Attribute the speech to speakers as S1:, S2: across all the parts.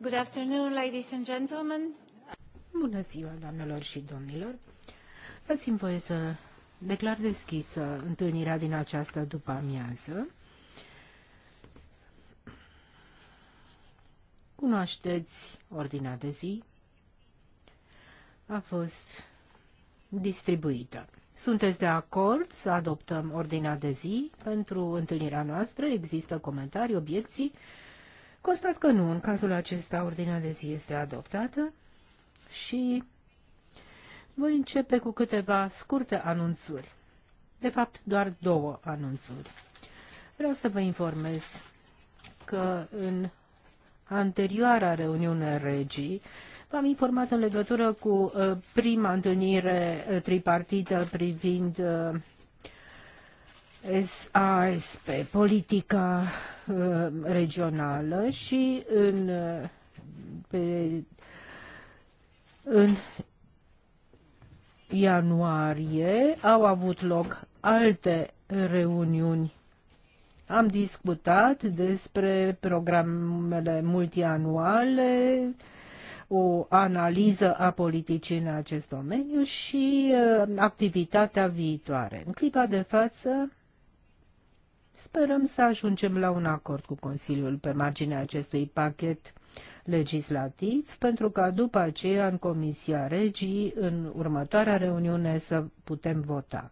S1: Good afternoon, ladies and gentlemen. Bună ziua, doamnelor și domnilor. Dați-mi voie să declar deschisă întâlnirea din această după-amiază. Cunoașteți ordinea de zi? A fost distribuită. Sunteți de acord să adoptăm ordinea de zi pentru întâlnirea noastră? Există comentarii, obiecții? Constat că nu. În cazul acesta, ordinea de zi este adoptată și voi începe cu câteva scurte anunțuri. De fapt, doar două anunțuri. Vreau să vă informez că în anterioara reuniune regii, V-am informat în legătură cu uh, prima întâlnire uh, tripartită privind uh, SASP, politica regională și în, pe, în ianuarie au avut loc alte reuniuni. Am discutat despre programele multianuale, o analiză a politicii în acest domeniu și uh, activitatea viitoare. În clipa de față, sperăm să ajungem la un acord cu Consiliul pe marginea acestui pachet legislativ, pentru ca după aceea în Comisia Regii, în următoarea reuniune, să putem vota.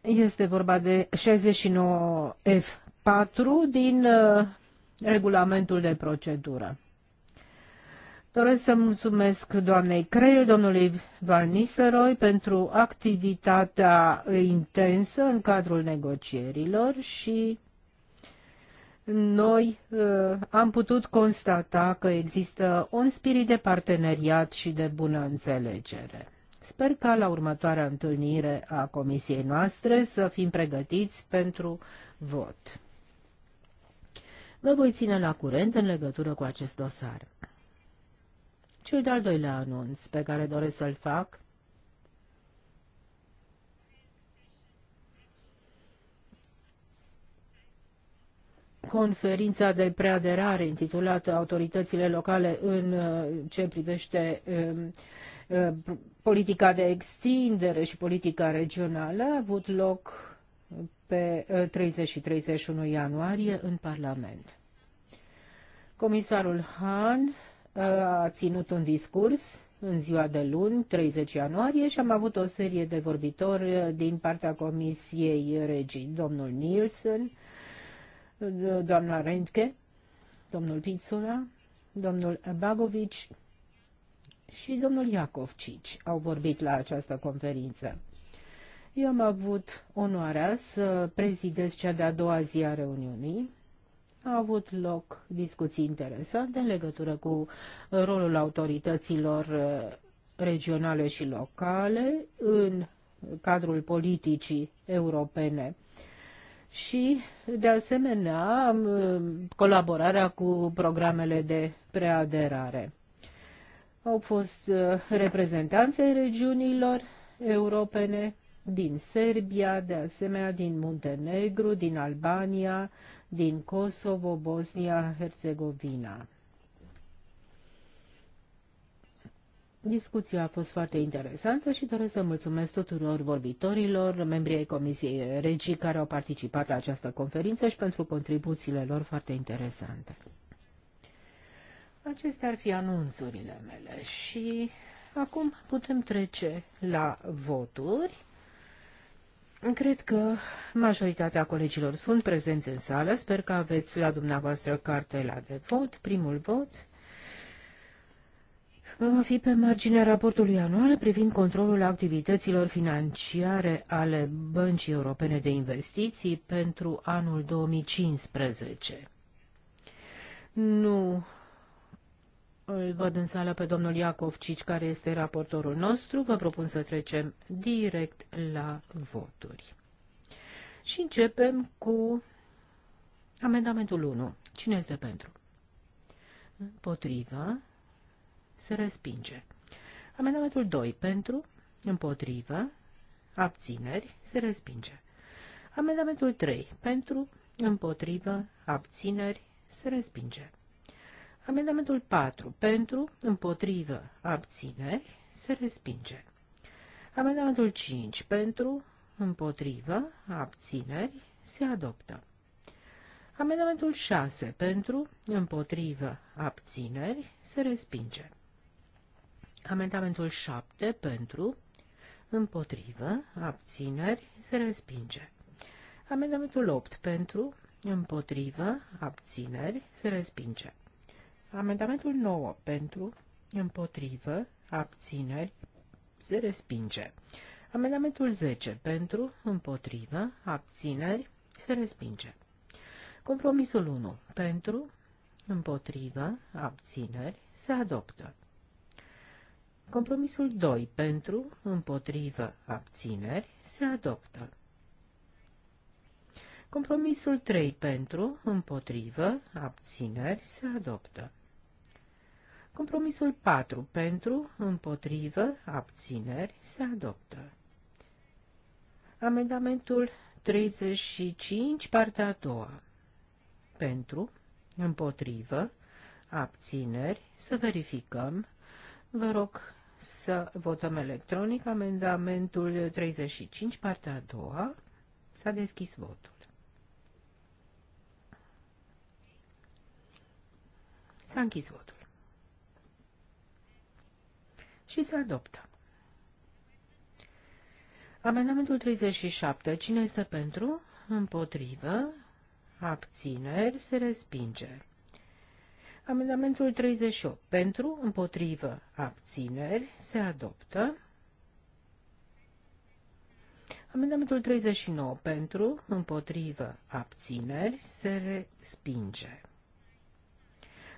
S1: Este vorba de 69F4 din uh, regulamentul de procedură. Doresc să mulțumesc doamnei Creel, domnului Van Nistelrooy pentru activitatea intensă în cadrul negocierilor și noi uh, am putut constata că există un spirit de parteneriat și de bună înțelegere. Sper ca la următoarea întâlnire a comisiei noastre să fim pregătiți pentru vot. Vă voi ține la curent în legătură cu acest dosar. Cel de-al doilea anunț pe care doresc să-l fac conferința de preaderare intitulată Autoritățile locale în uh, ce privește um, uh, politica de extindere și politica regională a avut loc pe 30 ă, și 31 ianuarie în Parlament. Comisarul Han ă, a ținut un discurs în ziua de luni, 30 ianuarie, și am avut o serie de vorbitori ă, din partea Comisiei Regii, domnul Nielsen, doamna Rentke, domnul Pițula, domnul Bagovici și domnul Iacovcici au vorbit la această conferință. Eu am avut onoarea să prezidez cea de-a doua zi a reuniunii. A avut loc discuții interesante în legătură cu rolul autorităților uh, regionale și locale în cadrul politicii europene și, de asemenea, uh, colaborarea cu programele de preaderare. Au fost uh, reprezentanței regiunilor europene din Serbia, de asemenea din Muntenegru, din Albania, din Kosovo, Bosnia, Herzegovina. Discuția a fost foarte interesantă și doresc să mulțumesc tuturor vorbitorilor, membrii ai Comisiei Regii care au participat la această conferință și pentru contribuțiile lor foarte interesante. Acestea ar fi anunțurile mele și acum putem trece la voturi. Cred că majoritatea colegilor sunt prezenți în sală. Sper că aveți la dumneavoastră cartela de vot, primul vot. Va fi pe marginea raportului anual privind controlul activităților financiare ale Băncii Europene de Investiții pentru anul 2015. Nu îl văd în sală pe domnul Iacov Cici, care este raportorul nostru. Vă propun să trecem direct la voturi. Și începem cu amendamentul 1. Cine este pentru? Împotrivă. Se respinge. Amendamentul 2. Pentru. Împotrivă. Abțineri. Se respinge. Amendamentul 3. Pentru. Împotrivă. Abțineri. Se respinge. Amendamentul 4. Pentru, împotrivă, abțineri, se respinge. Amendamentul 5. Pentru, împotrivă, abțineri, se adoptă. Amendamentul 6. Pentru, împotrivă, abțineri, se respinge. Amendamentul 7. Pentru, împotrivă, abțineri, se respinge. Amendamentul 8. Pentru, împotrivă, abțineri, se respinge. Amendamentul 9 pentru, împotrivă, abțineri, se respinge. Amendamentul 10 pentru, împotrivă, abțineri, se respinge. Compromisul 1 pentru, împotrivă, abțineri, se adoptă. Compromisul 2 pentru, împotrivă, abțineri, se adoptă. Compromisul 3 pentru, împotrivă, abțineri, se adoptă. Compromisul 4. Pentru, împotrivă, abțineri, se adoptă. Amendamentul 35, partea a doua. Pentru, împotrivă, abțineri, să verificăm. Vă rog să votăm electronic amendamentul 35, partea a doua. S-a deschis votul. S-a închis votul și se adoptă. Amendamentul 37. Cine este pentru? Împotrivă. Abțineri. Se respinge. Amendamentul 38. Pentru, împotrivă, abțineri, se adoptă. Amendamentul 39. Pentru, împotrivă, abțineri, se respinge.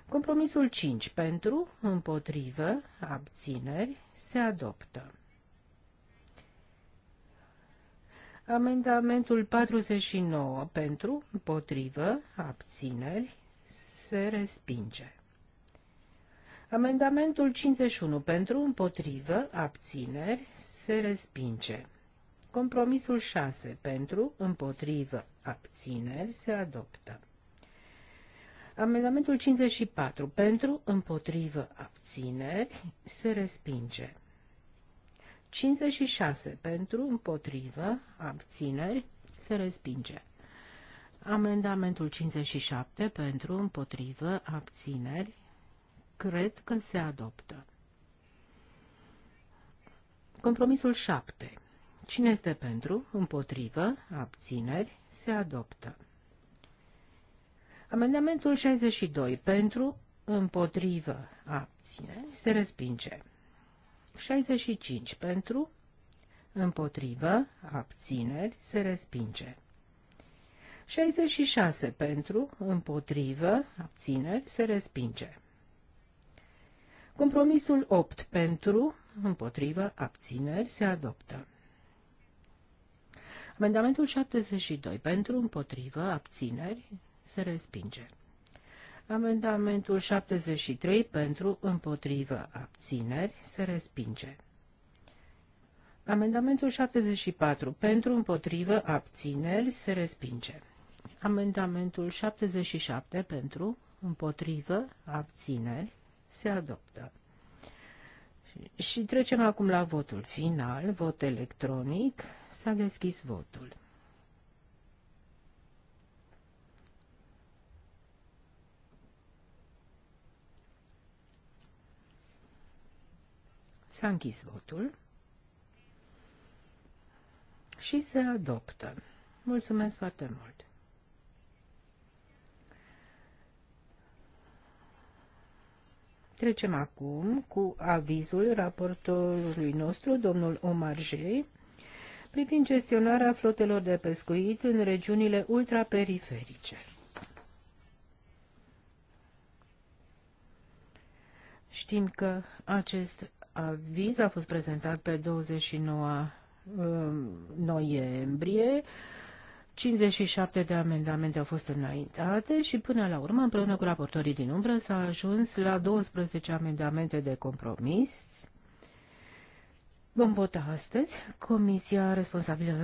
S1: Compromisul 5 pentru, împotrivă, abțineri, se adoptă. Amendamentul 49 pentru, împotrivă, abțineri, se respinge. Amendamentul 51 pentru, împotrivă, abțineri, se respinge. Compromisul 6 pentru, împotrivă, abțineri, se adoptă. Amendamentul 54 pentru, împotrivă, abțineri se respinge. 56 pentru, împotrivă, abțineri se respinge. Amendamentul 57 pentru, împotrivă, abțineri cred că se adoptă. Compromisul 7. Cine este pentru, împotrivă, abțineri, se adoptă. Amendamentul 62 pentru, împotrivă, abțineri, se respinge. 65 pentru, împotrivă, abțineri, se respinge. 66 pentru, împotrivă, abțineri, se respinge. Compromisul 8 pentru, împotrivă, abțineri, se adoptă. Amendamentul 72 pentru, împotrivă, abțineri, se respinge. Amendamentul 73 pentru împotrivă abțineri se respinge. Amendamentul 74 pentru împotrivă abțineri se respinge. Amendamentul 77 pentru împotrivă abțineri se adoptă. Și trecem acum la votul final, vot electronic. S-a deschis votul. S-a închis votul și se adoptă. Mulțumesc foarte mult! Trecem acum cu avizul raportorului nostru, domnul J., privind gestionarea flotelor de pescuit în regiunile ultraperiferice. Știm că acest aviz a fost prezentat pe 29 um, noiembrie. 57 de amendamente au fost înaintate și până la urmă, împreună cu raportorii din umbră, s-a ajuns la 12 amendamente de compromis. Vom vota astăzi. Comisia responsabilă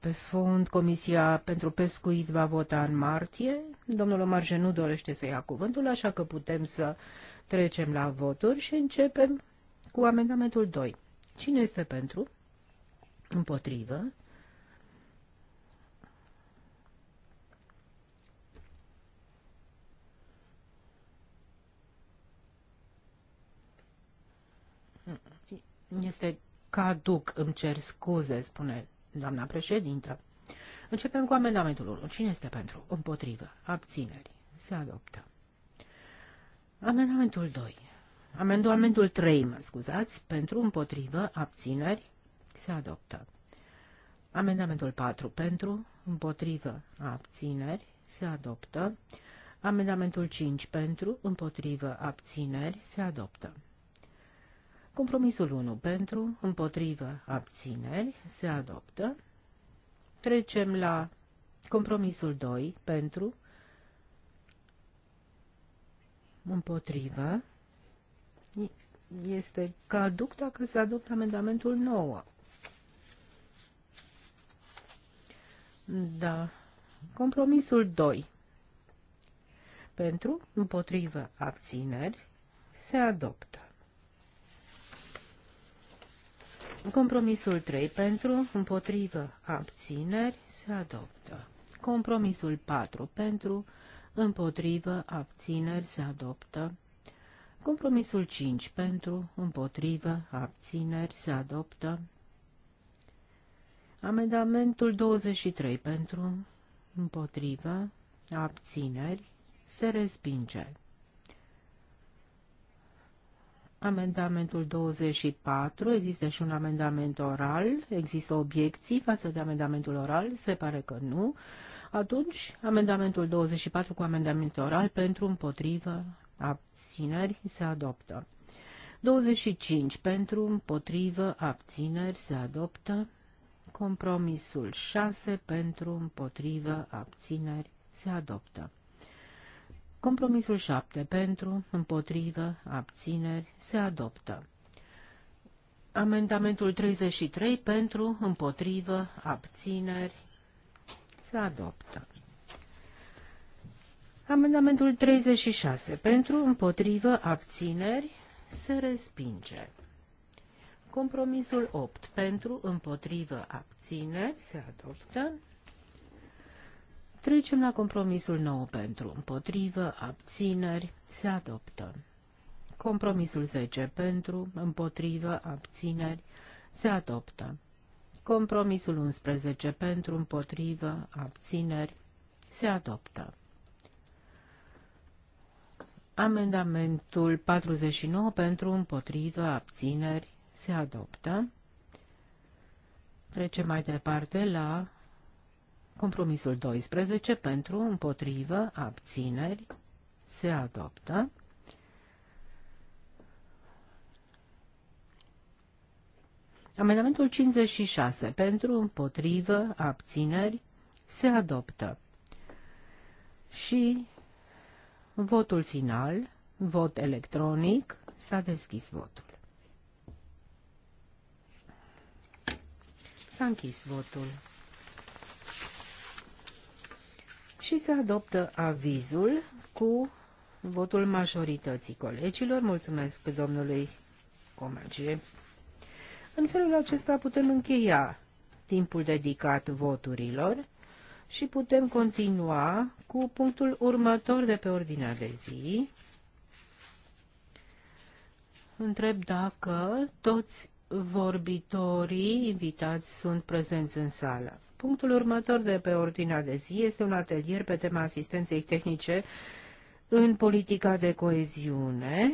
S1: pe fond, Comisia pentru Pescuit, va vota în martie. Domnul Omarje nu dorește să ia cuvântul, așa că putem să trecem la voturi și începem cu amendamentul 2. Cine este pentru? Împotrivă. Este caduc, îmi cer scuze, spune doamna președintă. Începem cu amendamentul 1. Cine este pentru? Împotrivă. Abțineri. Se adoptă. Amendamentul 2. Amendamentul 3, mă scuzați, pentru, împotrivă, abțineri, se adoptă. Amendamentul 4, pentru, împotrivă, abțineri, se adoptă. Amendamentul 5, pentru, împotrivă, abțineri, se adoptă. Compromisul 1, pentru, împotrivă, abțineri, se adoptă. Trecem la compromisul 2, pentru, împotrivă, este caduc dacă se adoptă amendamentul 9. Da. Compromisul 2. Pentru, împotrivă, abțineri, se adoptă. Compromisul 3 pentru, împotrivă, abțineri, se adoptă. Compromisul 4 pentru, împotrivă, abțineri, se adoptă. Compromisul 5 pentru, împotrivă, abțineri, se adoptă. Amendamentul 23 pentru, împotrivă, abțineri, se respinge. Amendamentul 24, există și un amendament oral, există obiecții față de amendamentul oral, se pare că nu. Atunci, amendamentul 24 cu amendament oral pentru împotrivă, abțineri, se adoptă. 25 pentru, împotrivă, abțineri, se adoptă. Compromisul 6 pentru, împotrivă, abțineri, se adoptă. Compromisul 7 pentru, împotrivă, abțineri, se adoptă. Amendamentul 33 pentru, împotrivă, abțineri, se adoptă. Amendamentul 36. Pentru, împotrivă, abțineri, se respinge. Compromisul 8. Pentru, împotrivă, abțineri, se adoptă. Trecem la compromisul 9. Pentru, împotrivă, abțineri, se adoptă. Compromisul 10. Pentru, împotrivă, abțineri, se adoptă. Compromisul 11. Pentru, împotrivă, abțineri, se adoptă. Amendamentul 49 pentru împotriva abțineri se adoptă. Trecem mai departe la compromisul 12 pentru împotriva abțineri se adoptă. Amendamentul 56 pentru împotrivă abțineri se adoptă. Și Votul final, vot electronic, s-a deschis votul. S-a închis votul. Și se adoptă avizul cu votul majorității colegilor. Mulțumesc domnului Comagie. În felul acesta putem încheia timpul dedicat voturilor și putem continua cu punctul următor de pe ordinea de zi. Întreb dacă toți vorbitorii invitați sunt prezenți în sală. Punctul următor de pe ordinea de zi este un atelier pe tema asistenței tehnice în politica de coeziune,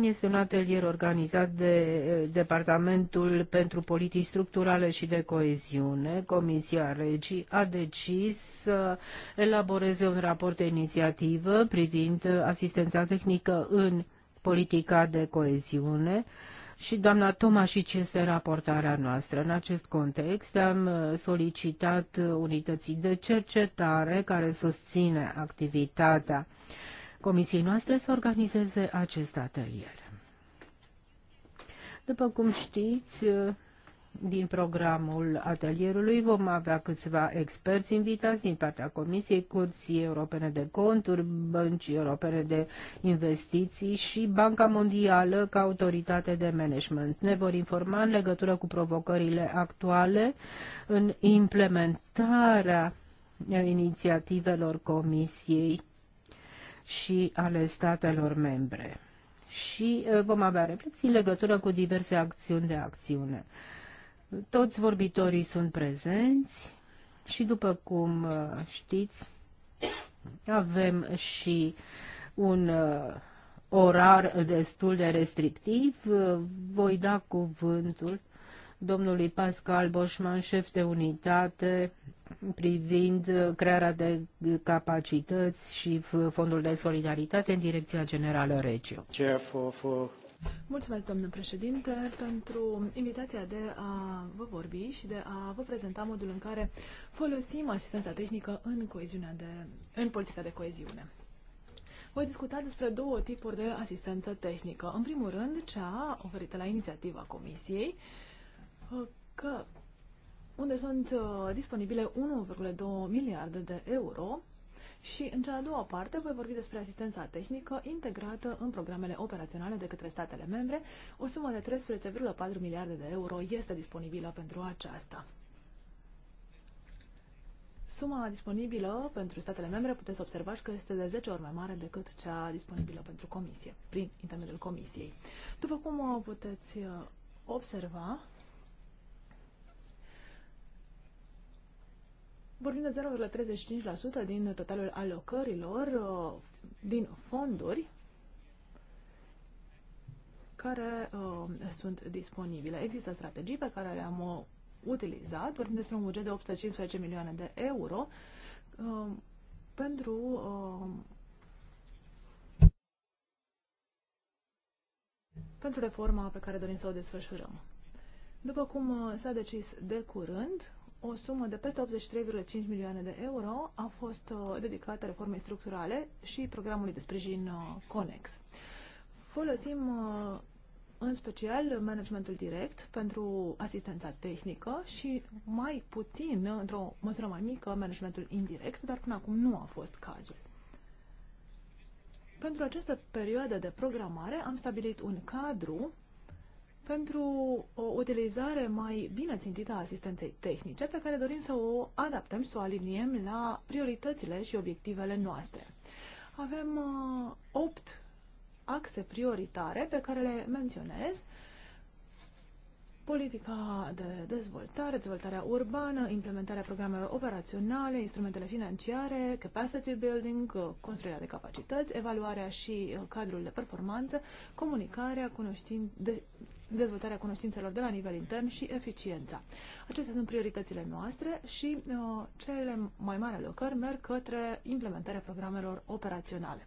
S1: este un atelier organizat de eh, Departamentul pentru Politici Structurale și de Coeziune. Comisia Regii a decis să elaboreze un raport de inițiativă privind asistența tehnică în politica de coeziune și doamna Tomașic este raportarea noastră. În acest context am eh, solicitat unității de cercetare care susține activitatea uh, comisiei noastre să organizeze acest atelier. După cum știți, din programul atelierului vom avea câțiva experți invitați din partea Comisiei Curții Europene de Conturi, Băncii Europene de Investiții și Banca Mondială ca autoritate de management. Ne vor informa în legătură cu provocările actuale în implementarea inițiativelor Comisiei și ale statelor membre. Și uh, vom avea reflexii în legătură cu diverse acțiuni de acțiune. Toți vorbitorii sunt prezenți și, după cum uh, știți, avem și un uh, orar destul de restrictiv. Voi da cuvântul domnului Pascal Boșman, șef de unitate, privind crearea de capacități și fondul de solidaritate în Direcția Generală Regio.
S2: Mulțumesc, domnule președinte, pentru invitația de a vă vorbi și de a vă prezenta modul în care folosim asistența tehnică în, coeziunea de, în politica de coeziune. Voi discuta despre două tipuri de asistență tehnică. În primul rând, cea oferită la inițiativa Comisiei, uh, că unde sunt uh, disponibile 1,2 miliarde de euro și în cea a doua parte voi vorbi despre asistența tehnică integrată în programele operaționale de către statele membre. O sumă de 13,4 miliarde de euro este disponibilă pentru aceasta. Suma disponibilă pentru statele membre puteți observa că este de 10 ori mai mare decât cea disponibilă pentru comisie, prin intermediul comisiei. După cum uh, puteți uh, observa, vorbim de 0,35% din totalul alocărilor uh, din fonduri care uh, sunt disponibile. Există strategii pe care le-am uh, utilizat, vorbim despre un buget de 815 milioane de euro uh, pentru uh, pentru reforma pe care dorim să o desfășurăm. După cum uh, s-a decis de curând, o sumă de peste 83,5 milioane de euro a fost uh, dedicată reformei structurale și programului de sprijin uh, Conex. Folosim uh, în special managementul direct pentru asistența tehnică și mai puțin, într-o măsură mai mică, managementul indirect, dar până acum nu a fost cazul. Pentru această perioadă de programare am stabilit un cadru pentru o utilizare mai bine țintită a asistenței tehnice, pe care dorim să o adaptăm și să o aliniem la prioritățile și obiectivele noastre. Avem uh, 8 axe prioritare pe care le menționez. Politica de dezvoltare, dezvoltarea urbană, implementarea programelor operaționale, instrumentele financiare, capacity building, uh, construirea de capacități, evaluarea și uh, cadrul de performanță, comunicarea, cunoștin... de dezvoltarea cunoștințelor de la nivel intern și eficiența. Acestea sunt prioritățile noastre și uh, cele mai mari alocări merg către implementarea programelor operaționale.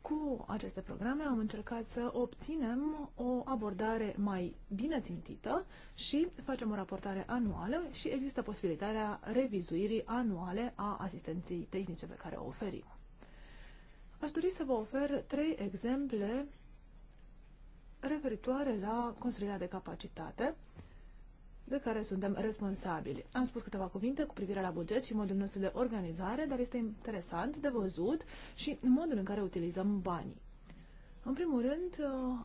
S2: Cu aceste programe am încercat să obținem o abordare mai bine țintită și facem o raportare anuală și există posibilitatea revizuirii anuale a asistenței tehnice pe care o oferim. Aș dori să vă ofer trei exemple referitoare la construirea de capacitate de care suntem responsabili. Am spus câteva cuvinte cu privire la buget și modul nostru de organizare, dar este interesant de văzut și modul în care utilizăm banii. În primul rând, uh,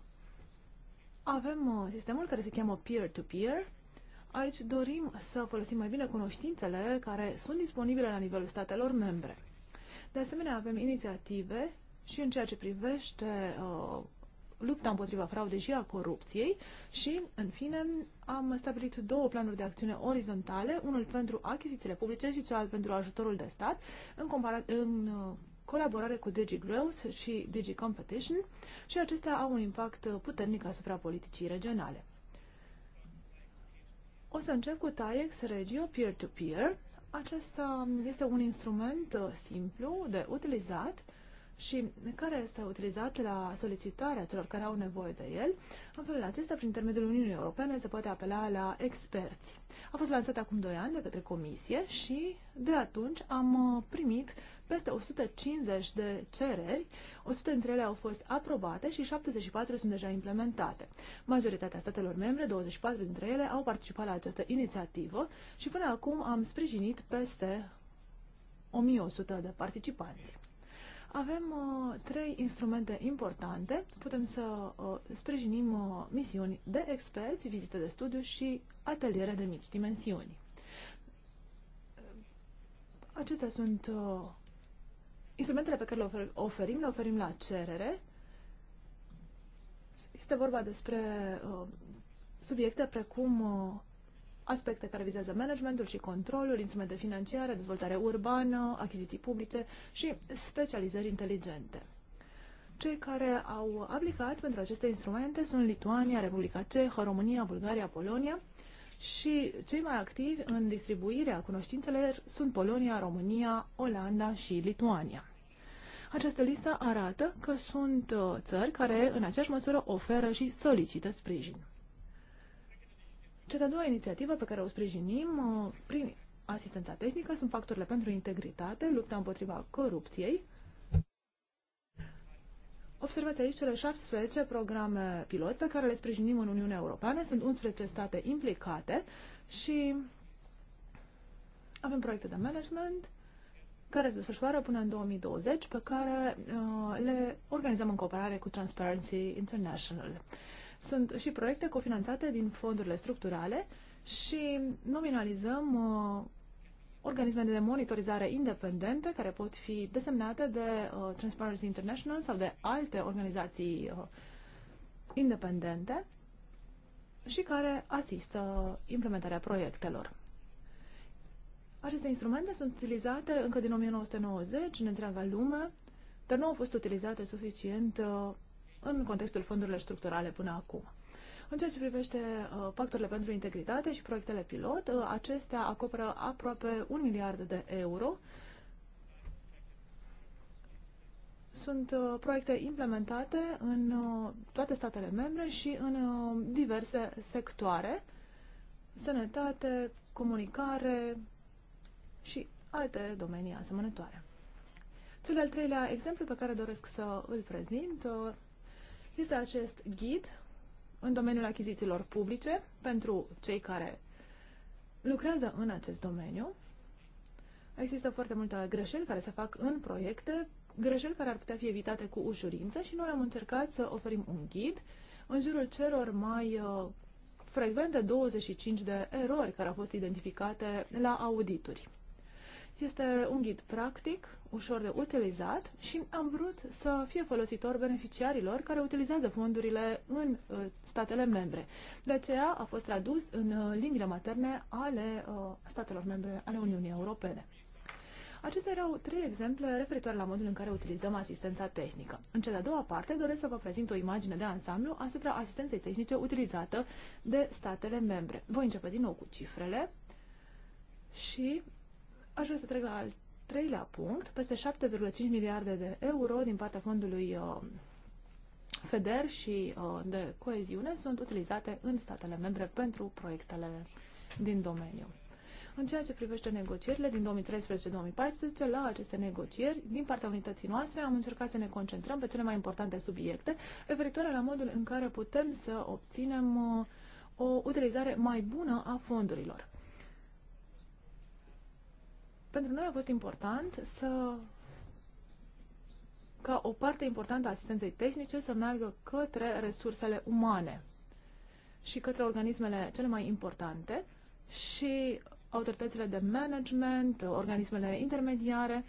S2: avem uh, sistemul care se cheamă peer-to-peer. -peer. Aici dorim să folosim mai bine cunoștințele care sunt disponibile la nivelul statelor membre. De asemenea, avem inițiative și în ceea ce privește uh, lupta împotriva fraudei și a corupției și, în fine, am stabilit două planuri de acțiune orizontale, unul pentru achizițiile publice și celălalt pentru ajutorul de stat, în, în uh, colaborare cu Digi Growth și Digi Competition și acestea au un impact puternic asupra politicii regionale. O să încep cu TAIEX Regio Peer-to-Peer. -peer. Acesta este un instrument uh, simplu de utilizat și care este utilizat la solicitarea celor care au nevoie de el. În felul acesta, prin intermediul Uniunii Europene, se poate apela la experți. A fost lansat acum 2 ani de către Comisie și de atunci am uh, primit peste 150 de cereri, 100 dintre ele au fost aprobate și 74 sunt deja implementate. Majoritatea statelor membre, 24 dintre ele, au participat la această inițiativă și până acum am sprijinit peste 1100 de participanți. Avem uh, trei instrumente importante. Putem să uh, sprijinim uh, misiuni de experți, vizite de studiu și ateliere de mici dimensiuni. Acestea sunt uh, instrumentele pe care le ofer oferim, le oferim la cerere. Este vorba despre uh, subiecte precum uh, aspecte care vizează managementul și controlul, instrumente financiare, dezvoltare urbană, achiziții publice și specializări inteligente. Cei care au aplicat pentru aceste instrumente sunt Lituania, Republica Cehă, România, Bulgaria, Polonia și cei mai activi în distribuirea cunoștințelor sunt Polonia, România, Olanda și Lituania. Această listă arată că sunt uh, țări care în aceeași măsură oferă și solicită sprijin. Cea de-a doua inițiativă pe care o sprijinim uh, prin asistența tehnică sunt factorile pentru integritate, lupta împotriva corupției. Observați aici cele 17 programe pilot pe care le sprijinim în Uniunea Europeană. Sunt 11 state implicate și avem proiecte de management care se desfășoară până în 2020, pe care uh, le organizăm în cooperare cu Transparency International. Uh, sunt și proiecte cofinanțate din fondurile structurale și nominalizăm uh, organisme de monitorizare independente care pot fi desemnate de uh, Transparency International sau de alte organizații uh, independente și care asistă implementarea proiectelor. Aceste instrumente sunt utilizate încă din 1990 în întreaga lume, dar nu au fost utilizate suficient uh, în contextul fondurilor structurale până acum. În ceea ce privește uh, pacturile pentru integritate și proiectele pilot, uh, acestea acoperă aproape un miliard de euro. Sunt uh, proiecte implementate în uh, toate statele membre și în uh, diverse sectoare, sănătate, comunicare și alte domenii asemănătoare. Cel al treilea exemplu pe care doresc să îl prezint uh, este acest ghid în domeniul achizițiilor publice pentru cei care lucrează în acest domeniu. Există foarte multe greșeli care se fac în proiecte, greșeli care ar putea fi evitate cu ușurință și noi am încercat să oferim un ghid în jurul celor mai uh, frecvente 25 de erori care au fost identificate la audituri. Este un ghid practic ușor de utilizat și am vrut să fie folositor beneficiarilor care utilizează fondurile în uh, statele membre. De aceea a fost tradus în uh, limbile materne ale uh, statelor membre ale Uniunii Europene. Acestea erau trei exemple referitoare la modul în care utilizăm asistența tehnică. În cea de-a doua parte doresc să vă prezint o imagine de ansamblu asupra asistenței tehnice utilizată de statele membre. Voi începe din nou cu cifrele și aș vrea să trec la alt treilea punct, peste 7,5 miliarde de euro din partea fondului uh, FEDER și uh, de coeziune sunt utilizate în statele membre pentru proiectele din domeniu. În ceea ce privește negocierile din 2013-2014, la aceste negocieri, din partea unității noastre, am încercat să ne concentrăm pe cele mai importante subiecte, referitoare la modul în care putem să obținem uh, o utilizare mai bună a fondurilor. Pentru noi a fost important să ca o parte importantă a asistenței tehnice să meargă către resursele umane și către organismele cele mai importante și autoritățile de management, organismele intermediare,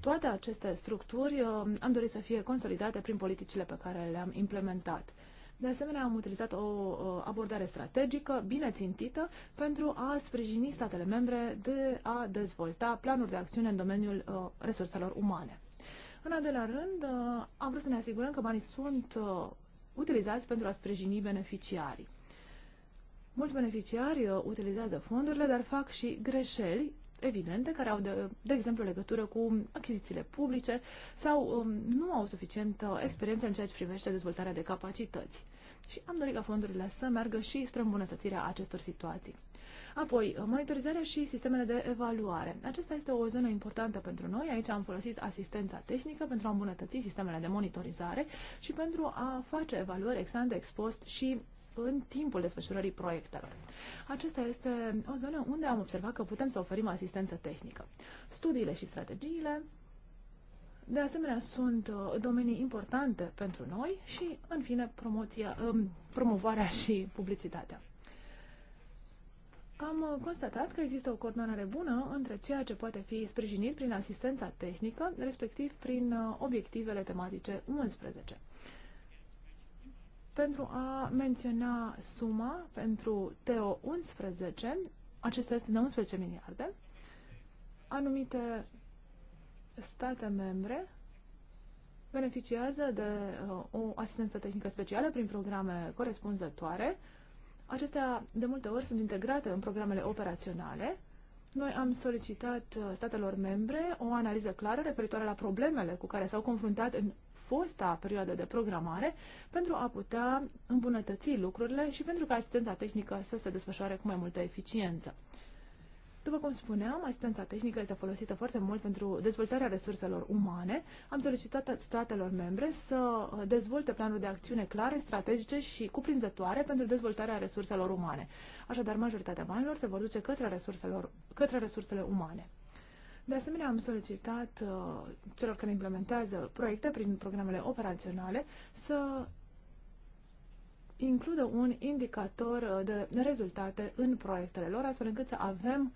S2: toate aceste structuri uh, am dorit să fie consolidate prin politicile pe care le-am implementat. De asemenea, am utilizat o abordare strategică bine țintită pentru a sprijini statele membre de a dezvolta planuri de acțiune în domeniul uh, resurselor umane. În al doilea rând, uh, am vrut să ne asigurăm că banii sunt uh, utilizați pentru a sprijini beneficiarii. Mulți beneficiari utilizează fondurile, dar fac și greșeli evidente care au, de, de exemplu, legătură cu achizițiile publice sau um, nu au suficientă uh, experiență în ceea ce privește dezvoltarea de capacități. Și am dorit ca fondurile să meargă și spre îmbunătățirea acestor situații. Apoi, uh, monitorizarea și sistemele de evaluare. Aceasta este o zonă importantă pentru noi. Aici am folosit asistența tehnică pentru a îmbunătăți sistemele de monitorizare și pentru a face evaluări ex ante, ex post și în timpul desfășurării proiectelor. Acesta este o zonă unde am observat că putem să oferim asistență tehnică. Studiile și strategiile, de asemenea, sunt uh, domenii importante pentru noi și, în fine, promoția, um, promovarea și publicitatea. Am uh, constatat că există o coordonare bună între ceea ce poate fi sprijinit prin asistența tehnică, respectiv prin uh, obiectivele tematice 11 pentru a menționa suma pentru TEO 11, acesta este de 11 miliarde, anumite state membre beneficiază de uh, o asistență tehnică specială prin programe corespunzătoare. Acestea de multe ori sunt integrate în programele operaționale. Noi am solicitat uh, statelor membre o analiză clară referitoare la problemele cu care s-au confruntat în fosta perioadă de programare pentru a putea îmbunătăți lucrurile și pentru ca asistența tehnică să se desfășoare cu mai multă eficiență. După cum spuneam, asistența tehnică este folosită foarte mult pentru dezvoltarea resurselor umane. Am solicitat statelor membre să dezvolte planuri de acțiune clare, strategice și cuprinzătoare pentru dezvoltarea resurselor umane. Așadar, majoritatea banilor se vor duce către, resurselor, către resursele umane. De asemenea, am solicitat uh, celor care implementează proiecte prin programele operaționale să includă un indicator uh, de rezultate în proiectele lor, astfel încât să avem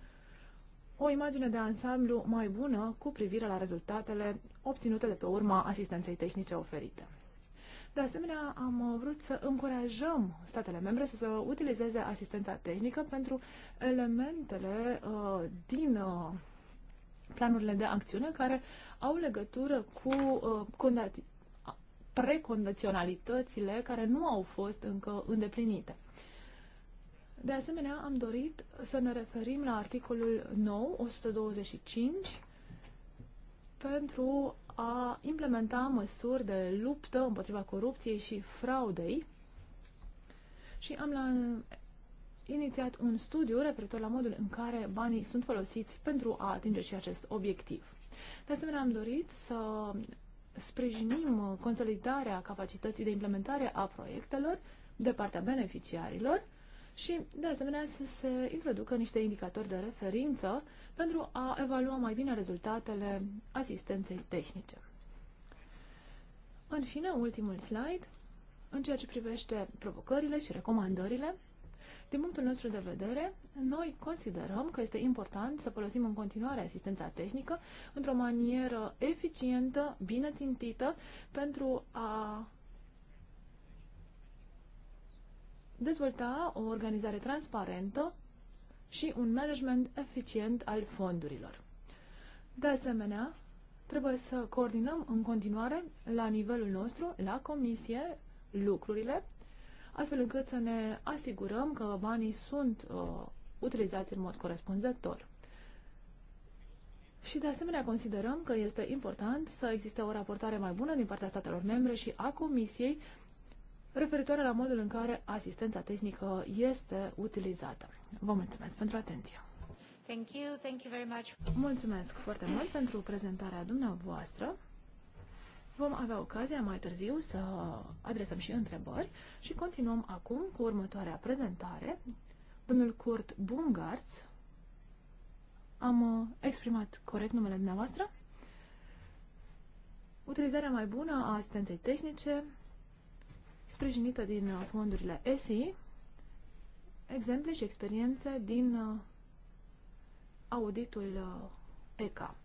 S2: o imagine de ansamblu mai bună cu privire la rezultatele obținute de pe urma asistenței tehnice oferite. De asemenea, am uh, vrut să încurajăm statele membre să, se utilizeze asistența tehnică pentru elementele uh, din uh, planurile de acțiune care au legătură cu uh, precondiționalitățile care nu au fost încă îndeplinite. De asemenea, am dorit să ne referim la articolul 9, 125, pentru a implementa măsuri de luptă împotriva corupției și fraudei și am la inițiat un studiu referitor la modul în care banii sunt folosiți pentru a atinge și acest obiectiv. De asemenea, am dorit să sprijinim consolidarea capacității de implementare a proiectelor de partea beneficiarilor și, de asemenea, să se introducă niște indicatori de referință pentru a evalua mai bine rezultatele asistenței tehnice. În fine, ultimul slide, în ceea ce privește provocările și recomandările, din punctul nostru de vedere, noi considerăm că este important să folosim în continuare asistența tehnică într-o manieră eficientă, bine țintită, pentru a dezvolta o organizare transparentă și un management eficient al fondurilor. De asemenea, trebuie să coordinăm în continuare la nivelul nostru, la comisie, lucrurile astfel încât să ne asigurăm că banii sunt uh, utilizați în mod corespunzător. Și de asemenea considerăm că este important să existe o raportare mai bună din partea statelor membre și a Comisiei referitoare la modul în care asistența tehnică este utilizată. Vă mulțumesc pentru atenție! Thank you, thank you very much. Mulțumesc foarte mult pentru prezentarea dumneavoastră. Vom avea ocazia mai târziu să adresăm și întrebări și continuăm acum cu următoarea prezentare. Domnul Kurt Bungartz, am uh, exprimat corect numele dumneavoastră? Utilizarea mai bună a asistenței tehnice, sprijinită din uh, fondurile ESI, exemple și experiențe din uh, auditul ECA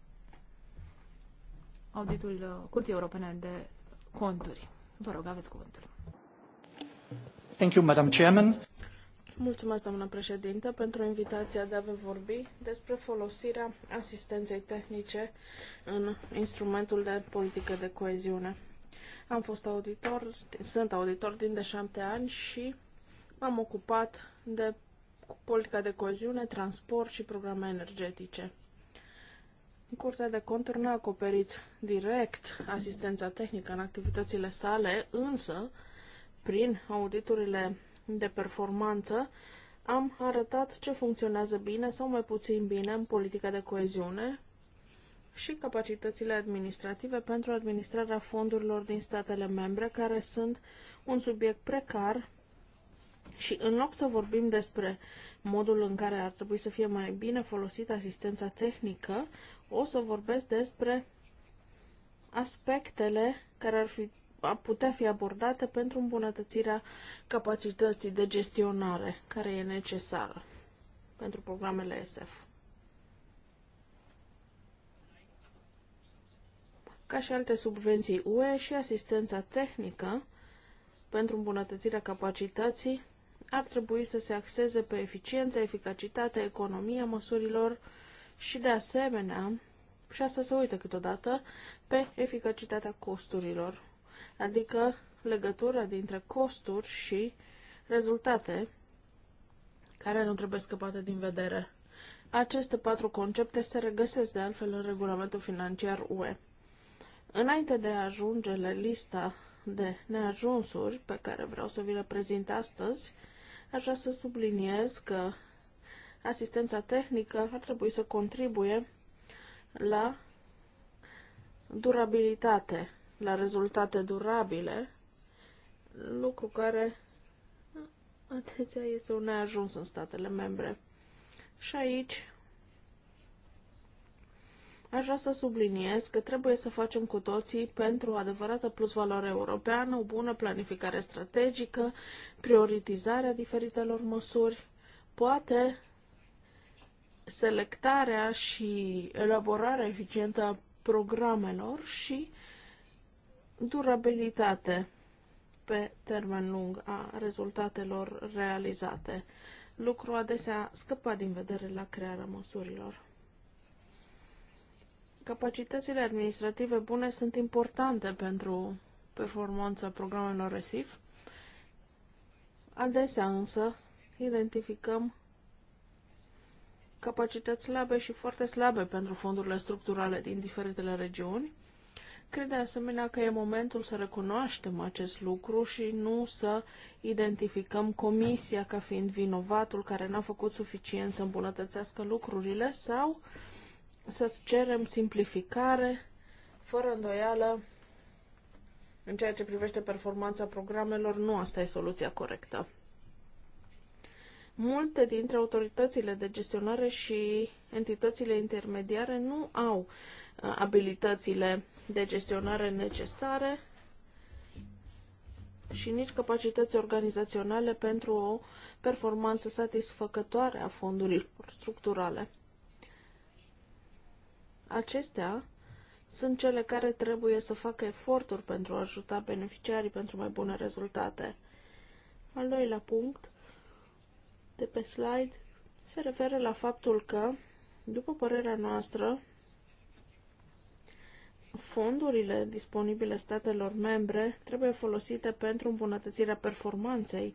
S2: auditul uh, Curții Europene de Conturi. Vă rog, aveți cuvântul. Thank you, Madam Chairman.
S3: Mulțumesc, doamnă președinte, pentru invitația de a vă vorbi despre folosirea asistenței tehnice în instrumentul de politică de coeziune. Am fost auditor, sunt auditor din de șapte ani și m-am ocupat de politica de coeziune, transport și programe energetice. În Curtea de conturi nu a acoperit direct asistența tehnică în activitățile sale, însă, prin auditurile de performanță, am arătat ce funcționează bine sau mai puțin bine în politica de coeziune și capacitățile administrative pentru administrarea fondurilor din statele membre, care sunt un subiect precar și în loc să vorbim despre modul în care ar trebui să fie mai bine folosită asistența tehnică, o să vorbesc despre aspectele care ar fi, ar putea fi abordate pentru îmbunătățirea capacității de gestionare care e necesară pentru programele SF. Ca și alte subvenții UE și asistența tehnică pentru îmbunătățirea capacității ar trebui să se axeze pe eficiența, eficacitatea, economia măsurilor și, de asemenea, și asta se uită câteodată, pe eficacitatea costurilor, adică legătura dintre costuri și rezultate care nu trebuie scăpate din vedere. Aceste patru concepte se regăsesc de altfel în regulamentul financiar UE. Înainte de a ajunge la lista de neajunsuri pe care vreau să vi le prezint astăzi, Aș vrea să subliniez că asistența tehnică ar trebui să contribuie la durabilitate, la rezultate durabile, lucru care, atenția, este un neajuns în statele membre. Și aici Aș vrea să subliniez că trebuie să facem cu toții pentru o adevărată plusvaloare europeană, o bună planificare strategică, prioritizarea diferitelor măsuri, poate selectarea și elaborarea eficientă a programelor și durabilitate pe termen lung a rezultatelor realizate, lucru adesea scăpat din vedere la crearea măsurilor. Capacitățile administrative bune sunt importante pentru performanța programelor RESIF. Adesea însă identificăm capacități slabe și foarte slabe pentru fondurile structurale din diferitele regiuni. Cred de asemenea că e momentul să recunoaștem acest lucru și nu să identificăm comisia ca fiind vinovatul care n-a făcut suficient să îmbunătățească lucrurile sau uh, să cerem simplificare, fără îndoială, în ceea ce privește performanța programelor, nu asta e soluția corectă. Multe dintre autoritățile de gestionare și entitățile intermediare nu au uh, abilitățile de gestionare necesare și nici capacități organizaționale pentru o performanță satisfăcătoare a fondurilor structurale. Acestea sunt cele care trebuie să facă eforturi pentru a ajuta beneficiarii pentru mai bune rezultate. Al doilea punct de pe slide se referă la faptul că, după părerea noastră, fondurile disponibile statelor membre trebuie folosite pentru îmbunătățirea performanței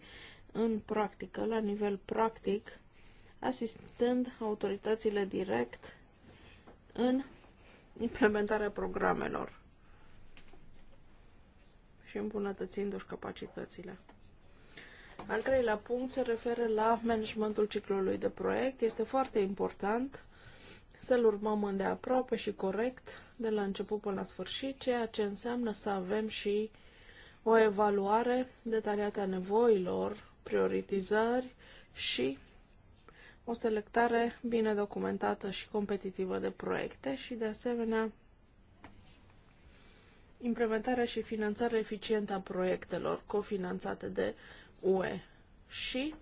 S3: în practică, la nivel practic, asistând autoritățile direct în implementarea programelor și îmbunătățindu-și capacitățile. Al treilea punct se referă la managementul ciclului de proiect. Este foarte important să-l urmăm îndeaproape și corect de la început până la sfârșit, ceea ce înseamnă să avem și o evaluare detaliată a nevoilor, prioritizări și o selectare bine documentată și competitivă de proiecte și, de asemenea, implementarea și finanțarea eficientă a proiectelor cofinanțate de UE și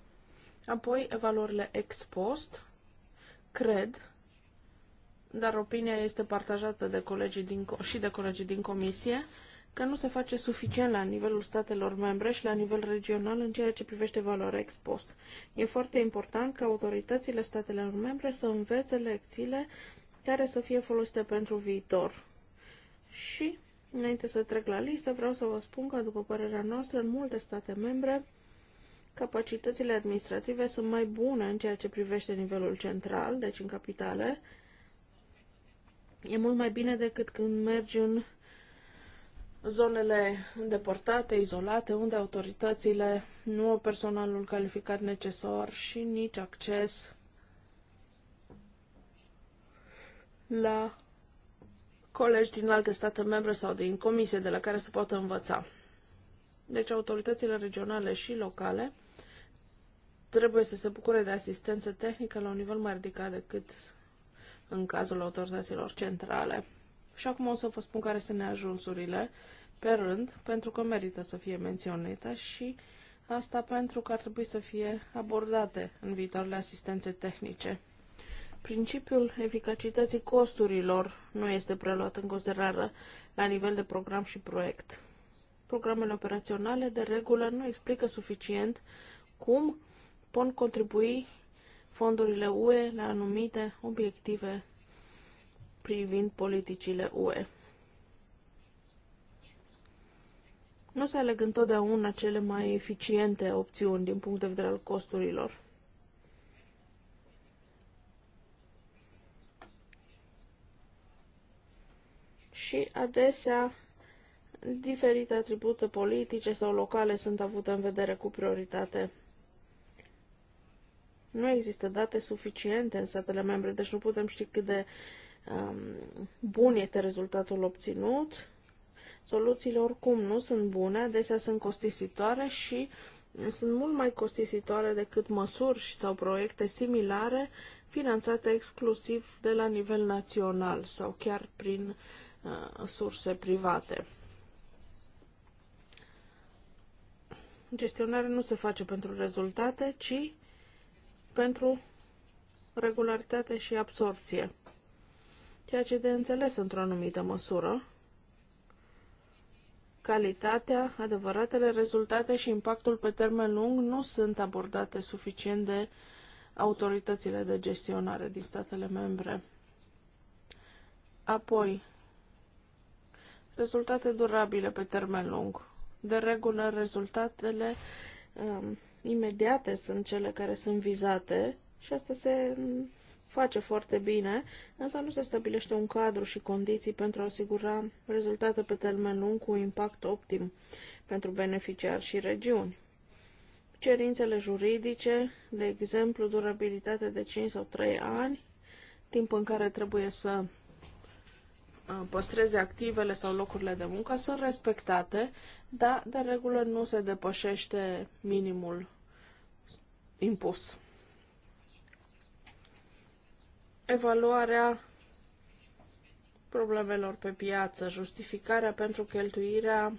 S3: apoi evaluările ex post, cred, dar opinia este partajată de colegii din, și de colegii din comisie, că nu se face suficient la nivelul statelor membre și la nivel regional în ceea ce privește valoarea ex post. E foarte important ca autoritățile statelor membre să învețe lecțiile care să fie folosite pentru viitor. Și, înainte să trec la listă, vreau să vă spun că, după părerea noastră, în multe state membre, capacitățile administrative sunt mai bune în ceea ce privește nivelul central, deci în capitale. E mult mai bine decât când mergi în zonele îndepărtate, izolate, unde autoritățile nu au personalul calificat necesar și nici acces la colegi din alte state membre sau din comisie de la care se poată învăța. Deci autoritățile regionale și locale trebuie să se bucure de asistență tehnică la un nivel mai ridicat decât în cazul autorităților centrale. Și acum o să vă spun care sunt neajunsurile pe rând, pentru că merită să fie menționată și asta pentru că ar trebui să fie abordate în viitoarele asistențe tehnice. Principiul eficacității costurilor nu este preluat în considerare la nivel de program și proiect. Programele operaționale, de regulă, nu explică suficient cum pot contribui fondurile UE la anumite obiective privind politicile UE. nu se aleg întotdeauna cele mai eficiente opțiuni din punct de vedere al costurilor. Și adesea diferite atribute politice sau locale sunt avute în vedere cu prioritate. Nu există date suficiente în statele membre, deci nu putem ști cât de um, bun este rezultatul obținut Soluțiile oricum nu sunt bune, adesea sunt costisitoare și sunt mult mai costisitoare decât măsuri sau proiecte similare finanțate exclusiv de la nivel național sau chiar prin uh, surse private. Gestionarea nu se face pentru rezultate, ci pentru regularitate și absorpție, ceea ce de înțeles într-o anumită măsură, calitatea, adevăratele rezultate și impactul pe termen lung nu sunt abordate suficient de autoritățile de gestionare din statele membre. Apoi, rezultate durabile pe termen lung. De regulă, rezultatele um, imediate sunt cele care sunt vizate și asta se face foarte bine, însă nu se stabilește un cadru și condiții pentru a asigura rezultate pe termen lung cu impact optim pentru beneficiari și regiuni. Cerințele juridice, de exemplu, durabilitate de 5 sau 3 ani, timp în care trebuie să păstreze activele sau locurile de muncă, sunt respectate, dar de regulă nu se depășește minimul impus evaluarea problemelor pe piață, justificarea pentru cheltuirea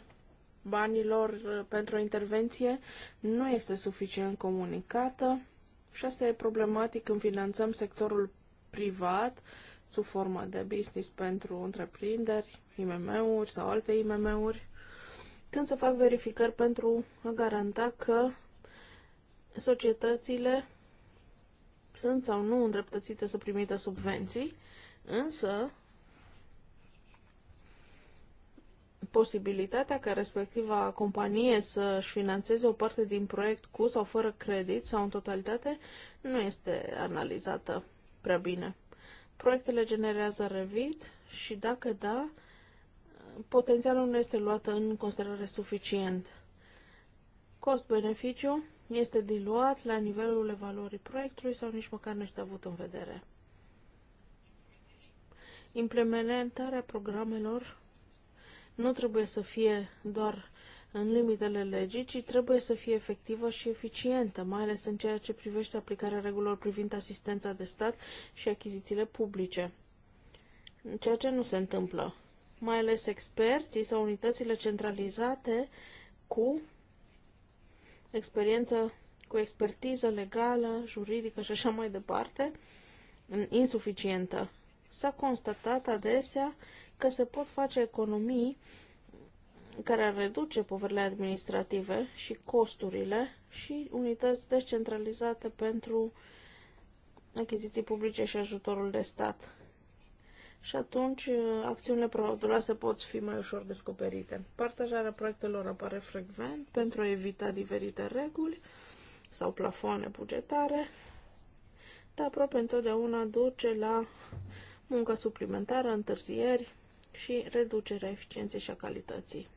S3: banilor uh, pentru o intervenție nu este suficient comunicată și asta e problematic când finanțăm sectorul privat sub formă de business pentru întreprinderi, IMM-uri sau alte IMM-uri, când se fac verificări pentru a garanta că societățile sunt sau nu îndreptățite să primite subvenții, însă posibilitatea ca respectiva companie să-și financeze o parte din proiect cu sau fără credit sau în totalitate nu este analizată prea bine. Proiectele generează revit și dacă da, potențialul nu este luat în considerare suficient. Cost-beneficiu este diluat la nivelul evaluării proiectului sau nici măcar nu este avut în vedere. Implementarea programelor nu trebuie să fie doar în limitele legii, ci trebuie să fie efectivă și eficientă, mai ales în ceea ce privește aplicarea regulilor privind asistența de stat și achizițiile publice. Ceea ce nu se întâmplă. Mai ales experții sau unitățile centralizate cu experiență cu expertiză legală, juridică și așa mai departe, insuficientă. S-a constatat adesea că se pot face economii care ar reduce poverile administrative și costurile și unități descentralizate pentru achiziții publice și ajutorul de stat și atunci uh, acțiunile frauduloase pot fi mai ușor descoperite. Partajarea proiectelor apare frecvent pentru a evita diferite reguli sau plafoane bugetare, dar aproape întotdeauna duce la muncă suplimentară, întârzieri și reducerea eficienței și a calității.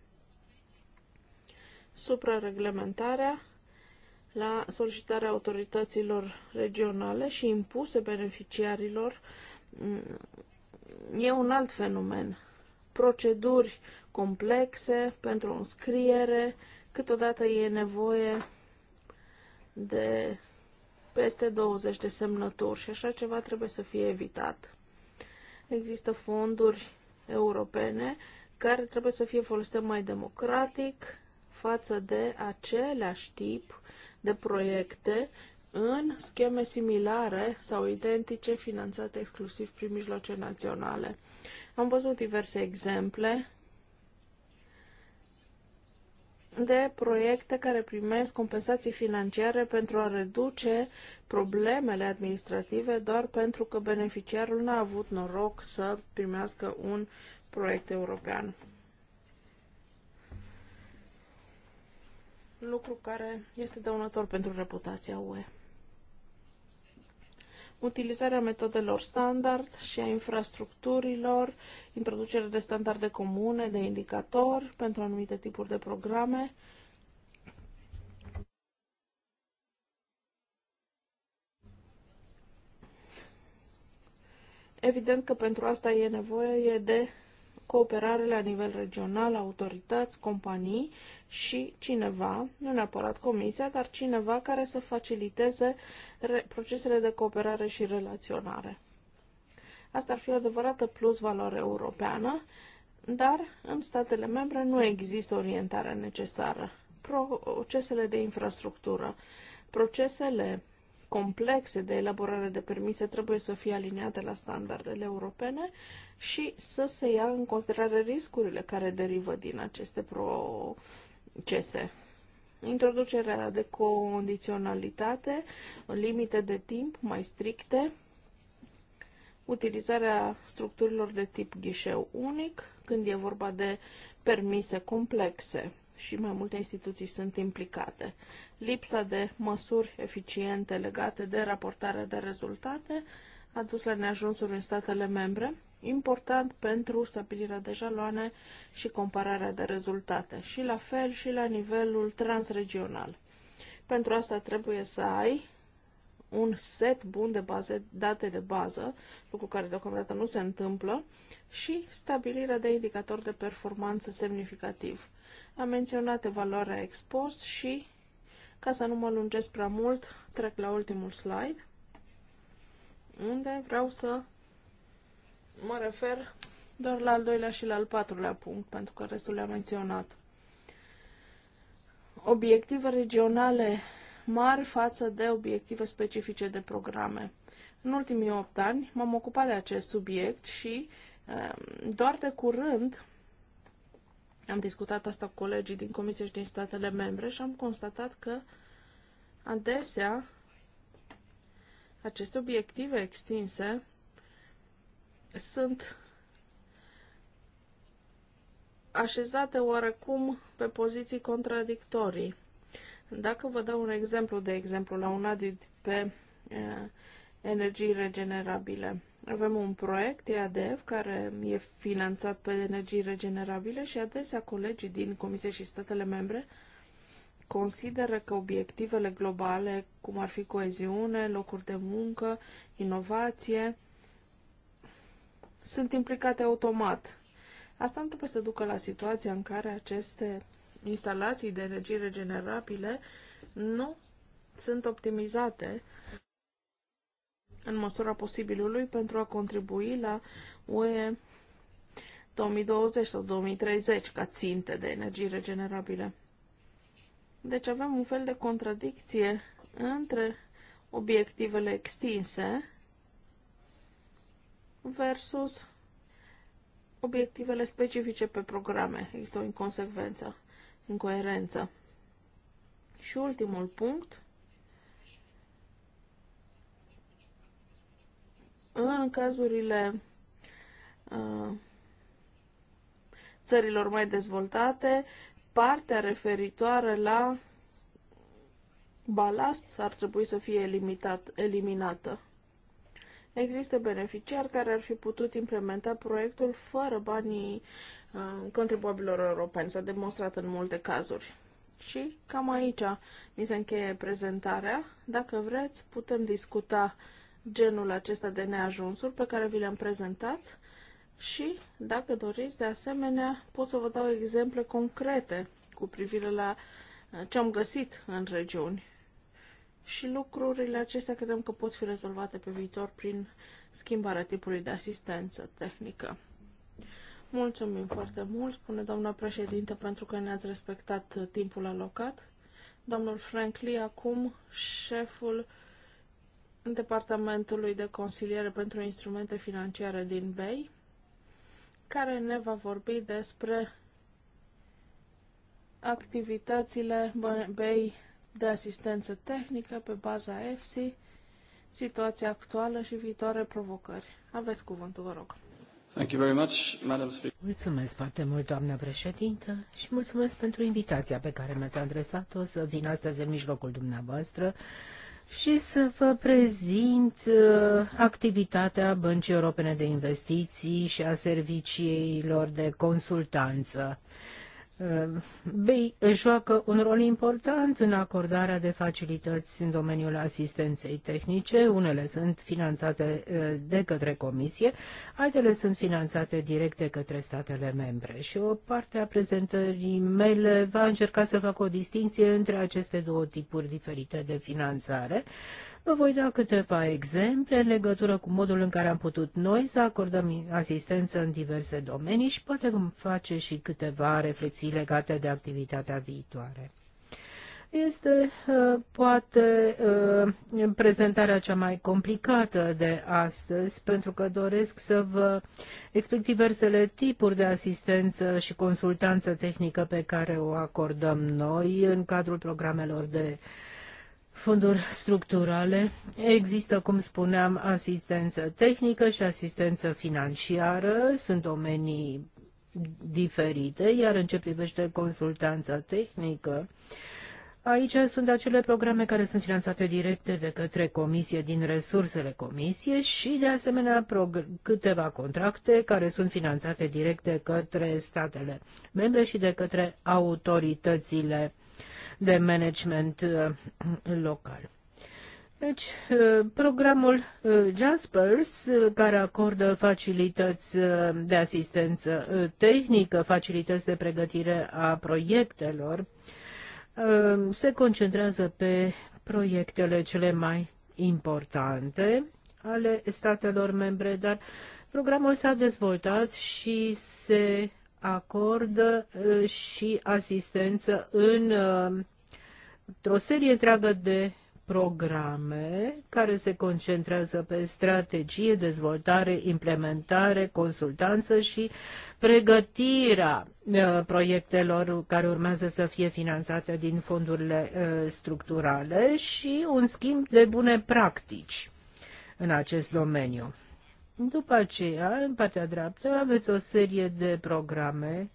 S3: Suprareglementarea la solicitarea autorităților regionale și impuse beneficiarilor mm, e un alt fenomen. Proceduri complexe pentru o înscriere, câteodată e nevoie de peste 20 de semnături și așa ceva trebuie să fie evitat. Există fonduri europene care trebuie să fie folosite mai democratic față de aceleași tip de proiecte în scheme similare sau identice finanțate exclusiv prin mijloace naționale. Am văzut diverse exemple de proiecte care primesc compensații financiare pentru a reduce problemele administrative doar pentru că beneficiarul n-a avut noroc să primească un proiect european. Lucru care este dăunător pentru reputația UE utilizarea metodelor standard și a infrastructurilor, introducerea de standarde comune, de indicatori pentru anumite tipuri de programe, Evident că pentru asta e nevoie de cooperare la nivel regional, autorități, companii și cineva, nu neapărat comisia, dar cineva care să faciliteze procesele de cooperare și relaționare. Asta ar fi o adevărată plus valoare europeană, dar în statele membre nu există orientarea necesară. Procesele de infrastructură, procesele complexe de elaborare de permise trebuie să fie aliniate la standardele europene și să se ia în considerare riscurile care derivă din aceste pro CS. Introducerea de condiționalitate, limite de timp mai stricte, utilizarea structurilor de tip ghișeu unic, când e vorba de permise complexe și mai multe instituții sunt implicate. Lipsa de măsuri eficiente legate de raportarea de rezultate a dus la neajunsuri în statele membre, important pentru stabilirea de jaloane și compararea de rezultate, și la fel și la nivelul transregional. Pentru asta trebuie să ai un set bun de baze, date de bază, lucru care deocamdată nu se întâmplă, și stabilirea de indicator de performanță semnificativ. Am menționat evaluarea expost și, ca să nu mă lungesc prea mult, trec la ultimul slide, unde vreau să Mă refer doar la al doilea și la al patrulea punct, pentru că restul le-am menționat. Obiective regionale mari față de obiective specifice de programe. În ultimii 8 ani m-am ocupat de acest subiect și ehm, doar de curând am discutat asta cu colegii din Comisie și din statele membre și am constatat că adesea aceste obiective extinse sunt așezate oarecum pe poziții contradictorii. Dacă vă dau un exemplu, de exemplu, la un adit pe eh, energii regenerabile. Avem un proiect EADF care e finanțat pe energii regenerabile și adesea colegii din Comisie și statele membre consideră că obiectivele globale, cum ar fi coeziune, locuri de muncă, inovație, sunt implicate automat. Asta nu trebuie să ducă la situația în care aceste instalații de energie regenerabile nu sunt optimizate în măsura posibilului pentru a contribui la UE 2020 sau 2030 ca ținte de energie regenerabile. Deci avem un fel de contradicție între obiectivele extinse versus obiectivele specifice pe programe. Există o inconsecvență, incoerență. Și ultimul punct, în cazurile uh, țărilor mai dezvoltate, partea referitoare la balast ar trebui să fie limitat, eliminată. Există beneficiari care ar fi putut implementa proiectul fără banii uh, contribuabilor europeni. S-a demonstrat în multe cazuri. Și cam aici mi se încheie prezentarea. Dacă vreți, putem discuta genul acesta de neajunsuri pe care vi le-am prezentat și, dacă doriți, de asemenea, pot să vă dau exemple concrete cu privire la uh, ce am găsit în regiuni. Și lucrurile acestea credem că pot fi rezolvate pe viitor prin schimbarea tipului de asistență tehnică. Mulțumim foarte mult, spune doamna președinte, pentru că ne-ați respectat timpul alocat. Domnul Frank Lee, acum șeful Departamentului de Consiliere pentru Instrumente Financiare din BEI, care ne va vorbi despre activitățile BEI de asistență tehnică pe baza EFSI, situația actuală și viitoare provocări. Aveți cuvântul, vă rog. Thank you very much, Madam Speaker.
S1: mulțumesc foarte mult, doamna președintă, și mulțumesc pentru invitația pe care mi-ați adresat-o să vin astăzi în mijlocul dumneavoastră și să vă prezint uh, activitatea Băncii Europene de Investiții și a serviciilor de consultanță. Uh, Uh, BEI joacă un rol important în acordarea de facilități în domeniul asistenței tehnice. Unele sunt finanțate uh, de către Comisie, altele sunt finanțate direct de către statele membre. Și o parte a prezentării mele va încerca să facă o distinție între aceste două tipuri diferite de finanțare Vă voi da câteva exemple în legătură cu modul în care am putut noi să acordăm asistență în diverse domenii și poate vom face și câteva reflexii legate de activitatea viitoare este uh, poate uh, prezentarea cea mai complicată de astăzi, pentru că doresc să vă explic diversele tipuri de asistență și consultanță tehnică pe care o acordăm noi în cadrul programelor de fonduri structurale, există, cum spuneam, asistență tehnică și asistență financiară, sunt domenii diferite, iar în ce privește consultanța tehnică, Aici sunt acele programe care sunt finanțate directe de către comisie din resursele comisie și, de asemenea, câteva contracte care sunt finanțate direct de către statele membre și de către autoritățile de management uh, local. Deci, uh, programul uh, Jaspers, care acordă facilități de asistență tehnică, facilități de pregătire a proiectelor, se concentrează pe proiectele cele mai importante ale statelor membre, dar programul s-a dezvoltat și se acordă uh, și asistență în uh, o serie întreagă de programe care se concentrează pe strategie, dezvoltare, implementare, consultanță și pregătirea uh, proiectelor care urmează să fie finanțate din fondurile structurale și un schimb de bune practici în acest domeniu. După aceea, în partea dreaptă, aveți o serie de programe.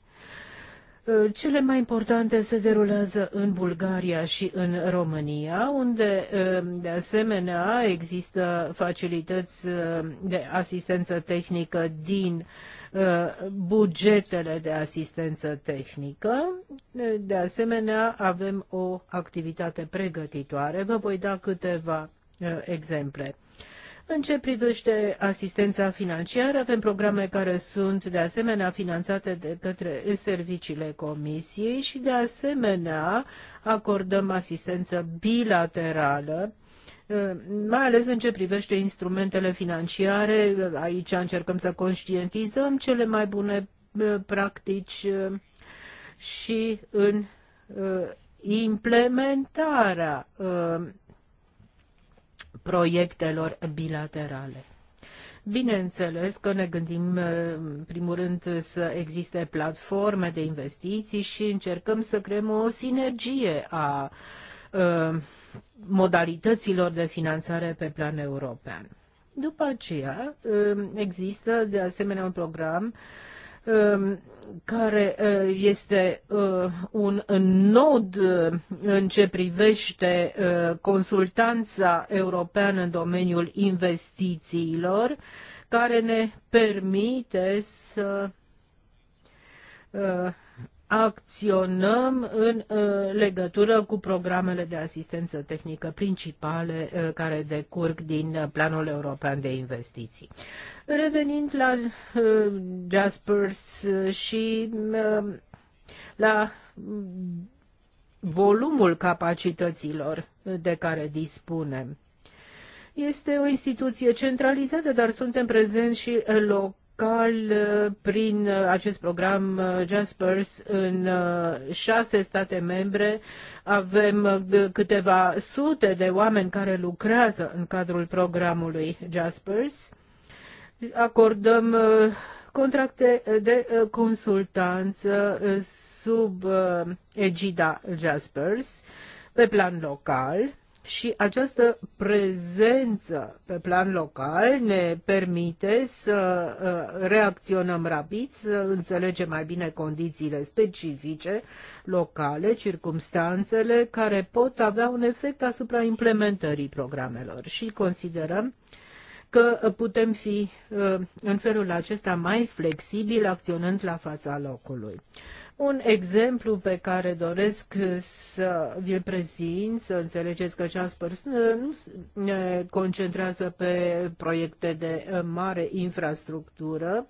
S1: Uh, cele mai importante se derulează în Bulgaria și în România, unde, uh, de asemenea, există facilități uh, de asistență tehnică din bugetele de asistență tehnică. De asemenea, avem o activitate pregătitoare. Vă voi da câteva exemple. În ce privește asistența financiară, avem programe care sunt de asemenea finanțate de către serviciile Comisiei și de asemenea acordăm asistență bilaterală eh, mai ales în ce privește instrumentele financiare, aici încercăm să conștientizăm cele mai bune eh, practici eh, și în implementarea proiectelor bilaterale. Bineînțeles că ne gândim, în primul rând, să existe platforme de investiții și încercăm să creăm o sinergie a ă, modalităților de finanțare pe plan european. După aceea, ă, există de asemenea un program uh, Um, care uh, este uh, un nod uh, în ce privește consultanța europeană în domeniul investițiilor, care ne permite să acționăm în uh, legătură cu programele de asistență tehnică principale uh, care decurg din uh, Planul European de Investiții. Revenind la Jaspers și la volumul capacităților de care dispunem. Este o instituție centralizată, dar suntem prezenți și loc local uh, prin uh, acest program uh, Jaspers în șase state membre. Avem câteva sute de oameni care lucrează în cadrul programului Jaspers. Acordăm contracte de consultanță sub egida Jaspers pe plan local și această prezență pe plan local ne permite să uh, reacționăm rapid, să înțelegem mai bine condițiile specifice locale, circumstanțele care pot avea un efect asupra implementării programelor și considerăm că putem fi uh, în felul acesta mai flexibil, acționând la fața locului. Un exemplu pe care doresc să vi-l prezint, să înțelegeți că Jaspers nu se concentrează pe proiecte de uh, mare infrastructură,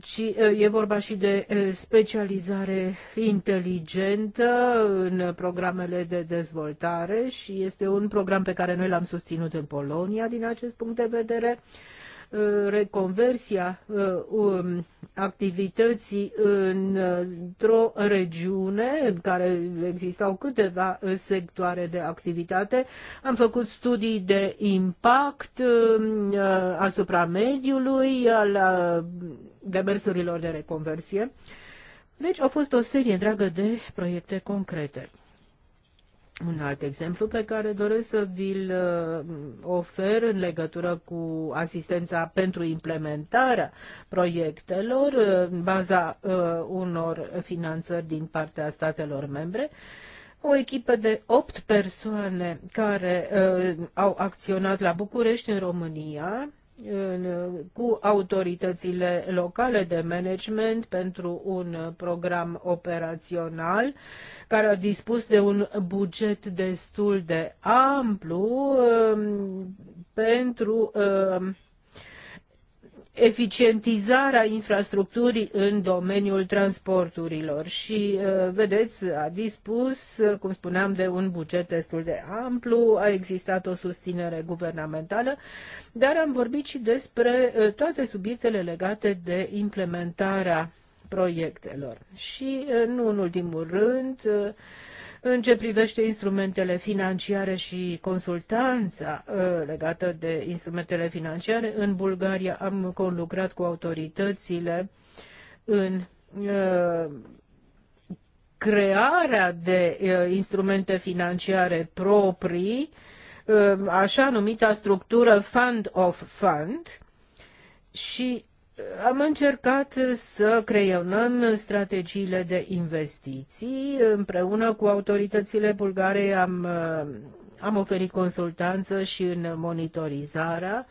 S1: ci uh, e vorba și de uh, specializare inteligentă în programele de dezvoltare și este un program pe care noi l-am susținut în Polonia din acest punct de vedere. Uh, reconversia uh, um, activității într-o regiune în care existau câteva sectoare de activitate. Am făcut studii de impact um, uh, asupra mediului, al demersurilor de reconversie. Deci au fost o serie întreagă de proiecte concrete. Un alt exemplu pe care doresc să vi-l uh, ofer în legătură cu asistența pentru implementarea proiectelor uh, în baza uh, unor finanțări din partea statelor membre, o echipă de opt persoane care au acționat la București, în România, cu autoritățile locale de management pentru un program operațional care a dispus de un buget destul de amplu um, pentru um, eficientizarea infrastructurii în domeniul transporturilor și, uh, vedeți, a dispus, uh, cum spuneam, de un buget destul de amplu, a existat o susținere guvernamentală, dar am vorbit și despre uh, toate subiectele legate de implementarea proiectelor. Și, nu în ultimul rând, în ce privește instrumentele financiare și consultanța uh, legată de instrumentele financiare, în Bulgaria am conlucrat cu autoritățile în uh, crearea de uh, instrumente financiare proprii, așa numita structură fund of fund, și am încercat să creionăm strategiile de investiții împreună cu autoritățile bulgare. Am, am oferit consultanță și în monitorizarea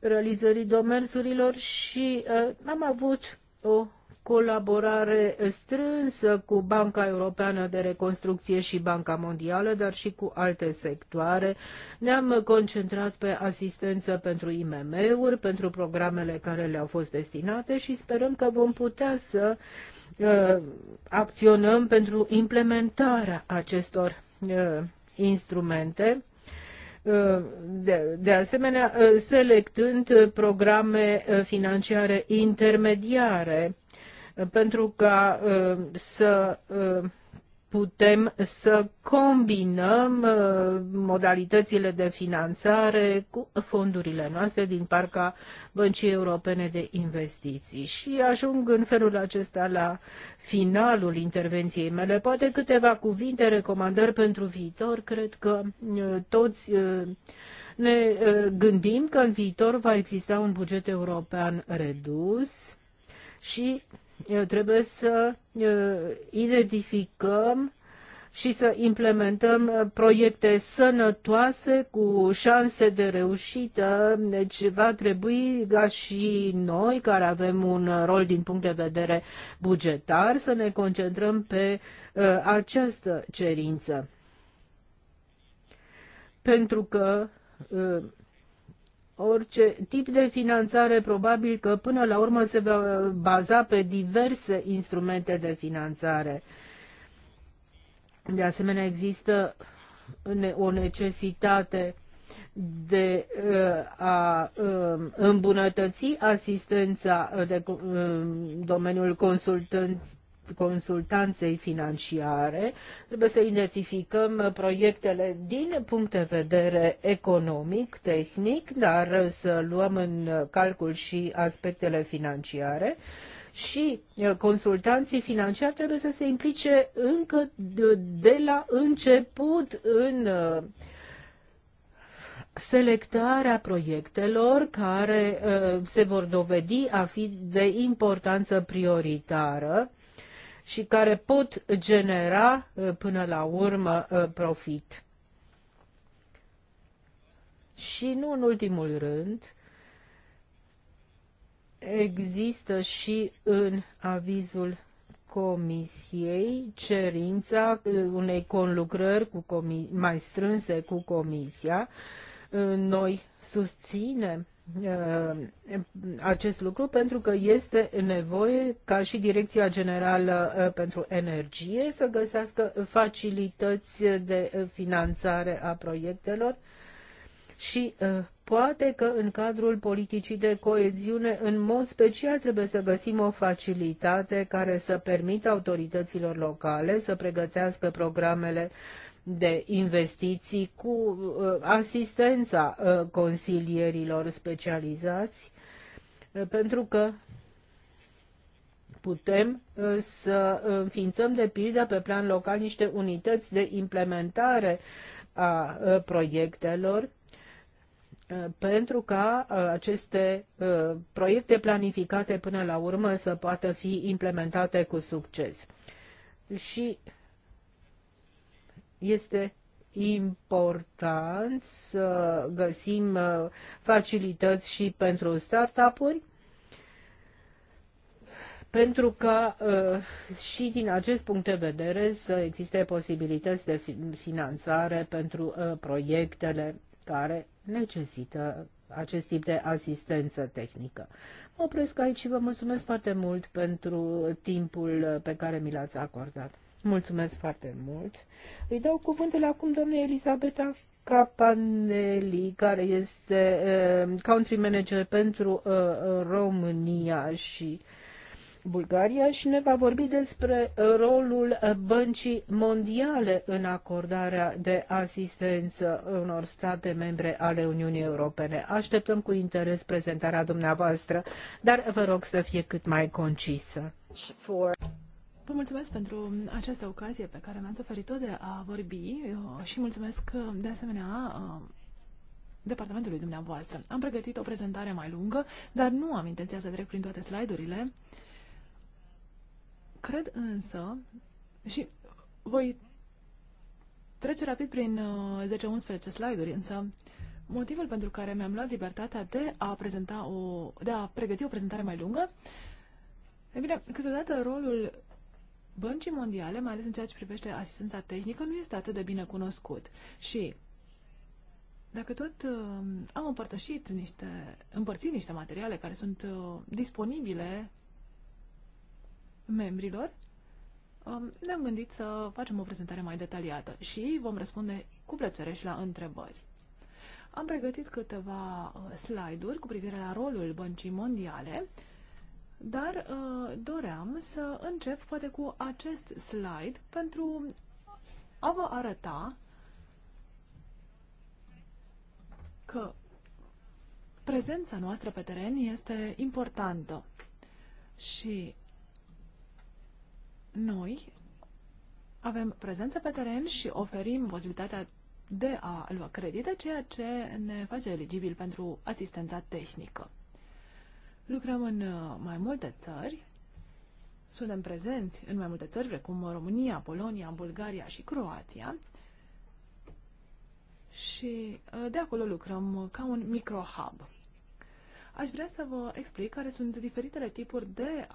S1: realizării domersurilor și uh, am avut o colaborare strânsă cu Banca Europeană de Reconstrucție și Banca Mondială, dar și cu alte sectoare. Ne-am concentrat pe asistență pentru IMM-uri, pentru programele care le-au fost destinate și sperăm că vom putea să uh, acționăm pentru implementarea acestor uh, instrumente. Uh, de, de, asemenea uh, selectând uh, programe financiare intermediare pentru ca uh, să uh, putem să combinăm uh, modalitățile de finanțare cu fondurile noastre din parca Băncii Europene de Investiții. Și ajung în felul acesta la finalul intervenției mele. Poate câteva cuvinte, recomandări pentru viitor. Cred că toți ne gândim că în viitor va exista un buget european redus și Trebuie să identificăm și să implementăm proiecte sănătoase cu șanse de reușită. Deci va trebui ca și noi, care avem un rol din punct de vedere bugetar, să ne concentrăm pe uh, această cerință. Pentru că uh, orice tip de finanțare probabil că până la urmă se va baza pe diverse instrumente de finanțare. De asemenea, există o necesitate de uh, a um, îmbunătăți asistența de um, domeniul consultanței consultanței financiare, trebuie să identificăm proiectele din punct de vedere economic, tehnic, dar să luăm în calcul și aspectele financiare și uh, consultanții financiari trebuie să se implice încă de la început în uh, selectarea proiectelor care uh, se vor dovedi a fi de importanță prioritară și care pot genera uh, până la urmă uh, profit. Și nu în ultimul rând, există și în avizul Comisiei cerința uh, unei conlucrări cu mai strânse cu Comisia. Noi susținem Uh, acest lucru pentru că este nevoie ca și Direcția Generală uh, pentru Energie să găsească facilități de finanțare a proiectelor și uh, poate că în cadrul politicii de coeziune în mod special trebuie să găsim o facilitate care să permită autorităților locale să pregătească programele uh, de investiții cu uh, asistența uh, consilierilor specializați, uh, pentru că putem să înființăm de pildă pe plan local niște unități de implementare a proiectelor pentru ca aceste proiecte planificate până la urmă să poată fi implementate cu succes. Și este important să găsim uh, facilități și pentru startup-uri, pentru ca uh, și din acest punct de vedere să existe posibilități de finanțare pentru uh, proiectele care necesită acest tip de asistență tehnică. Mă opresc aici și vă mulțumesc foarte mult pentru timpul pe care mi l-ați acordat. Mulțumesc foarte mult. Îi dau cuvântul acum doamnei Elisabeta Capanelli, care este uh, country manager pentru uh, România și Bulgaria și ne va vorbi despre rolul băncii mondiale în acordarea de asistență unor state membre ale Uniunii Europene. Așteptăm cu interes prezentarea dumneavoastră, dar vă rog să fie cât mai concisă.
S2: For... Vă mulțumesc pentru această ocazie pe care mi-ați oferit-o de a vorbi uh, și mulțumesc uh, de asemenea uh, departamentului dumneavoastră. Am pregătit o prezentare mai lungă, dar nu am intenția să trec prin toate slide-urile. Cred însă și voi trece rapid prin 10-11 slide-uri, însă motivul pentru care mi-am luat libertatea de a, prezenta o, de a pregăti o prezentare mai lungă E bine, câteodată rolul băncii mondiale, mai ales în ceea ce privește asistența tehnică, nu este atât de bine cunoscut. Și dacă tot uh, am împărtășit niște, împărțit niște materiale care sunt uh, disponibile membrilor, um, ne-am gândit să facem o prezentare mai detaliată și vom răspunde cu plăcere și la întrebări. Am pregătit câteva uh, slide-uri cu privire la rolul băncii mondiale, uh, dar uh, doream să încep poate cu acest slide pentru a vă arăta că prezența noastră pe teren este importantă și noi avem prezență pe teren și oferim posibilitatea de a lua credite, ceea ce ne face eligibil pentru asistența tehnică. Lucrăm în uh, mai multe țări, suntem prezenți în mai multe țări, precum România, Polonia, Bulgaria și Croația. Și uh, de acolo lucrăm uh, ca un microhub. Aș vrea să vă explic care sunt diferitele tipuri de,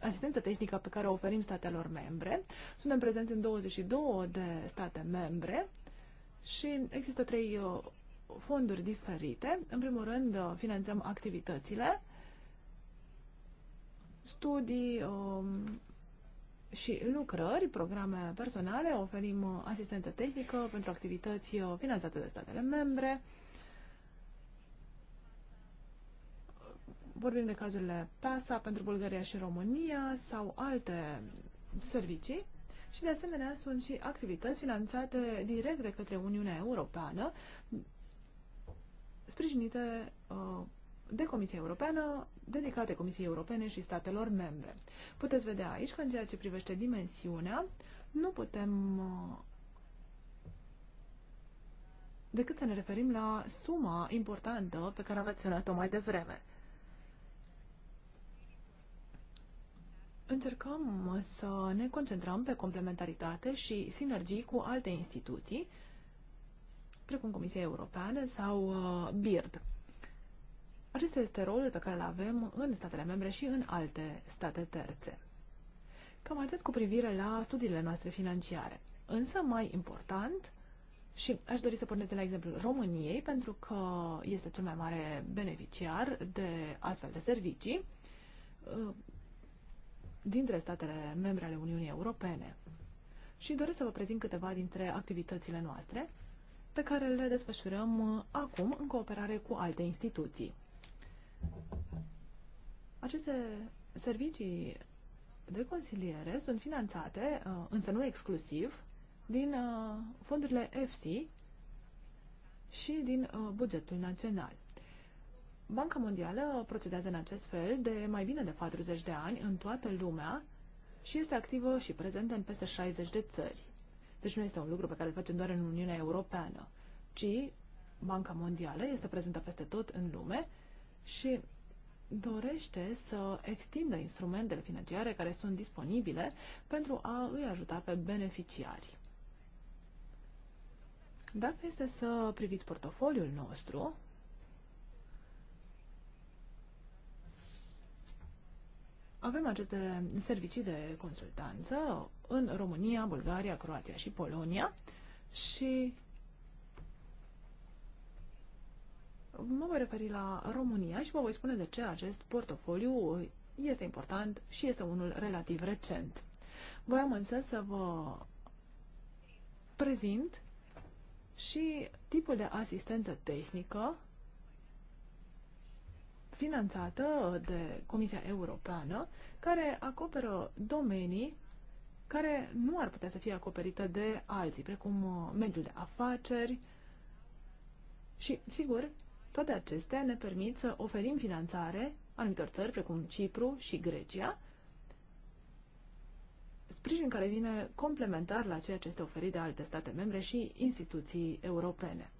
S2: asistență tehnică pe care o oferim statelor membre. Suntem prezenți în 22 de state membre și există trei fonduri diferite. În primul rând, uh, finanțăm activitățile, studii um, și lucrări, programe personale, oferim uh, asistență tehnică pentru activități uh, finanțate de statele membre, vorbim de cazurile PASA pentru Bulgaria și România sau alte servicii și de asemenea sunt și activități finanțate direct de către Uniunea Europeană sprijinite uh, de Comisia Europeană, dedicate Comisiei Europene și statelor membre. Puteți vedea aici că în ceea ce privește dimensiunea, nu putem uh, decât să ne referim la suma importantă pe care am menționat-o mai devreme. Încercăm să ne concentrăm pe complementaritate și sinergii cu alte instituții, precum Comisia Europeană sau uh, BIRD. Acesta este rolul pe care îl avem în statele membre și în alte state terțe. Cam atât cu privire la studiile noastre financiare. Însă, mai important, și aș dori să pornesc de la exemplul României, pentru că este cel mai mare beneficiar de astfel de servicii uh, dintre statele membre ale Uniunii Europene. Și doresc să vă prezint câteva dintre activitățile noastre pe care le desfășurăm uh, acum în cooperare cu alte instituții. Aceste servicii de consiliere sunt finanțate, uh, însă nu exclusiv, din uh, fondurile EFSI și din bugetul național. Banca Mondială procedează în acest fel de mai bine de 40 de ani în toată lumea și este activă și prezentă în peste 60 de țări. Deci nu este un lucru pe care îl facem doar în Uniunea Europeană, ci Banca Mondială este prezentă peste tot în lume și dorește să extindă instrumentele financiare care sunt disponibile pentru a îi ajuta pe beneficiari. Dacă este să priviți portofoliul nostru, Avem aceste servicii de consultanță în România, Bulgaria, Croația și Polonia și mă voi referi la România și vă voi spune de ce acest portofoliu este important și este unul relativ recent. Voiam însă să vă prezint și tipul de asistență tehnică finanțată de Comisia Europeană, care acoperă domenii care nu ar putea să fie acoperite de alții, precum uh, mediul de afaceri. Și, sigur, toate acestea ne permit să oferim finanțare anumitor țări, precum Cipru și Grecia, sprijin care vine complementar la ceea ce este oferit de alte state membre și instituții europene.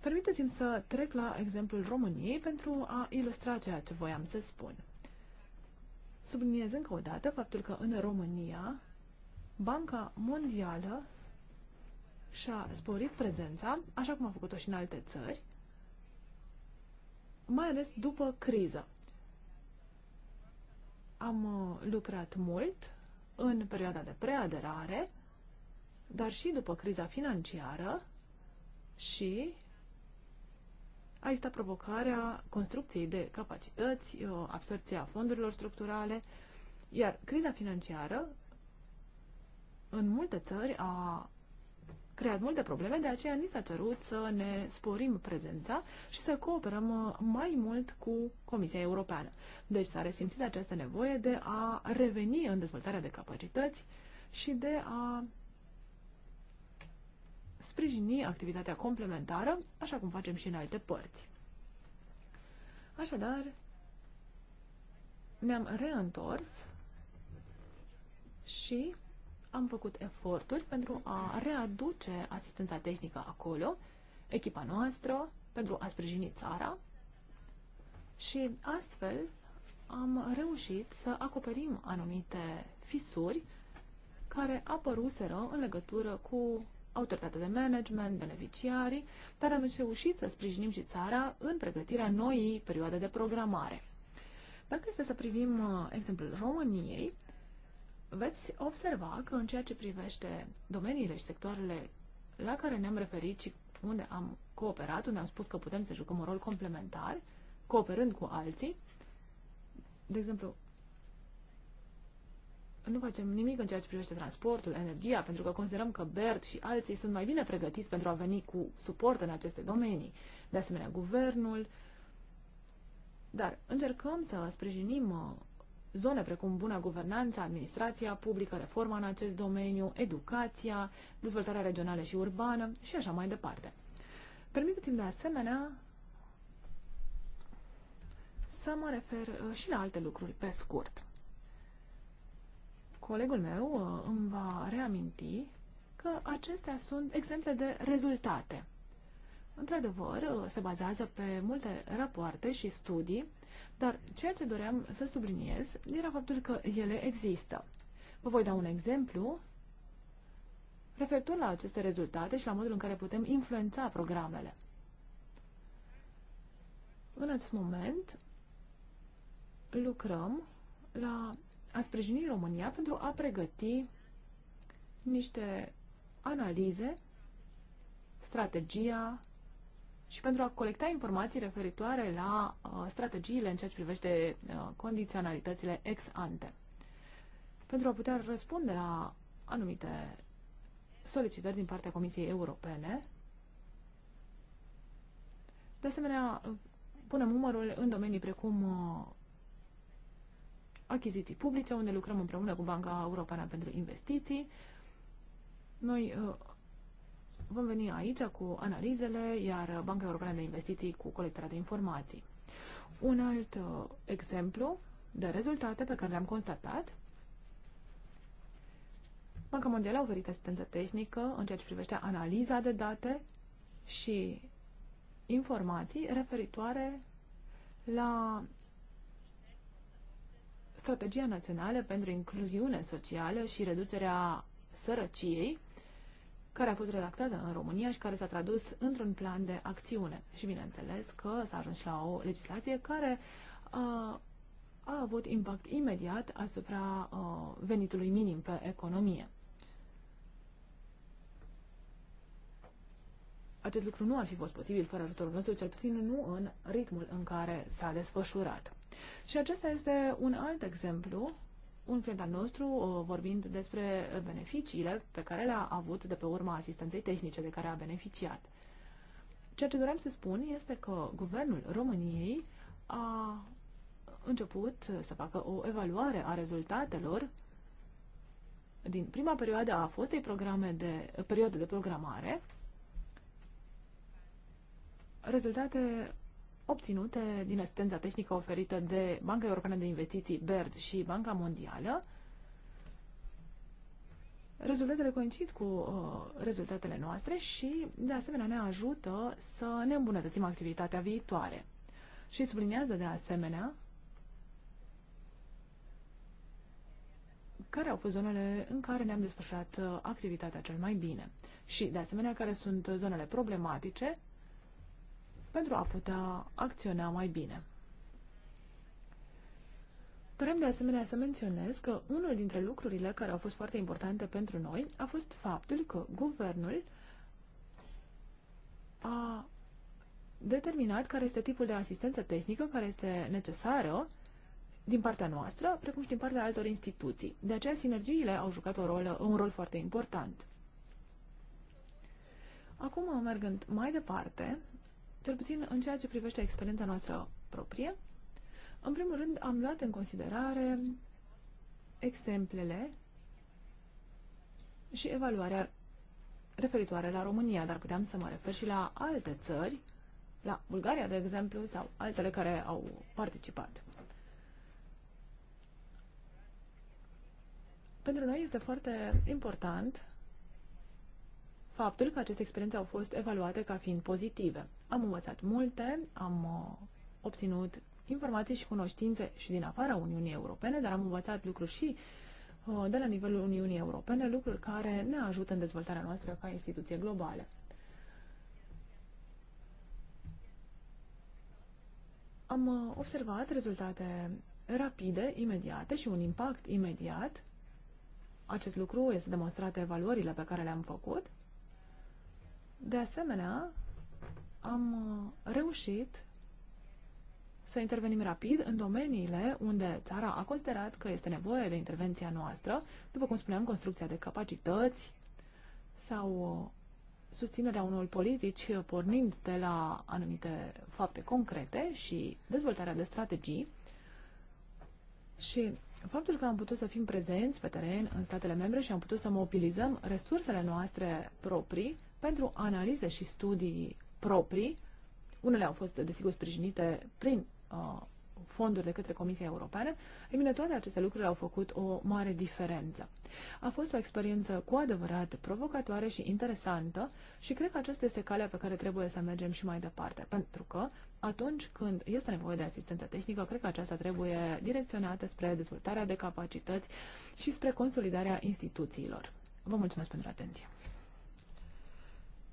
S2: Permiteți-mi să trec la exemplul României pentru a ilustra ceea ce voiam să spun. Subliniez încă o dată faptul că în România Banca Mondială și-a sporit prezența, așa cum a făcut-o și în alte țări, mai ales după criză. Am uh, lucrat mult în perioada de preaderare, dar și după criza financiară și a existat provocarea construcției de capacități, uh, absorpția fondurilor structurale, iar criza financiară în multe țări a creat multe probleme, de aceea ni s-a cerut să ne sporim prezența și să cooperăm uh, mai mult cu Comisia Europeană. Deci s-a resimțit această nevoie de a reveni în dezvoltarea de capacități și de a sprijini activitatea complementară, așa cum facem și în alte părți. Așadar, ne-am reîntors și am făcut eforturi pentru a readuce asistența tehnică acolo, echipa noastră, pentru a sprijini țara și astfel am reușit să acoperim anumite fisuri care apăruseră în legătură cu autoritatea de management, beneficiarii, dar am reușit să sprijinim și țara în pregătirea noii perioade de programare. Dacă este să privim uh, exemplul României, veți observa că în ceea ce privește domeniile și sectoarele la care ne-am referit și unde am cooperat, unde am spus că putem să jucăm un rol complementar, cooperând cu alții, de exemplu, nu facem nimic în ceea ce privește transportul, energia, pentru că considerăm că BERT și alții sunt mai bine pregătiți pentru a veni cu suport în aceste domenii. De asemenea, guvernul. Dar încercăm să sprijinim uh, zone precum bună guvernanță, administrația publică, reforma în acest domeniu, educația, dezvoltarea regională și urbană și așa mai departe. Permiteți-mi de asemenea să mă refer uh, și la alte lucruri pe scurt. Colegul meu uh, îmi va reaminti că acestea sunt exemple de rezultate. Într-adevăr, uh, se bazează pe multe rapoarte și studii, dar ceea ce doream să subliniez era faptul că ele există. Vă voi da un exemplu referitor la aceste rezultate și la modul în care putem influența programele. În acest moment lucrăm la a sprijini România pentru a pregăti niște analize, strategia și pentru a colecta informații referitoare la uh, strategiile în ceea ce privește uh, condiționalitățile ex ante. Pentru a putea răspunde la anumite solicitări din partea Comisiei Europene, de asemenea, punem numărul în domenii precum uh, achiziții publice, unde lucrăm împreună cu Banca Europeană pentru Investiții. Noi uh, vom veni aici cu analizele, iar Banca Europeană de Investiții cu colectarea de informații. Un alt uh, exemplu de rezultate pe care le-am constatat Banca Mondială a oferit asistență tehnică în ceea ce privește analiza de date și informații referitoare la Strategia Națională pentru Incluziune Socială și Reducerea Sărăciei, care a fost redactată în România și care s-a tradus într-un plan de acțiune. Și bineînțeles că s-a ajuns la o legislație care a, uh, a avut impact imediat asupra a, uh, venitului minim pe economie. Acest lucru nu ar fi fost posibil fără ajutorul nostru, cel puțin nu în ritmul în care s-a desfășurat. Și acesta este un alt exemplu un client al nostru, uh, vorbind despre beneficiile pe care le-a avut de pe urma asistenței tehnice de care a beneficiat. Ceea ce doream să spun este că guvernul României a început să facă o evaluare a rezultatelor din prima perioadă a fostei programe de, perioade de programare rezultate obținute din asistența tehnică oferită de Banca Europeană de Investiții, BERD și Banca Mondială. Rezultatele coincid cu uh, rezultatele noastre și, de asemenea, ne ajută să ne îmbunătățim activitatea viitoare. Și sublinează, de asemenea, care au fost zonele în care ne-am desfășurat uh, activitatea cel mai bine și, de asemenea, care sunt zonele problematice pentru a putea acționa mai bine. Dorem de asemenea să menționez că unul dintre lucrurile care au fost foarte importante pentru noi a fost faptul că guvernul a determinat care este tipul de asistență tehnică care este necesară din partea noastră, precum și din partea altor instituții. De aceea, sinergiile au jucat o rolă, un rol foarte important. Acum, mergând mai departe, cel puțin în ceea ce privește experiența noastră proprie, în primul rând am luat în considerare exemplele și evaluarea referitoare la România, dar puteam să mă refer și la alte țări, la Bulgaria, de exemplu, sau altele care au participat. Pentru noi este foarte important faptul că aceste experiențe au fost evaluate ca fiind pozitive. Am învățat multe, am uh, obținut informații și cunoștințe și din afara Uniunii Europene, dar am învățat lucruri și uh, de la nivelul Uniunii Europene, lucruri care ne ajută în dezvoltarea noastră ca instituție globală. Am uh, observat rezultate rapide, imediate și un impact imediat. Acest lucru este demonstrat de evaluările pe care le-am făcut. De asemenea, am uh, reușit să intervenim rapid în domeniile unde țara a considerat că este nevoie de intervenția noastră, după cum spuneam, construcția de capacități sau uh, susținerea unor politici pornind de la anumite fapte concrete și dezvoltarea de strategii și faptul că am putut să fim prezenți pe teren în statele membre și am putut să mobilizăm resursele noastre proprii pentru analize și studii proprii. Unele au fost, desigur, sprijinite prin uh, fonduri de către Comisia Europeană, e bine, toate aceste lucruri au făcut o mare diferență. A fost o experiență cu adevărat provocatoare și interesantă și cred că aceasta este calea pe care trebuie să mergem și mai departe, pentru că atunci când este nevoie de asistență tehnică, cred că aceasta trebuie direcționată spre dezvoltarea de capacități și spre consolidarea instituțiilor. Vă mulțumesc pentru atenție!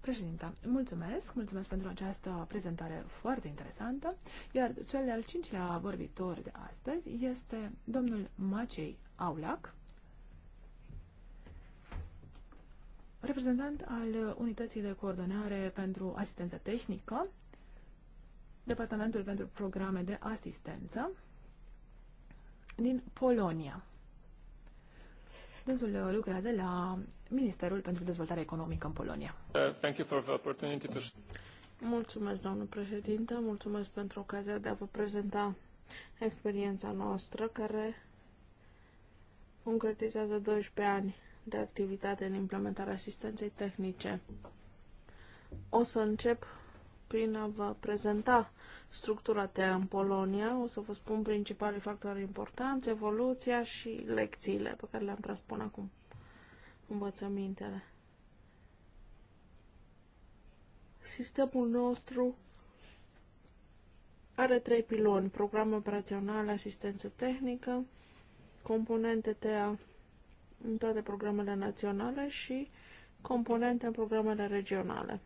S2: Președinta, mulțumesc, mulțumesc pentru această prezentare foarte interesantă, iar cel de-al cincilea vorbitor de astăzi este domnul Macei Aulac, reprezentant al Unității de Coordonare pentru Asistență Tehnică, Departamentul pentru Programe de Asistență din Polonia. Dânsul lucrează la Ministerul pentru Dezvoltare Economică în Polonia. Uh, thank you for the opportunity to... Mulțumesc, domnul președinte,
S3: mulțumesc pentru ocazia de a vă prezenta experiența noastră, care concretizează 12 ani de activitate în implementarea asistenței tehnice. O să încep prin a vă prezenta structura TEA în Polonia. O să vă spun principalii factori importanți, evoluția și lecțiile pe care le-am tras până acum. Învățămintele. Sistemul nostru are trei piloni, program operațional, asistență tehnică, componente TEA în toate programele naționale și componente în programele regionale.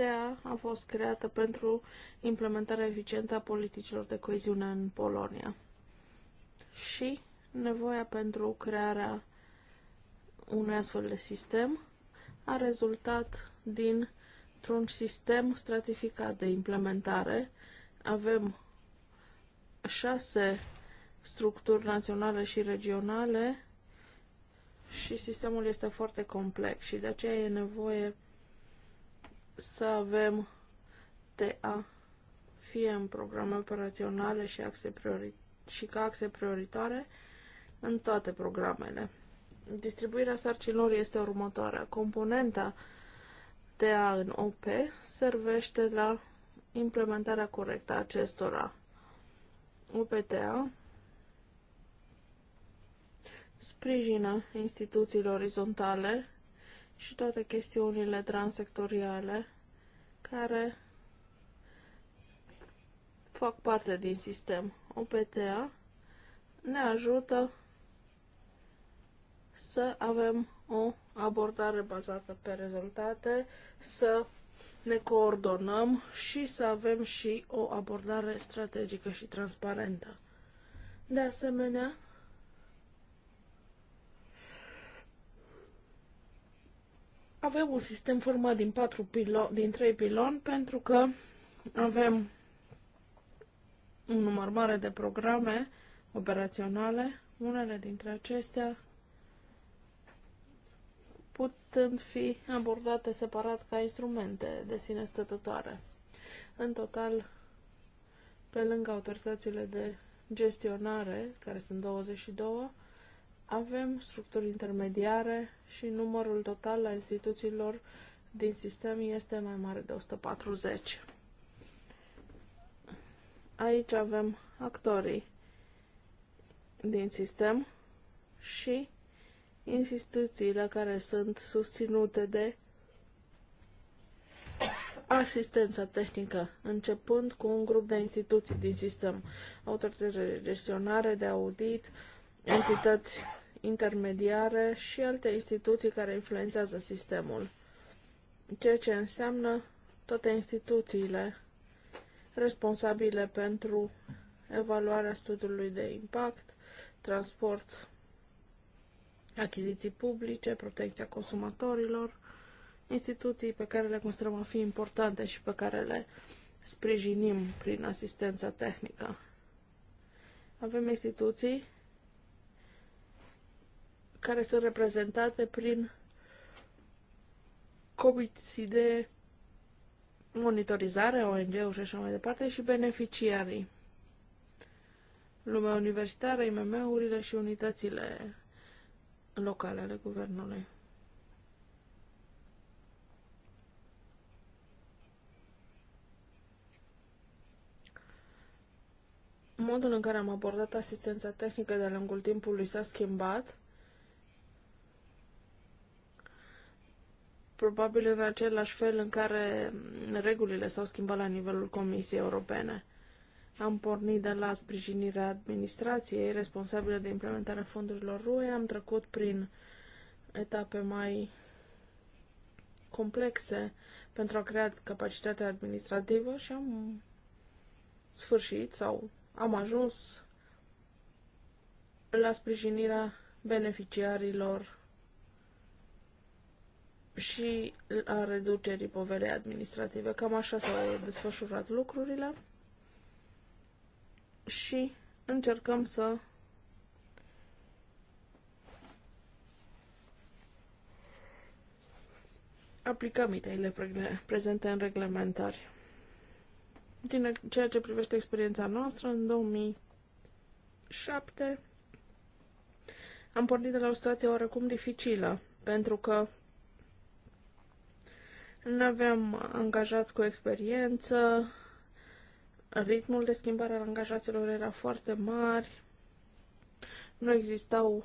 S3: Facilitatea a fost creată pentru implementarea eficientă a politicilor de coeziune în Polonia și nevoia pentru crearea unui astfel de sistem a rezultat dintr-un sistem stratificat de implementare. Avem șase structuri naționale și regionale și sistemul este foarte complex și de aceea e nevoie să avem TA fie în programe operaționale și, axe priori- și ca axe prioritare în toate programele. Distribuirea sarcinilor este următoarea. Componenta TA în OP servește la implementarea corectă a acestora. UPTA sprijină instituțiile orizontale și toate chestiunile transectoriale care fac parte din sistem. OPTA ne ajută să avem o abordare bazată pe rezultate, să ne coordonăm și să avem și o abordare strategică și transparentă. De asemenea, Avem un sistem format din, patru pilo- din trei piloni pentru că avem un număr mare de programe operaționale, unele dintre acestea putând fi abordate separat ca instrumente de sine stătătoare. În total, pe lângă autoritățile de gestionare, care sunt 22, avem structuri intermediare și numărul total al instituțiilor din sistem este mai mare de 140. Aici avem actorii din sistem și instituțiile care sunt susținute de asistența tehnică, începând cu un grup de instituții din sistem, autorități de gestionare, de audit, entități intermediare și alte instituții care influențează sistemul, ceea ce înseamnă toate instituțiile responsabile pentru evaluarea studiului de impact, transport, achiziții publice, protecția consumatorilor, instituții pe care le considerăm a fi importante și pe care le sprijinim prin asistența tehnică. Avem instituții care sunt reprezentate prin comisii de monitorizare, ONG-uri și așa mai departe, și beneficiarii. Lumea universitară, IMM-urile și unitățile locale ale guvernului. Modul în care am abordat asistența tehnică de-a lungul timpului s-a schimbat probabil în același fel în care regulile s-au schimbat la nivelul Comisiei Europene. Am pornit de la sprijinirea administrației responsabile de implementarea fondurilor RUE, am trecut prin etape mai complexe pentru a crea capacitatea administrativă și am sfârșit sau am ajuns la sprijinirea beneficiarilor și a reducerii poverei administrative. Cam așa s-au desfășurat lucrurile și încercăm să aplicăm ideile prezente în reglementare. Din ceea ce privește experiența noastră, în 2007 am pornit de la o situație oarecum dificilă, pentru că nu aveam angajați cu experiență, ritmul de schimbare al angajaților era foarte mare. nu existau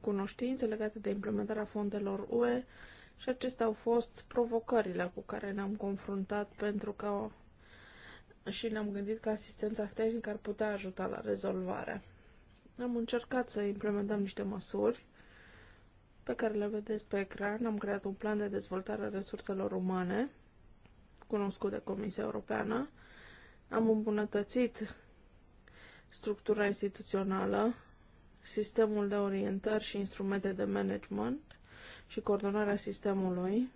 S3: cunoștințe legate de implementarea fondelor UE și acestea au fost provocările cu care ne-am confruntat pentru că și ne-am gândit că asistența tehnică ar putea ajuta la rezolvare. Am încercat să implementăm niște măsuri pe care le vedeți pe ecran, am creat un plan de dezvoltare a resurselor umane, cunoscut de Comisia Europeană. Am îmbunătățit structura instituțională, sistemul de orientări și instrumente de management și coordonarea sistemului.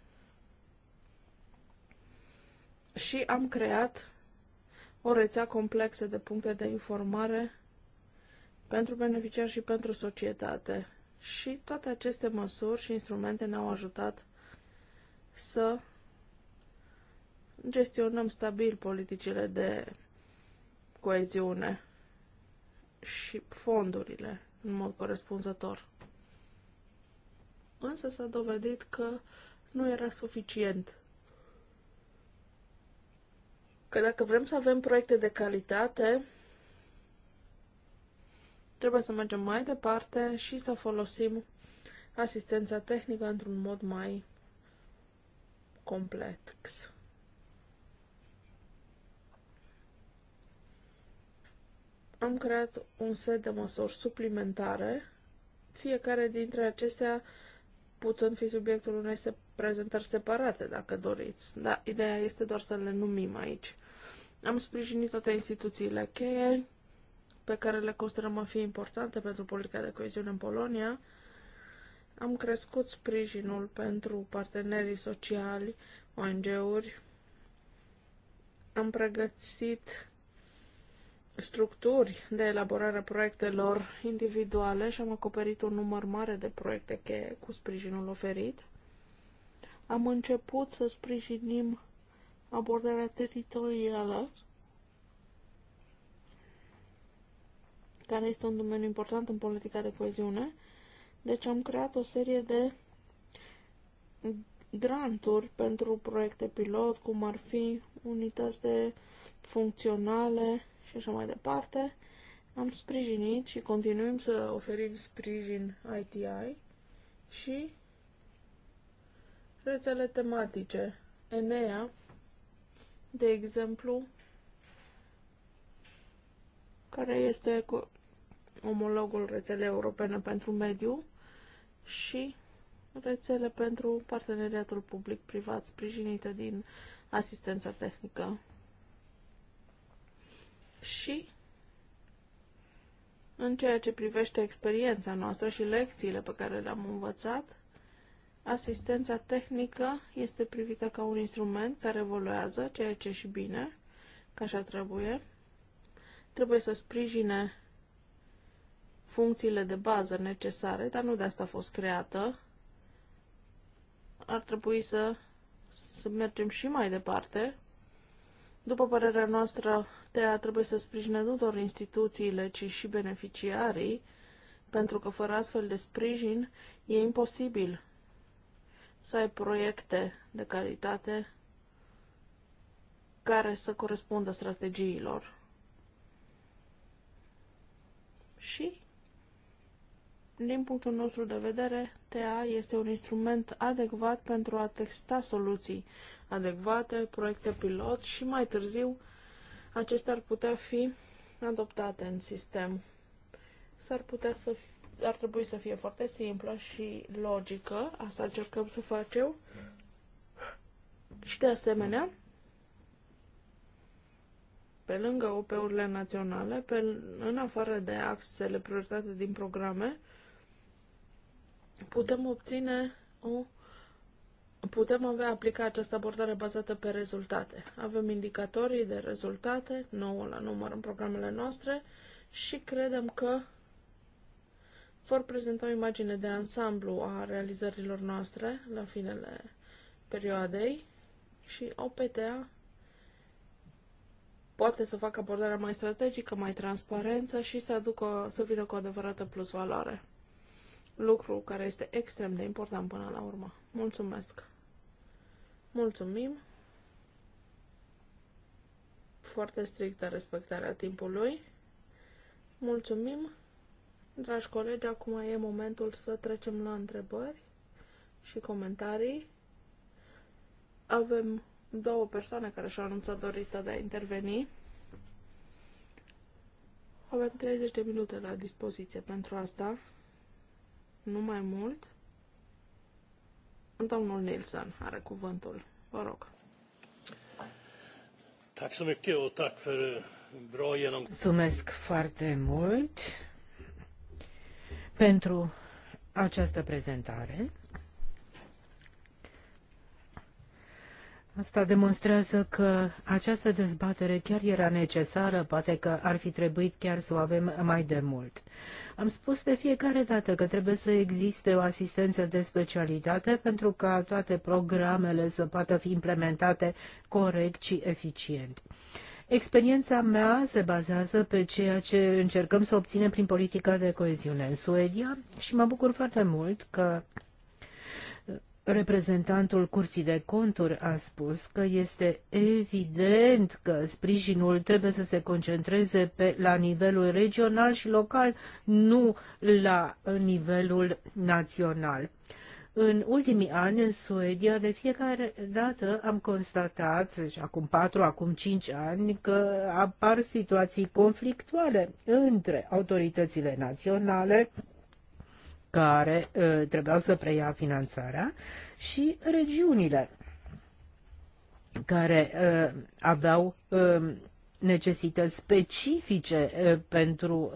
S3: Și am creat o rețea complexă de puncte de informare pentru beneficiari și pentru societate și toate aceste măsuri și instrumente ne-au ajutat să gestionăm stabil politicile de coeziune și fondurile în mod corespunzător. Însă s-a dovedit că nu era suficient. Că dacă vrem să avem proiecte de calitate, Trebuie să mergem mai departe și să folosim asistența tehnică într-un mod mai complex. Am creat un set de măsuri suplimentare, fiecare dintre acestea putând fi subiectul unei prezentări separate, dacă doriți. Dar ideea este doar să le numim aici. Am sprijinit toate instituțiile cheie, pe care le considerăm a fi importante pentru politica de coeziune în Polonia, am crescut sprijinul pentru partenerii sociali, ONG-uri, am pregătit structuri de elaborare a proiectelor individuale și am acoperit un număr mare de proiecte cheie cu sprijinul oferit. Am început să sprijinim abordarea teritorială care este un domeniu important în politica de coeziune. Deci am creat o serie de granturi pentru proiecte pilot, cum ar fi unități de funcționale și așa mai departe. Am sprijinit și continuăm să oferim sprijin ITI și rețele tematice. Enea, de exemplu, care este omologul rețelei europene pentru mediu și rețele pentru parteneriatul public-privat sprijinită din asistența tehnică. Și în ceea ce privește experiența noastră și lecțiile pe care le-am învățat, asistența tehnică este privită ca un instrument care evoluează, ceea ce și bine, ca așa trebuie. Trebuie să sprijine funcțiile de bază necesare, dar nu de asta a fost creată. Ar trebui să, să mergem și mai departe. După părerea noastră, TEA trebuie să sprijine nu doar instituțiile, ci și beneficiarii, pentru că fără astfel de sprijin e imposibil să ai proiecte de calitate care să corespundă strategiilor. Și din punctul nostru de vedere, TA este un instrument adecvat pentru a testa soluții adecvate, proiecte pilot și mai târziu acestea ar putea fi adoptate în sistem. S-ar putea să ar trebui să fie foarte simplă și logică, asta încercăm să facem. Și de asemenea, pe lângă OP-urile naționale, pe, în afară de axele prioritate din programe, putem obține o putem avea aplica această abordare bazată pe rezultate. Avem indicatorii de rezultate, nouă la număr în programele noastre și credem că vor prezenta o imagine de ansamblu a realizărilor noastre la finele perioadei și OPTA poate să facă abordarea mai strategică, mai transparență și să aducă, să vină cu adevărată plus valoare lucru care este extrem de important până la urmă. Mulțumesc! Mulțumim! Foarte strictă respectarea timpului. Mulțumim! Dragi colegi, acum e momentul să trecem la întrebări și comentarii. Avem două persoane care și-au anunțat dorită de a interveni. Avem 30 de minute la dispoziție pentru asta nu mai mult. Domnul Nilsson are cuvântul. Vă rog.
S2: Eh,
S1: Mulțumesc
S3: foarte mult
S1: pentru această prezentare. Asta demonstrează că această dezbatere chiar era necesară, poate că ar fi trebuit chiar să o avem mai de mult. Am spus de fiecare dată că trebuie să existe o asistență de specialitate pentru ca toate programele să poată fi implementate corect și eficient. Experiența mea se bazează pe ceea ce încercăm să obținem prin politica de coeziune în Suedia și mă bucur foarte mult că reprezentantul Curții de Conturi a spus că este evident că sprijinul trebuie să se concentreze pe, la nivelul regional și local, nu la nivelul național. În ultimii ani, în Suedia, de fiecare dată am constatat, și acum patru, acum cinci ani, că apar situații conflictuale între autoritățile naționale, care ă, trebuiau să preia finanțarea și regiunile care ă, aveau ă, necesități specifice pentru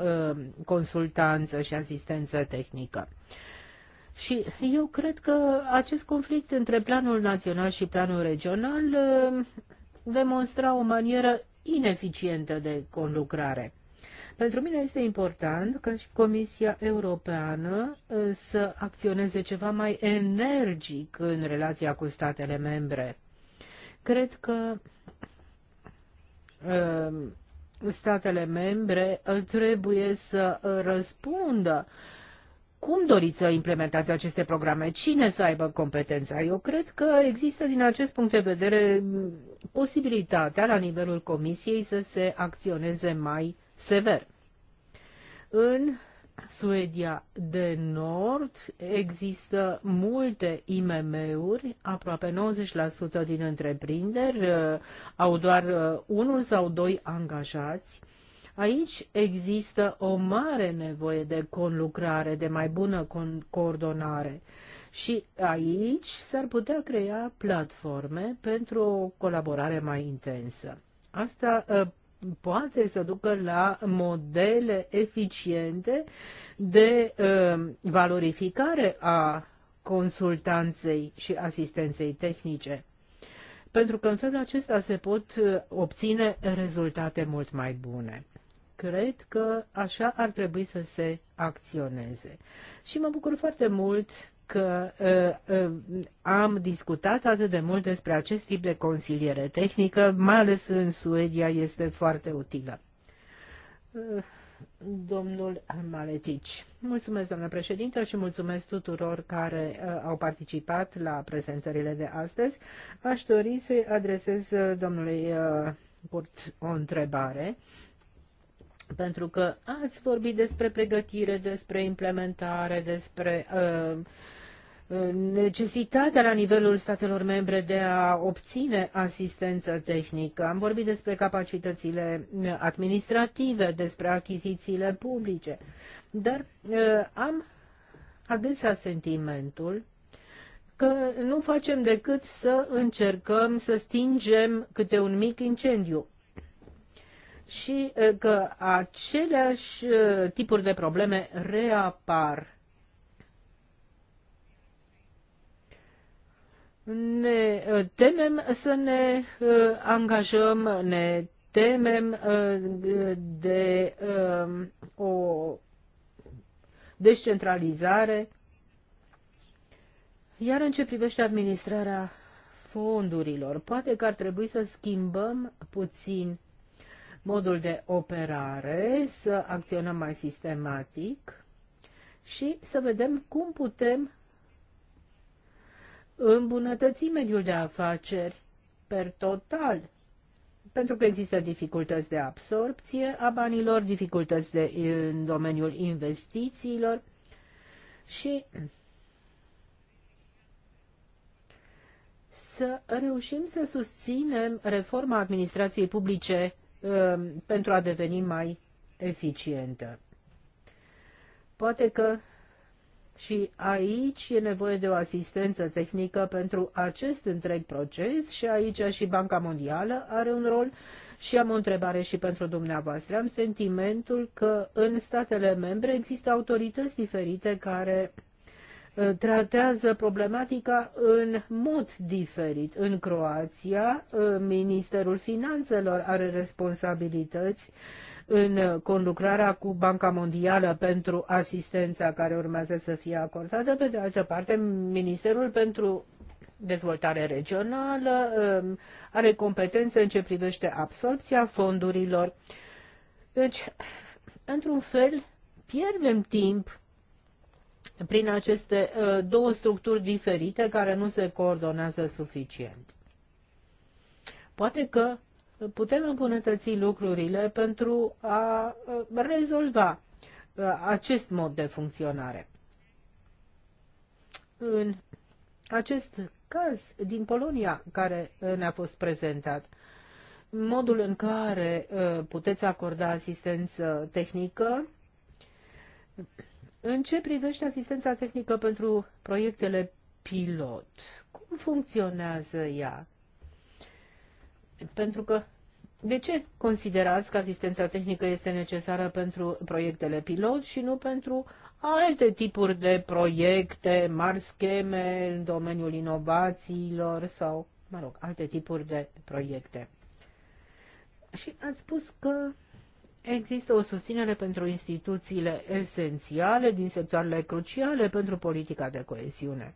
S1: consultanță și asistență tehnică. Și eu cred că acest conflict între planul național și planul regional demonstra o manieră ineficientă de conlucrare. Pentru mine este important ca și Comisia Europeană uh, să acționeze ceva mai energic în relația cu statele membre. Cred că uh, statele membre uh, trebuie să răspundă cum doriți să implementați aceste programe? Cine să aibă competența? Eu cred că există din acest punct de vedere posibilitatea la nivelul Comisiei să se acționeze mai sever. În Suedia de Nord există multe IMM-uri, aproape 90% din întreprinderi uh, au doar uh, unul sau doi angajați. Aici există o mare nevoie de conlucrare, de mai bună coordonare. Și aici s-ar putea crea platforme pentru o colaborare mai intensă. Asta uh, poate să ducă la modele eficiente de uh, valorificare a consultanței și asistenței tehnice. Pentru că în felul acesta se pot uh, obține rezultate mult mai bune. Cred că așa ar trebui să se acționeze. Și mă bucur foarte mult că uh, uh, am discutat atât de mult despre acest tip de consiliere tehnică, mai ales în Suedia este foarte utilă. Uh, domnul Maletici. Mulțumesc, doamnă președintă, și mulțumesc tuturor care uh, au participat la prezentările de astăzi. Aș dori să adresez uh, domnului uh, o întrebare, pentru că ați vorbit despre pregătire, despre implementare, despre uh, necesitatea la nivelul statelor membre de a obține asistență tehnică. Am vorbit despre capacitățile administrative, despre achizițiile publice, dar uh, am adesea sentimentul că nu facem decât să încercăm să stingem câte un mic incendiu și uh, că aceleași uh, tipuri de probleme reapar ne uh, temem să ne uh, angajăm, ne temem uh, de um, o descentralizare. Iar în ce privește administrarea fondurilor, poate că ar trebui să schimbăm puțin modul de operare, să acționăm mai sistematic și să vedem cum putem îmbunătăți mediul de afaceri per total, pentru că există dificultăți de absorpție a banilor, dificultăți de, în domeniul investițiilor și să reușim să susținem reforma administrației publice um, pentru a deveni mai eficientă. Poate că și aici e nevoie de o asistență tehnică pentru acest întreg proces și aici și Banca Mondială are un rol. Și am o întrebare și pentru dumneavoastră. Am sentimentul că în statele membre există autorități diferite care uh, tratează problematica în mod diferit. În Croația, uh, Ministerul Finanțelor are responsabilități uh, în conlucrarea cu Banca Mondială pentru asistența care urmează să fie acordată. Pe de altă parte, Ministerul pentru dezvoltare regională um, are competențe în ce privește absorpția fondurilor. Deci, într-un fel, pierdem timp prin aceste uh, două structuri diferite care nu se coordonează suficient. Poate că putem îmbunătăți lucrurile pentru a rezolva acest mod de funcționare. În acest caz din Polonia care ne-a fost prezentat, modul în care puteți acorda asistență tehnică, în ce privește asistența tehnică pentru proiectele pilot? Cum funcționează ea? Pentru că de ce considerați că asistența tehnică este necesară pentru proiectele pilot și nu pentru alte tipuri de proiecte, mari scheme în domeniul inovațiilor sau, mă rog, alte tipuri de proiecte? Și ați spus că există o susținere pentru instituțiile esențiale din sectoarele cruciale pentru politica de coeziune.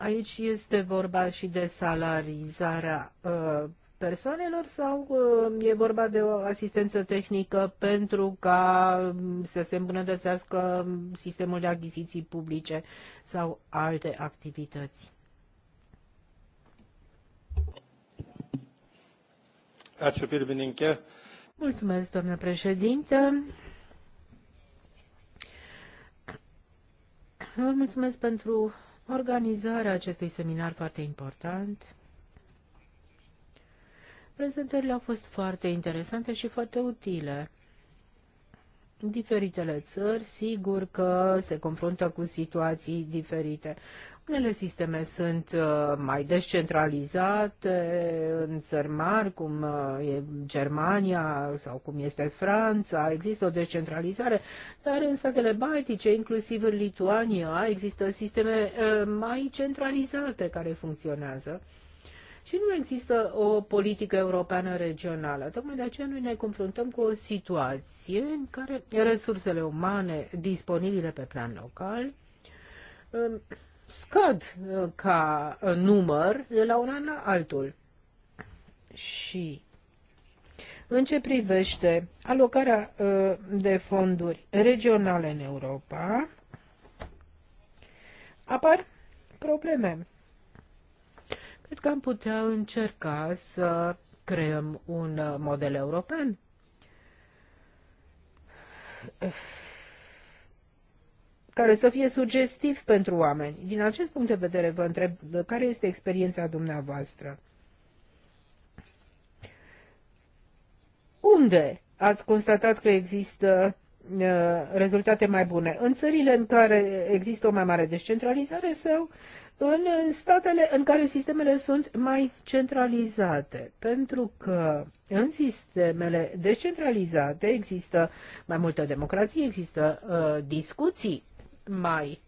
S1: Aici este vorba și de salarizarea uh, persoanelor sau uh, e vorba de o asistență tehnică pentru ca um, să se îmbunătățească um, sistemul de achiziții publice sau alte activități?
S3: Ačiū pirmininkė.
S1: Mulțumesc, doamnă președinte. Vă mulțumesc pentru organizarea acestui seminar foarte important. Prezentările au fost foarte interesante și foarte utile. Diferitele țări, sigur că se confruntă cu situații diferite. Unele sisteme sunt uh, mai descentralizate în țări mari, cum uh, e Germania sau cum este Franța. Există o descentralizare, dar în statele baltice, inclusiv în Lituania, există sisteme uh, mai centralizate care funcționează. Și nu există o politică europeană regională. Tocmai de aceea noi ne confruntăm cu o situație în care resursele umane disponibile pe plan local um, scad uh, ca uh, număr de la un an la altul. Și în ce privește alocarea uh, de fonduri regionale în Europa, apar probleme. Cred că am putea încerca să creăm un model european care să fie sugestiv pentru oameni. Din acest punct de vedere vă întreb care este experiența dumneavoastră. Unde ați constatat că există uh, rezultate mai bune? În țările în care există o mai mare descentralizare sau în statele în care sistemele sunt mai centralizate, pentru că în sistemele descentralizate există mai multă democrație, există uh, discuții mai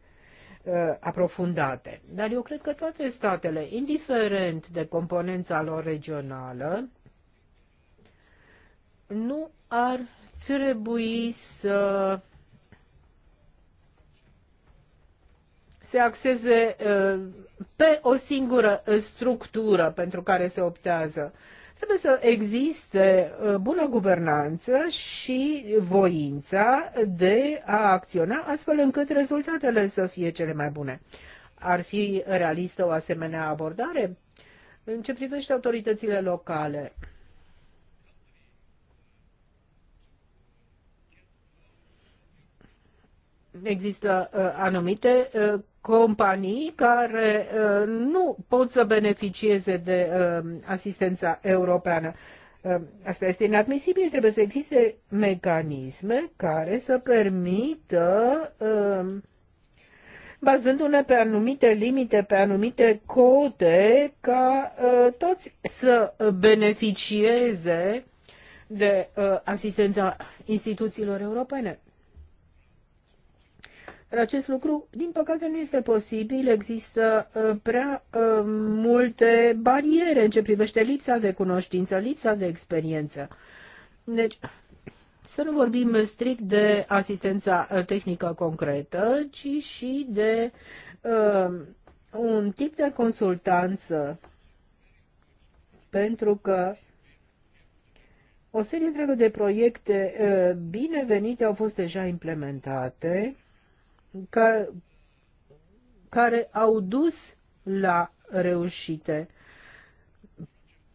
S1: uh, aprofundate. Dar eu cred că toate statele, indiferent de componența lor regională, nu ar trebui să se axeze uh, pe o singură uh, structură pentru care se optează. Trebuie să existe uh, bună guvernanță și voința de a acționa astfel încât rezultatele să fie cele mai bune. Ar fi realistă o asemenea abordare? În ce privește autoritățile locale, există uh, anumite uh, companii care uh, nu pot să beneficieze de uh, asistența europeană. Uh, asta este inadmisibil, trebuie să existe mecanisme care să permită, bazându-ne pe anumite limite, pe anumite cote, ca toți să beneficieze de asistența instituțiilor europene acest lucru, din păcate, nu este posibil. Există uh, prea uh, multe bariere în ce privește lipsa de cunoștință, lipsa de experiență. Deci, să nu vorbim strict de asistența uh, tehnică concretă, ci și de uh, un tip de consultanță. Pentru că o serie întreagă de proiecte uh, binevenite au fost deja implementate ca, care au dus la reușite.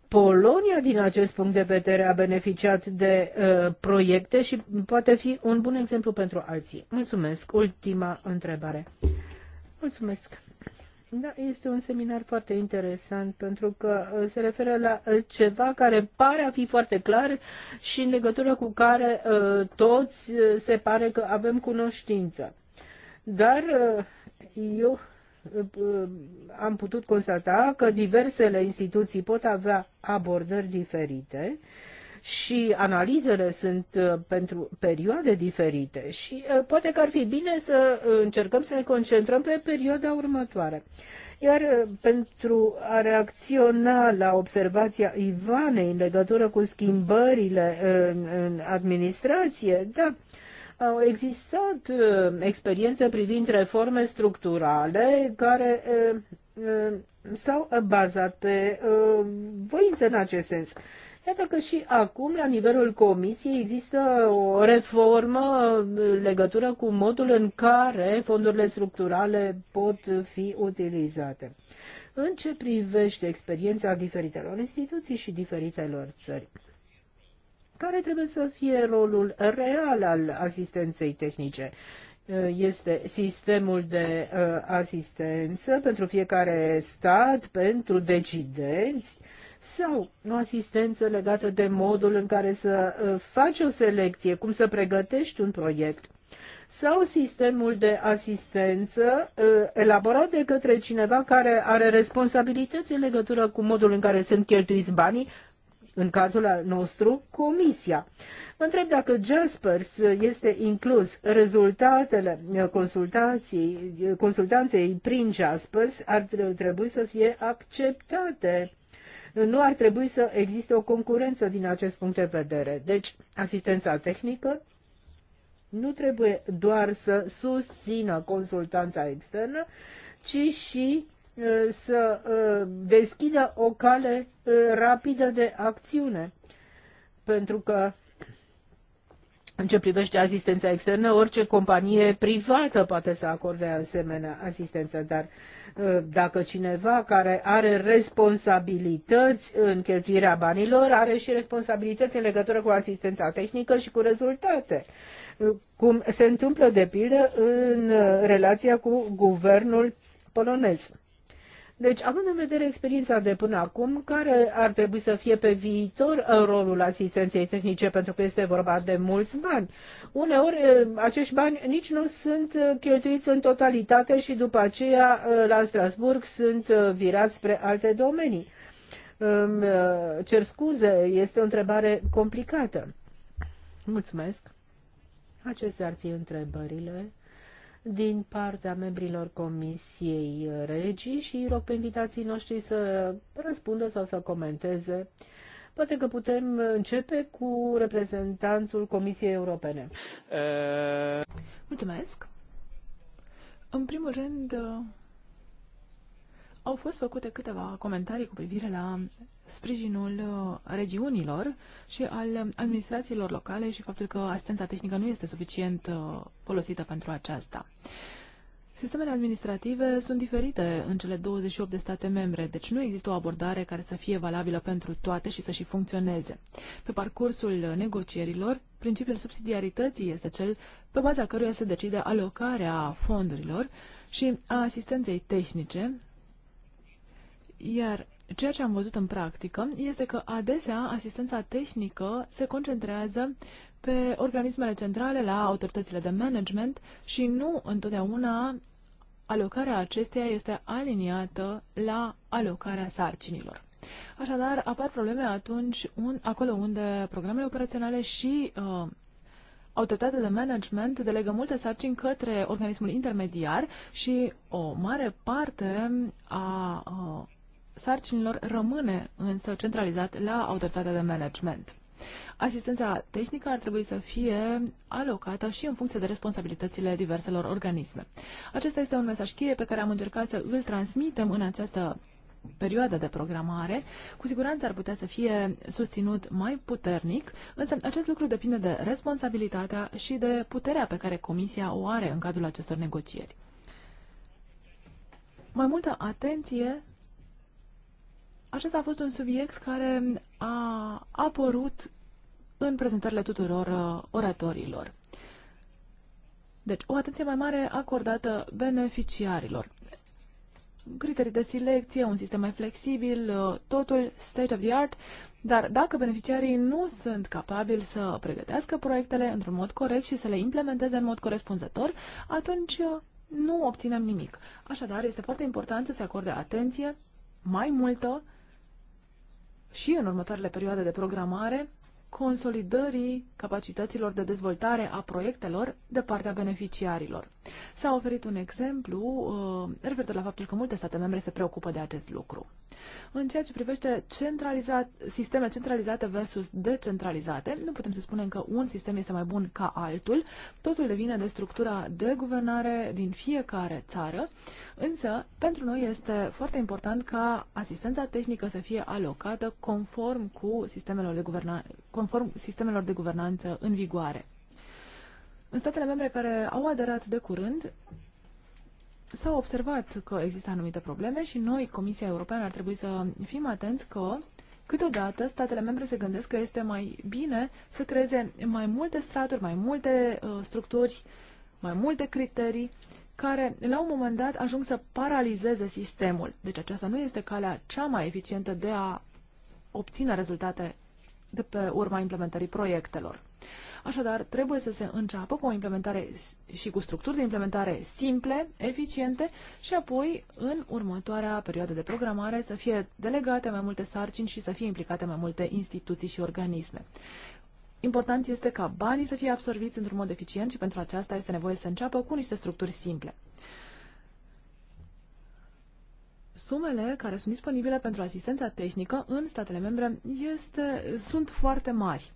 S1: Polonia, din acest punct de vedere, a beneficiat de uh, proiecte și poate fi un bun exemplu pentru alții. Mulțumesc. Ultima întrebare. Mulțumesc. Da, este un seminar foarte interesant pentru că uh, se referă la uh, ceva care pare a fi foarte clar și în legătură cu care uh, toți uh, se pare că avem cunoștință. Dar uh, eu uh, am putut constata că diversele instituții pot avea abordări diferite și analizele sunt uh, pentru perioade diferite și poate că ar fi bine să încercăm să ne concentrăm pe perioada următoare. Iar pentru a reacționa la observația Ivanei în legătură cu schimbările în, în administrație, da, au existat uh, experiențe privind reforme structurale care uh, uh, s-au bazat pe voință în acest sens. Iată că și acum, la nivelul Comisiei, există o reformă în legătură cu modul în care fondurile structurale pot fi utilizate. În ce privește experiența diferitelor instituții și diferitelor țări? Care trebuie să fie rolul real al asistenței tehnice? Uh, este sistemul de uh, asistență pentru fiecare stat, pentru decidenți sau o asistență legată de modul în care să uh, faci o selecție, cum să pregătești un proiect sau sistemul de asistență elaborat de către cineva care are responsabilități în legătură cu modul în care sunt cheltuiți banii în cazul nostru, Comisia. Mă întreb dacă Jaspers este inclus. Rezultatele consultației, consultanței prin Jaspers ar trebui să fie acceptate. Nu ar trebui să existe o concurență din acest punct de vedere. Deci, asistența tehnică nu trebuie doar să susțină consultanța externă, ci și Uh, să uh, deschidă o cale uh, rapidă de acțiune. Pentru că în ce privește asistența externă, orice companie privată poate să acorde asemenea asistență, dar dacă cineva care are responsabilități în cheltuirea banilor, are și responsabilități în legătură cu asistența tehnică și cu rezultate. Cum se întâmplă, de pildă, în relația cu guvernul polonez. Deci, având în vedere experiența de până acum, care ar trebui să fie pe viitor uh, rolul asistenței tehnice, pentru că este vorba de mulți bani. Uneori, uh, acești bani nici nu sunt uh, cheltuiți în totalitate și după aceea la Strasburg sunt virați spre alte domenii. Cer scuze, este o întrebare complicată. Mulțumesc. Acestea ar fi întrebările din partea membrilor Comisiei Regii și rog pe invitații noștri să răspundă sau să comenteze. Poate că putem începe cu reprezentantul Comisiei Europene. E...
S2: Eh. Mulțumesc! În primul rând, au fost făcute câteva comentarii cu privire la sprijinul uh, regiunilor și al administrațiilor locale și faptul că asistența tehnică nu este suficient uh, folosită pentru aceasta. Sistemele administrative sunt diferite în cele 28 de state membre, deci nu există o abordare care să fie valabilă pentru toate și să și funcționeze. Pe parcursul negocierilor, principiul subsidiarității este cel pe baza căruia se decide alocarea fondurilor și a asistenței tehnice iar ceea ce am văzut în practică este că adesea asistența tehnică se concentrează pe organismele centrale la autoritățile de management și nu întotdeauna alocarea acesteia este aliniată la alocarea sarcinilor. Așadar, apar probleme atunci un, acolo unde programele operaționale și uh, autoritatea de management delegă multe sarcini către organismul intermediar și o mare parte a uh, sarcinilor rămâne însă centralizat la autoritatea de management. Asistența tehnică ar trebui să fie alocată și în funcție de responsabilitățile diverselor organisme. Acesta este un mesaj cheie pe care am încercat să îl transmitem în această perioadă de programare, cu siguranță ar putea să fie susținut mai puternic, însă acest lucru depinde de responsabilitatea și de puterea pe care Comisia o are în cadrul acestor negocieri. Mai multă atenție acesta a fost un subiect care a apărut în prezentările tuturor uh, oratorilor. Deci, o atenție mai mare acordată beneficiarilor. Criterii de selecție, un sistem mai flexibil, uh, totul state of the art, dar dacă beneficiarii nu sunt capabili să pregătească proiectele într-un mod corect și să le implementeze în mod corespunzător, atunci uh, nu obținem nimic. Așadar, este foarte important să se acorde atenție mai multă și în următoarele perioade de programare consolidării capacităților de dezvoltare a proiectelor de partea beneficiarilor. S-a oferit un exemplu uh, referitor la faptul că multe state membre se preocupă de acest lucru. În ceea ce privește centralizat, sisteme centralizate versus decentralizate, nu putem să spunem că un sistem este mai bun ca altul, totul devine de structura de guvernare din fiecare țară, însă pentru noi este foarte important ca asistența tehnică să fie alocată conform cu sistemelor de, guverna- conform sistemelor de guvernanță în vigoare. În statele membre care au aderat de curând, s au observat că există anumite probleme și noi, Comisia Europeană, ar trebui să fim atenți că Câteodată, statele membre se gândesc că este mai bine să creeze mai multe straturi, mai multe uh, structuri, mai multe criterii, care la un moment dat ajung să paralizeze sistemul. Deci aceasta nu este calea cea mai eficientă de a obține rezultate de pe urma implementării proiectelor. Așadar, trebuie să se înceapă cu o implementare și cu structuri de implementare simple, eficiente și apoi, în următoarea perioadă de programare, să fie delegate mai multe sarcini și să fie implicate mai multe instituții și organisme. Important este ca banii să fie absorbiți într-un mod eficient și pentru aceasta este nevoie să înceapă cu niște structuri simple sumele care sunt disponibile pentru asistența tehnică în statele membre este, sunt foarte mari.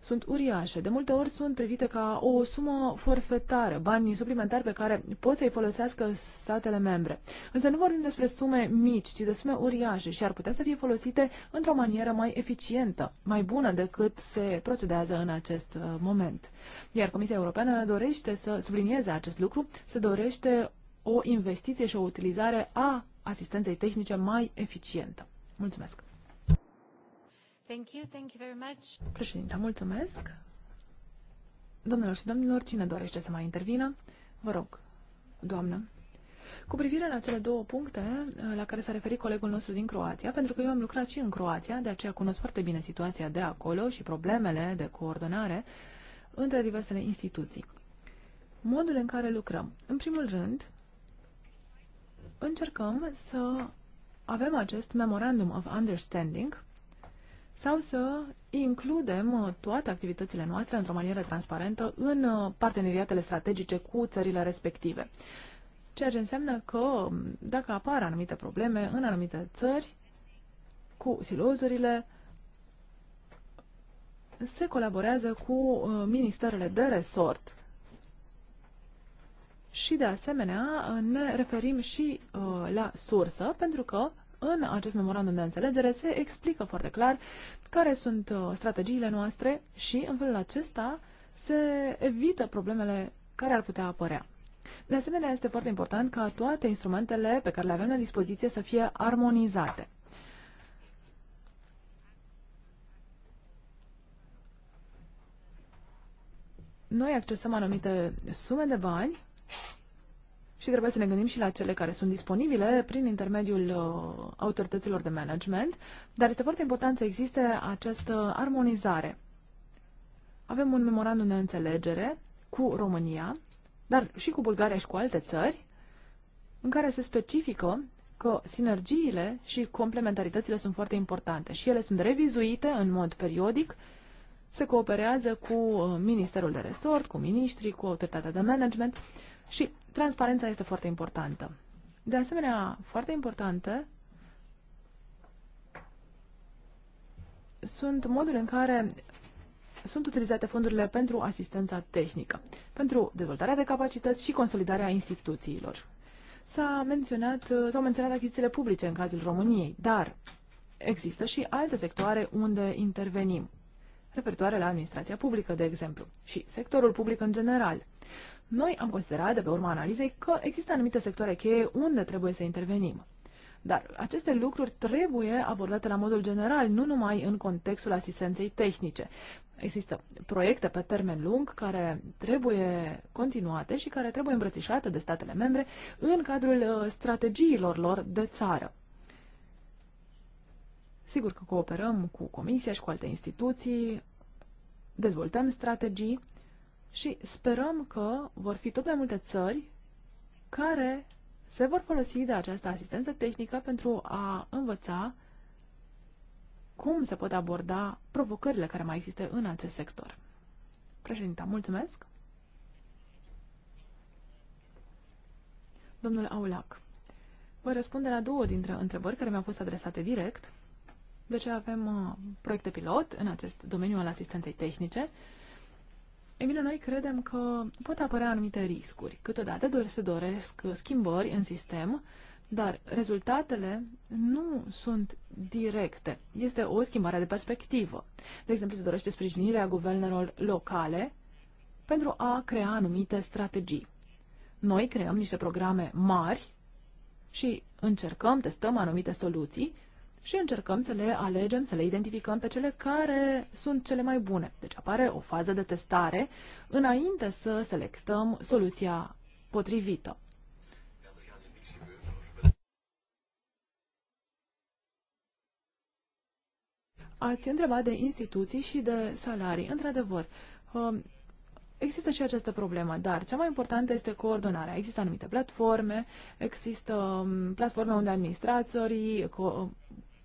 S2: Sunt uriașe. De multe ori sunt privite ca o sumă forfetară, bani suplimentari pe care pot să-i folosească statele membre. Însă nu vorbim despre sume mici, ci de sume uriașe și ar putea să fie folosite într-o manieră mai eficientă, mai bună decât se procedează în acest uh, moment. Iar Comisia Europeană dorește să sublinieze acest lucru, se dorește o investiție și o utilizare a asistenței tehnice mai eficientă. Mulțumesc!
S1: Thank you, thank you very much.
S2: Președinte, mulțumesc! Domnilor și domnilor, cine dorește să mai intervină, vă rog, doamnă. Cu privire la cele două puncte la care s-a referit colegul nostru din Croația, pentru că eu am lucrat și în Croația, de aceea cunosc foarte bine situația de acolo și problemele de coordonare între diversele instituții. Modul în care lucrăm. În primul rând, încercăm să avem acest Memorandum of Understanding sau să includem uh, toate activitățile noastre într-o manieră transparentă în uh, parteneriatele strategice cu țările respective. Ceea ce înseamnă că um, dacă apar anumite probleme în anumite țări cu silozurile, se colaborează cu uh, ministerele de resort și, de asemenea, ne referim și uh, la sursă, pentru că în acest memorandum de înțelegere se explică foarte clar care sunt uh, strategiile noastre și, în felul acesta, se evită problemele care ar putea apărea. De asemenea, este foarte important ca toate instrumentele pe care le avem la dispoziție să fie armonizate. Noi accesăm anumite sume de bani și trebuie să ne gândim și la cele care sunt disponibile prin intermediul uh, autorităților de management, dar este foarte important să existe această armonizare. Avem un memorandum de înțelegere cu România, dar și cu Bulgaria și cu alte țări, în care se specifică că sinergiile și complementaritățile sunt foarte importante și ele sunt revizuite în mod periodic, se cooperează cu uh, Ministerul de Resort, cu miniștrii, cu autoritatea de management și transparența este foarte importantă. De asemenea, foarte importante sunt modul în care sunt utilizate fondurile pentru asistența tehnică, pentru dezvoltarea de capacități și consolidarea instituțiilor. S-a menționat, s-au menționat achizițiile publice în cazul României, dar există și alte sectoare unde intervenim, referitoare la administrația publică, de exemplu, și sectorul public în general. Noi am considerat, de pe urma analizei, că există anumite sectoare cheie unde trebuie să intervenim. Dar aceste lucruri trebuie abordate la modul general, nu numai în contextul asistenței tehnice. Există proiecte pe termen lung care trebuie continuate și care trebuie îmbrățișate de statele membre în cadrul uh, strategiilor lor de țară. Sigur că cooperăm cu Comisia și cu alte instituții, dezvoltăm strategii și sperăm că vor fi tot mai multe țări care se vor folosi de această asistență tehnică pentru a învăța cum se pot aborda provocările care mai există în acest sector. Președinta, mulțumesc! Domnul Aulac, voi răspunde la două dintre întrebări care mi-au fost adresate direct. de deci ce avem uh, proiecte pilot în acest domeniu al asistenței tehnice E noi credem că pot apărea anumite riscuri. Câteodată se doresc schimbări în sistem, dar rezultatele nu sunt directe. Este o schimbare de perspectivă. De exemplu, se dorește sprijinirea guvernelor locale pentru a crea anumite strategii. Noi creăm niște programe mari și încercăm, testăm anumite soluții și încercăm să le alegem, să le identificăm pe cele care sunt cele mai bune. Deci apare o fază de testare înainte să selectăm soluția potrivită. Ați întrebat de instituții și de salarii. Într-adevăr, um, există și această problemă, dar cea mai importantă este coordonarea. Există anumite platforme, există um, platforme unde administratorii,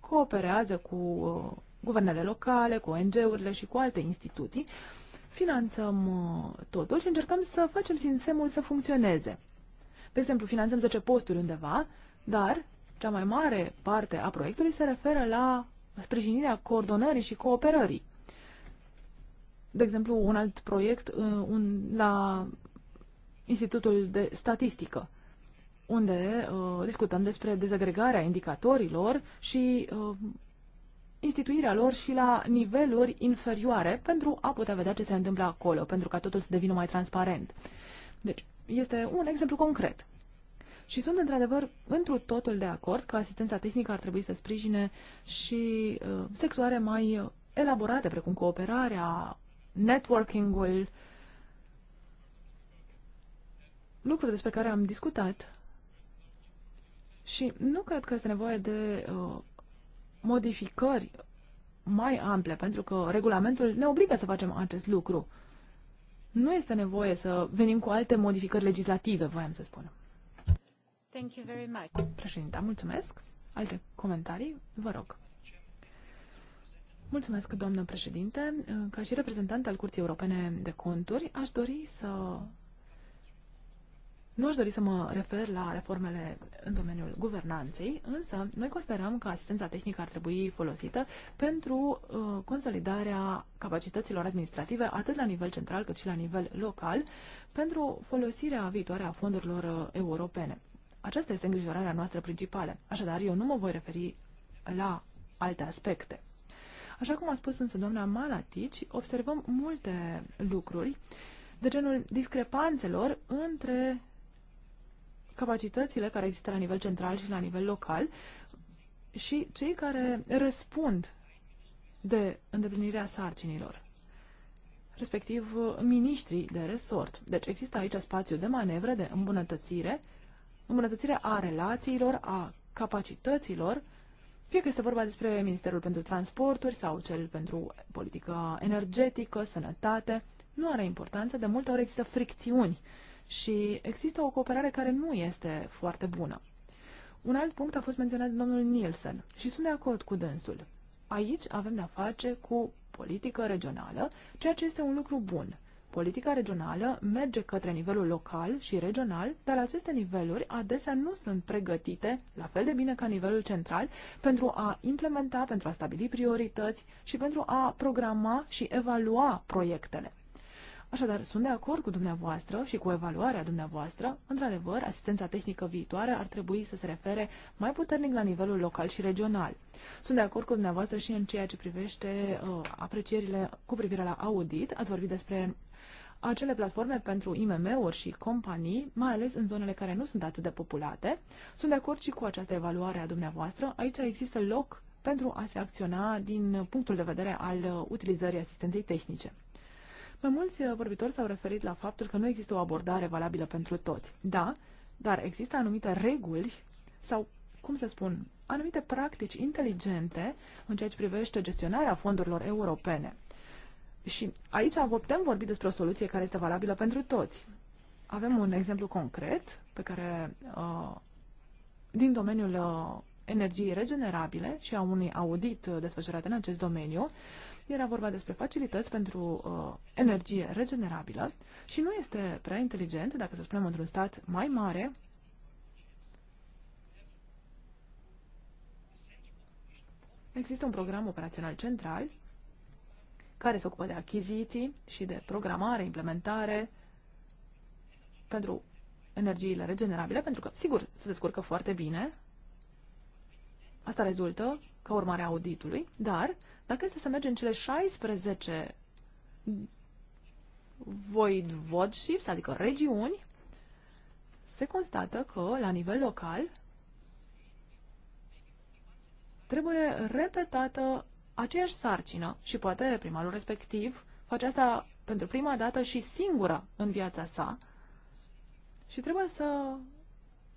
S2: cooperează cu uh, guvernele locale, cu ONG-urile și cu alte instituții. Finanțăm uh, totul și încercăm să facem sistemul să funcționeze. De exemplu, finanțăm 10 posturi undeva, dar cea mai mare parte a proiectului se referă la sprijinirea coordonării și cooperării. De exemplu, un alt proiect uh, un, la Institutul de Statistică unde uh, discutăm despre dezagregarea indicatorilor și uh, instituirea lor și la niveluri inferioare pentru a putea vedea ce se întâmplă acolo, pentru ca totul să devină mai transparent. Deci, este un exemplu concret. Și sunt într-adevăr întru totul de acord că asistența tehnică ar trebui să sprijine și uh, sectoare mai elaborate, precum cooperarea, networking-ul, lucruri despre care am discutat și nu cred că este nevoie de uh, modificări mai ample, pentru că regulamentul ne obligă să facem acest lucru. Nu este nevoie să venim cu alte modificări legislative, voiam să spun.
S1: Thank you very much.
S2: Președinta, mulțumesc. Alte comentarii, vă rog. Mulțumesc, doamnă președinte. Ca și reprezentant al Curții Europene de Conturi, aș dori să nu aș dori să mă refer la reformele în domeniul guvernanței, însă noi considerăm că asistența tehnică ar trebui folosită pentru uh, consolidarea capacităților administrative atât la nivel central cât și la nivel local pentru folosirea viitoare a fondurilor uh, europene. Aceasta este îngrijorarea noastră principală. Așadar, eu nu mă voi referi la alte aspecte. Așa cum a spus însă doamna Malatici, observăm multe lucruri de genul discrepanțelor între capacitățile care există la nivel central și la nivel local și cei care răspund de îndeplinirea sarcinilor, respectiv miniștrii de resort. Deci există aici spațiu de manevră, de îmbunătățire, îmbunătățire a relațiilor, a capacităților, fie că este vorba despre Ministerul pentru Transporturi sau cel pentru politică energetică, sănătate, nu are importanță, de multe ori există fricțiuni și există o cooperare care nu este foarte bună. Un alt punct a fost menționat de domnul Nielsen și sunt de acord cu dânsul. Aici avem de-a face cu politică regională, ceea ce este un lucru bun. Politica regională merge către nivelul local și regional, dar aceste niveluri adesea nu sunt pregătite la fel de bine ca nivelul central pentru a implementa, pentru a stabili priorități și pentru a programa și evalua proiectele. Așadar, sunt de acord cu dumneavoastră și cu evaluarea dumneavoastră. Într-adevăr, asistența tehnică viitoare ar trebui să se refere mai puternic la nivelul local și regional. Sunt de acord cu dumneavoastră și în ceea ce privește uh, aprecierile cu privire la audit. Ați vorbit despre acele platforme pentru IMM-uri și companii, mai ales în zonele care nu sunt atât de populate. Sunt de acord și cu această evaluare a dumneavoastră. Aici există loc pentru a se acționa din punctul de vedere al uh, utilizării asistenței tehnice. Mai mulți uh, vorbitori s-au referit la faptul că nu există o abordare valabilă pentru toți. Da, dar există anumite reguli sau, cum să spun, anumite practici inteligente în ceea ce privește gestionarea fondurilor europene. Și aici putem vorbi despre o soluție care este valabilă pentru toți. Avem un exemplu concret pe care uh, din domeniul uh, energiei regenerabile și a unui audit desfășurat în acest domeniu, era vorba despre facilități pentru uh, energie regenerabilă și nu este prea inteligent, dacă să spunem într-un stat mai mare, există un program operațional central care se ocupă de achiziții și de programare, implementare pentru energiile regenerabile, pentru că, sigur, se descurcă foarte bine. Asta rezultă ca urmare a auditului, dar dacă este să mergem cele 16 voivodshifts, adică regiuni, se constată că la nivel local trebuie repetată aceeași sarcină și poate primarul respectiv face asta pentru prima dată și singură în viața sa și trebuie să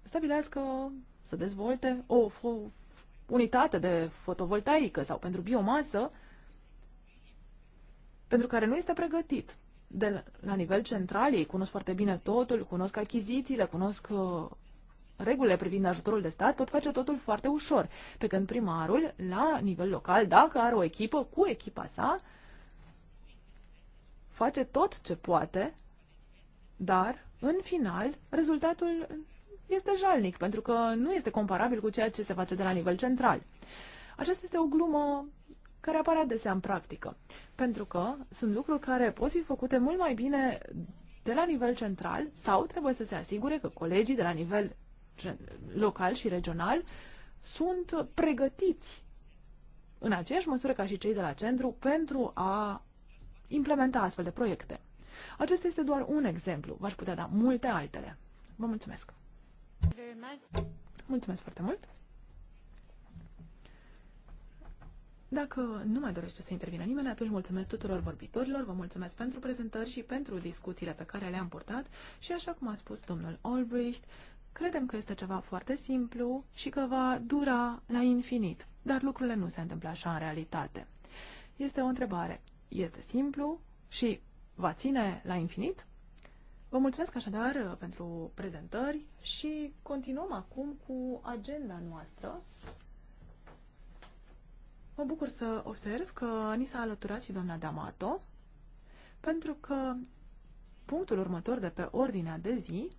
S2: stabilească, să dezvolte o unitate de fotovoltaică sau pentru biomasă, pentru care nu este pregătit. De la nivel central, ei cunosc foarte bine totul, cunosc achizițiile, cunosc uh, regulile privind ajutorul de stat, pot face totul foarte ușor. Pe când primarul, la nivel local, dacă are o echipă cu echipa sa, face tot ce poate, dar, în final, rezultatul este jalnic, pentru că nu este comparabil cu ceea ce se face de la nivel central. Aceasta este o glumă care apare adesea în practică, pentru că sunt lucruri care pot fi făcute mult mai bine de la nivel central sau trebuie să se asigure că colegii de la nivel local și regional sunt pregătiți în aceeași măsură ca și cei de la centru pentru a implementa astfel de proiecte. Acesta este doar un exemplu. V-aș putea da multe altele. Vă mulțumesc! Mulțumesc foarte mult! Dacă nu mai dorește să intervină nimeni, atunci mulțumesc tuturor vorbitorilor, vă mulțumesc pentru prezentări și pentru discuțiile pe care le-am purtat și așa cum a spus domnul Albrecht, credem că este ceva foarte simplu și că va dura la infinit, dar lucrurile nu se întâmplă așa în realitate. Este o întrebare. Este simplu și va ține la infinit? Vă mulțumesc așadar uh, pentru prezentări și continuăm acum cu agenda noastră. Mă bucur să observ că ni s-a alăturat și doamna D'Amato, pentru că punctul următor de pe ordinea de zi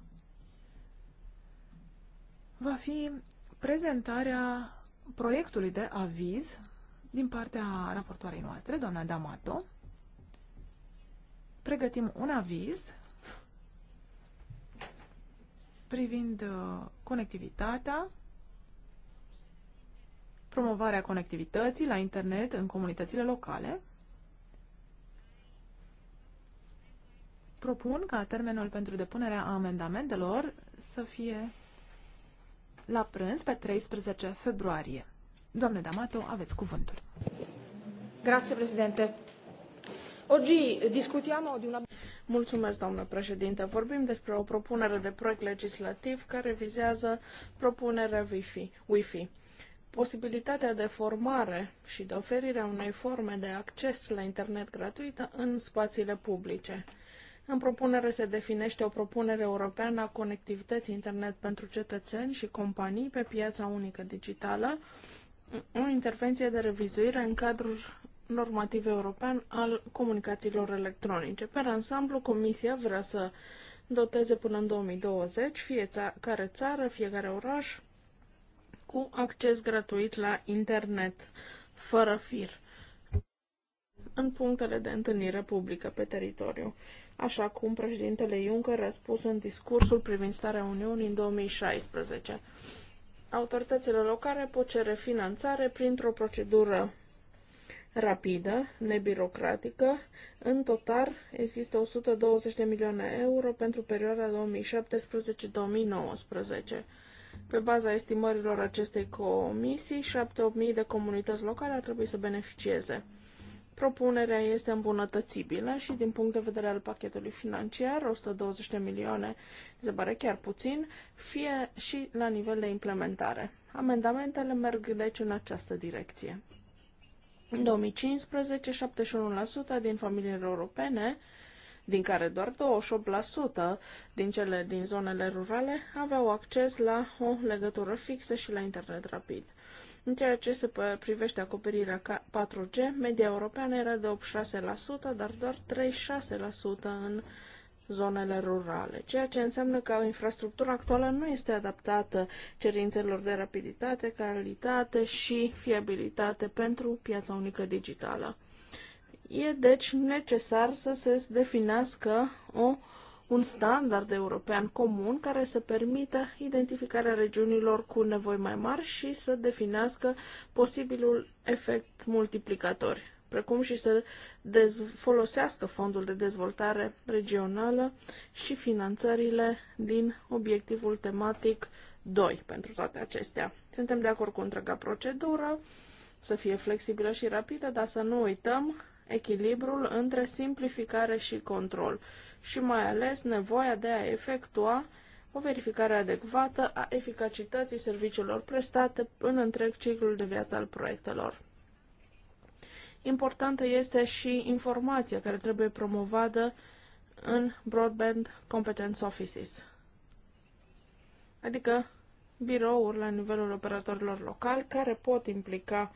S2: va fi prezentarea proiectului de aviz din partea raportoarei noastre, doamna D'Amato. Pregătim un aviz privind uh, conectivitatea, promovarea conectivității la internet în comunitățile locale. Propun ca termenul pentru depunerea amendamentelor să fie la prânz pe 13 februarie. Doamne D'Amato, aveți cuvântul. Grazie, Presidente.
S3: Oggi discutiamo di una... Mulțumesc, doamnă președinte. Vorbim despre o propunere de proiect legislativ care vizează propunerea Wi-Fi. Wi-Fi. Posibilitatea de formare și de oferirea unei forme de acces la internet gratuită în spațiile publice. În propunere se definește o propunere europeană a conectivității internet pentru cetățeni și companii pe piața unică digitală, o intervenție de revizuire în cadrul normativ european al comunicațiilor electronice. Pe ansamblu, Comisia vrea să doteze până în 2020 fiecare țară, fiecare oraș cu acces gratuit la internet fără fir în punctele de întâlnire publică pe teritoriu, așa cum președintele Juncker a spus în discursul privind starea Uniunii în 2016. Autoritățile locale pot cere finanțare printr-o procedură rapidă, nebirocratică. În total există 120 de milioane euro pentru perioada 2017-2019. Pe baza estimărilor acestei comisii, 7-8.000 de comunități locale ar trebui să beneficieze. Propunerea este îmbunătățibilă și din punct de vedere al pachetului financiar, 120 de milioane, se pare chiar puțin, fie și la nivel de implementare. Amendamentele merg deci în această direcție. În 2015, 71% din familiile europene, din care doar 28% din cele din zonele rurale, aveau acces la o legătură fixă și la internet rapid. În ceea ce se privește acoperirea 4G, media europeană era de 86%, dar doar 36% în zonele rurale, ceea ce înseamnă că infrastructura actuală nu este adaptată cerințelor de rapiditate, calitate și fiabilitate pentru piața unică digitală. E deci necesar să se definească o un standard european comun care să permită identificarea regiunilor cu nevoi mai mari și să definească posibilul efect multiplicator precum și să folosească fondul de dezvoltare regională și finanțările din obiectivul tematic 2 pentru toate acestea. Suntem de acord cu întreaga procedură, să fie flexibilă și rapidă, dar să nu uităm echilibrul între simplificare și control și mai ales nevoia de a efectua o verificare adecvată a eficacității serviciilor prestate în întreg ciclul de viață al proiectelor. Importantă este și informația care trebuie promovată în Broadband Competence Offices, adică birouri la nivelul operatorilor locali care pot implica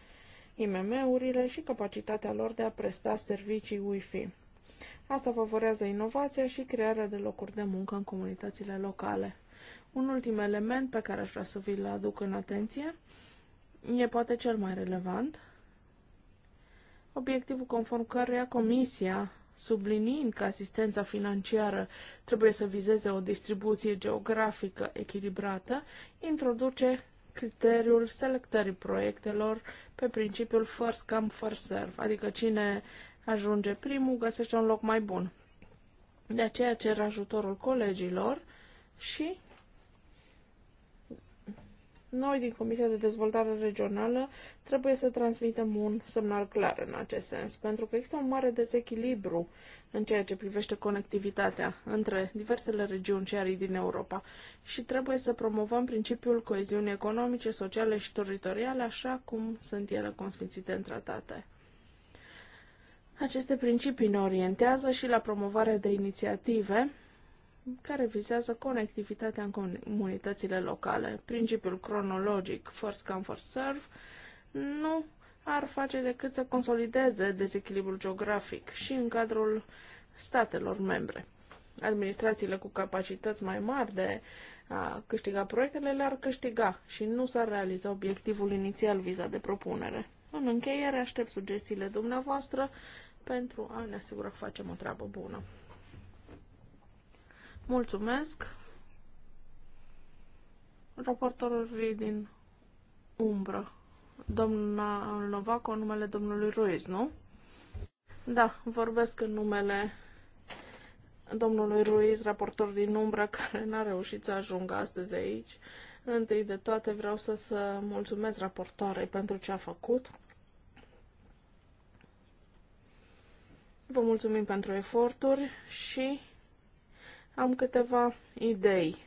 S3: IMM-urile și capacitatea lor de a presta servicii Wi-Fi. Asta favorează inovația și crearea de locuri de muncă în comunitățile locale. Un ultim element pe care aș vrea să vi-l aduc în atenție e poate cel mai relevant obiectivul conform căruia Comisia, sublinind că asistența financiară trebuie să vizeze o distribuție geografică echilibrată, introduce criteriul selectării proiectelor pe principiul first come, first serve, adică cine ajunge primul găsește un loc mai bun. De aceea cer ajutorul colegilor și noi, din Comisia de Dezvoltare Regională, trebuie să transmitem un semnal clar în acest sens, pentru că există un mare dezechilibru în ceea ce privește conectivitatea între diversele regiuni și arii din Europa și trebuie să promovăm principiul coeziunii economice, sociale și teritoriale așa cum sunt ele consfințite în tratate. Aceste principii ne orientează și la promovarea de inițiative care vizează conectivitatea în comunitățile locale. Principiul cronologic, first come, first serve, nu ar face decât să consolideze dezechilibrul geografic și în cadrul statelor membre. Administrațiile cu capacități mai mari de a câștiga proiectele le-ar câștiga și nu s-ar realiza obiectivul inițial vizat de propunere. În încheiere, aștept sugestiile dumneavoastră pentru a ne asigura că facem o treabă bună. Mulțumesc. Raportorul din umbră. Doamna Novaco, numele domnului Ruiz, nu? Da, vorbesc în numele domnului Ruiz, raportor din umbră, care n-a reușit să ajungă astăzi aici. Întâi de toate vreau să, să mulțumesc raportoarei pentru ce a făcut. Vă mulțumim pentru eforturi și am câteva idei.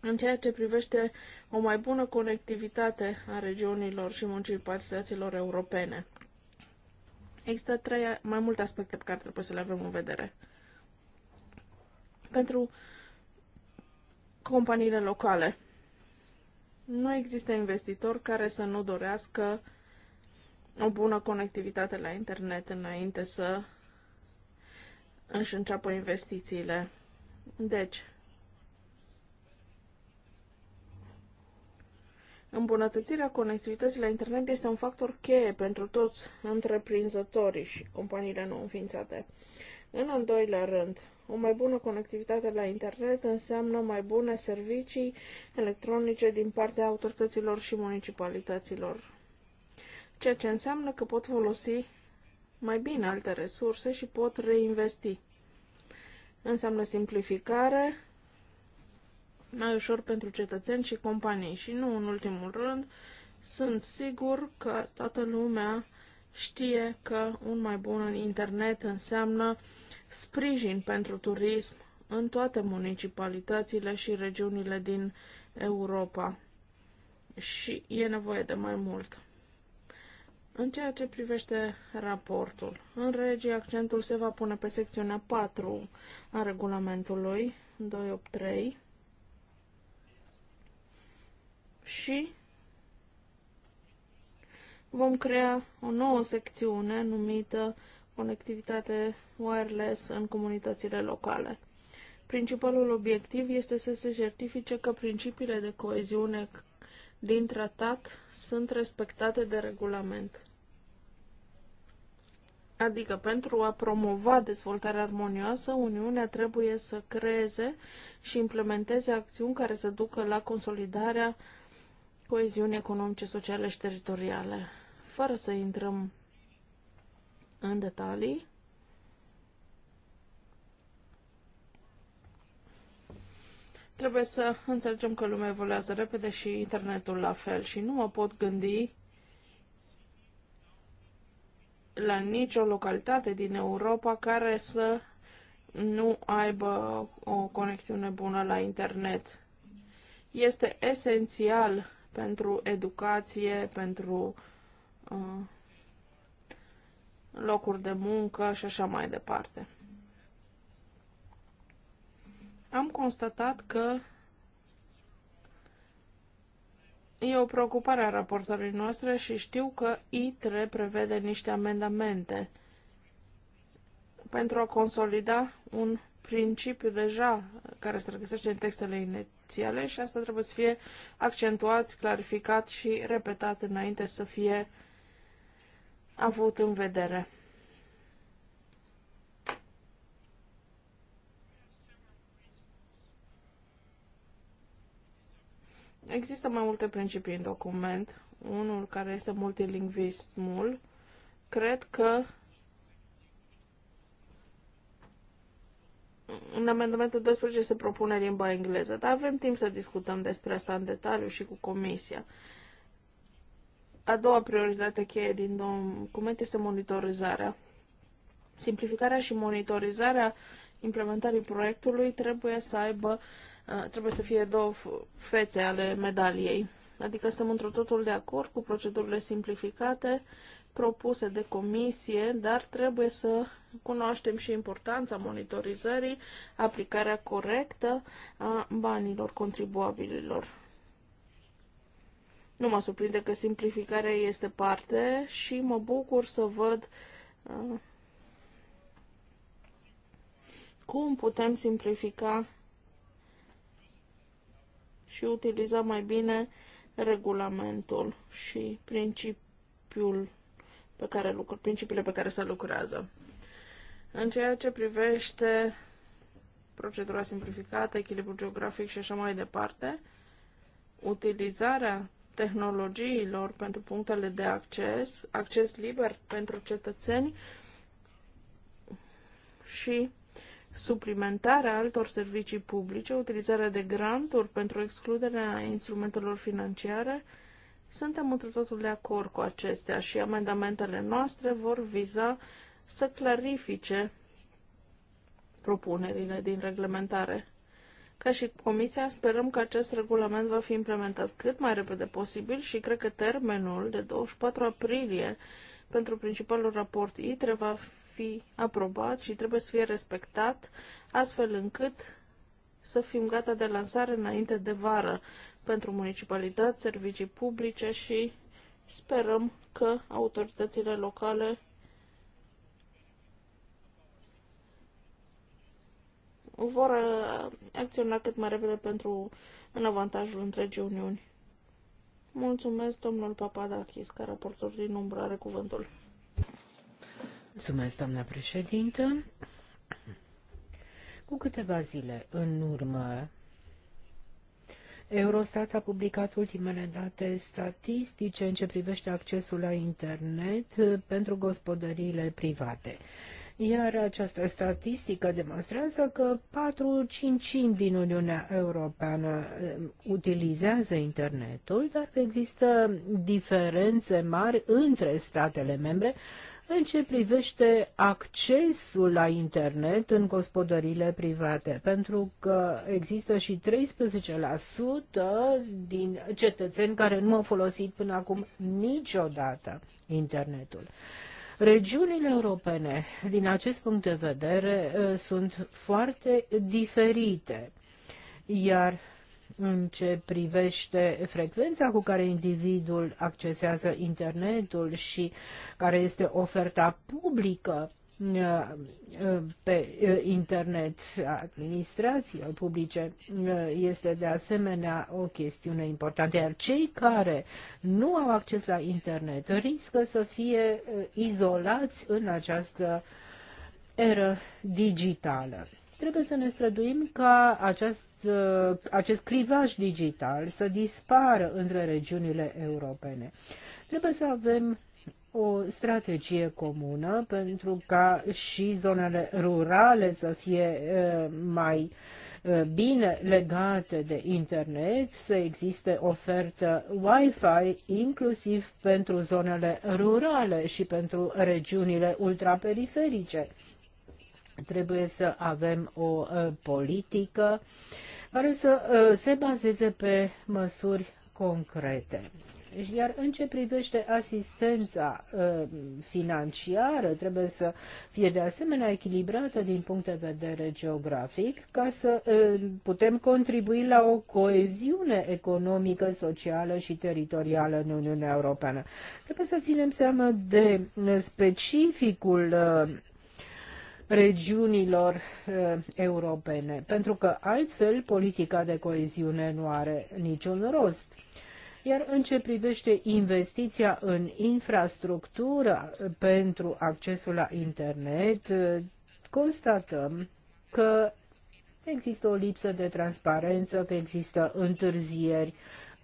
S3: În ceea ce privește o mai bună conectivitate a regiunilor și municipalităților europene, există trei, mai multe aspecte pe care trebuie să le avem în vedere. Pentru companiile locale, nu există investitor care să nu dorească o bună conectivitate la internet înainte să își înceapă investițiile. Deci, Îmbunătățirea conectivității la internet este un factor cheie pentru toți întreprinzătorii și companiile nou înființate. În al doilea rând, o mai bună conectivitate la internet înseamnă mai bune servicii electronice din partea autorităților și municipalităților, ceea ce înseamnă că pot folosi mai bine alte resurse și pot reinvesti. Înseamnă simplificare, mai ușor pentru cetățeni și companii. Și nu în ultimul rând, sunt sigur că toată lumea știe că un mai bun internet înseamnă sprijin pentru turism în toate municipalitățile și regiunile din Europa. Și e nevoie de mai mult. În ceea ce privește raportul, în regie accentul se va pune pe secțiunea 4 a regulamentului 283 și vom crea o nouă secțiune numită Conectivitate wireless în comunitățile locale. Principalul obiectiv este să se certifice că principiile de coeziune din tratat sunt respectate de regulament. Adică pentru a promova dezvoltarea armonioasă, Uniunea trebuie să creeze și implementeze acțiuni care să ducă la consolidarea coeziunii economice, sociale și teritoriale. Fără să intrăm în detalii, trebuie să înțelegem că lumea evoluează repede și internetul la fel și nu mă pot gândi la nicio localitate din Europa care să nu aibă o conexiune bună la internet. Este esențial pentru educație, pentru uh, locuri de muncă și așa mai departe. Am constatat că E o preocupare a raportorii noastre și știu că ITRE prevede niște amendamente pentru a consolida un principiu deja care se regăsește în textele inițiale și asta trebuie să fie accentuat, clarificat și repetat înainte să fie avut în vedere. Există mai multe principii în document. Unul care este multilingvismul. Cred că în amendamentul 12 se propune limba engleză, dar avem timp să discutăm despre asta în detaliu și cu comisia. A doua prioritate cheie din document este monitorizarea. Simplificarea și monitorizarea implementării proiectului trebuie să aibă Uh, trebuie să fie două fețe ale medaliei. Adică sunt într totul de acord cu procedurile simplificate propuse de comisie, dar trebuie să cunoaștem și importanța monitorizării, aplicarea corectă a banilor contribuabililor. Nu mă surprinde că simplificarea este parte și mă bucur să văd uh, cum putem simplifica și utiliza mai bine regulamentul și principiul pe care lucru, principiile pe care se lucrează. În ceea ce privește procedura simplificată, echilibru geografic și așa mai departe, utilizarea tehnologiilor pentru punctele de acces, acces liber pentru cetățeni și suplimentarea altor servicii publice, utilizarea de granturi pentru excluderea instrumentelor financiare, suntem într totul de acord cu acestea și amendamentele noastre vor viza să clarifice propunerile din reglementare. Ca și Comisia, sperăm că acest regulament va fi implementat cât mai repede posibil și cred că termenul de 24 aprilie pentru principalul raport ITRE va fi aprobat și trebuie să fie respectat, astfel încât să fim gata de lansare înainte de vară pentru municipalități, servicii publice și sperăm că autoritățile locale vor uh, acționa cât mai repede pentru în avantajul întregii Uniuni. Mulțumesc, domnul Papadakis, ca raportor din umbră are cuvântul.
S1: Cu câteva zile în urmă, Eurostat a publicat ultimele date statistice în ce privește accesul la internet pentru gospodăriile private. Iar această statistică demonstrează că 4 5 din Uniunea Europeană um, utilizează internetul, dar există diferențe mari între statele membre în ce privește accesul la internet în gospodăriile private, pentru că există și 13% din cetățeni care nu au folosit până acum niciodată internetul. Regiunile europene, din acest punct de vedere, sunt foarte diferite, iar în ce privește frecvența cu care individul accesează internetul și care este oferta publică uh, uh, pe uh, internet administrației publice este de asemenea o chestiune importantă, iar cei care nu au acces la internet riscă să fie izolați în această eră digitală. Trebuie să ne străduim ca această Uh, acest clivaj digital să dispară între regiunile europene. Trebuie să avem o strategie comună pentru ca și zonele rurale să fie uh, mai uh, bine legate de internet, să existe ofertă Wi-Fi inclusiv pentru zonele rurale și pentru regiunile ultraperiferice. Trebuie să avem o uh, politică care să uh, se bazeze pe măsuri concrete. Iar în ce privește asistența uh, financiară, trebuie să fie de asemenea echilibrată din punct de vedere geografic, ca să uh, putem contribui la o coeziune economică, socială și teritorială în Uniunea Europeană. Trebuie să ținem seama de specificul uh, regiunilor uh, europene, pentru că altfel politica de coeziune nu are niciun rost. Iar în ce privește investiția în infrastructură pentru accesul la internet, eh, constatăm că există o lipsă de transparență, că există întârzieri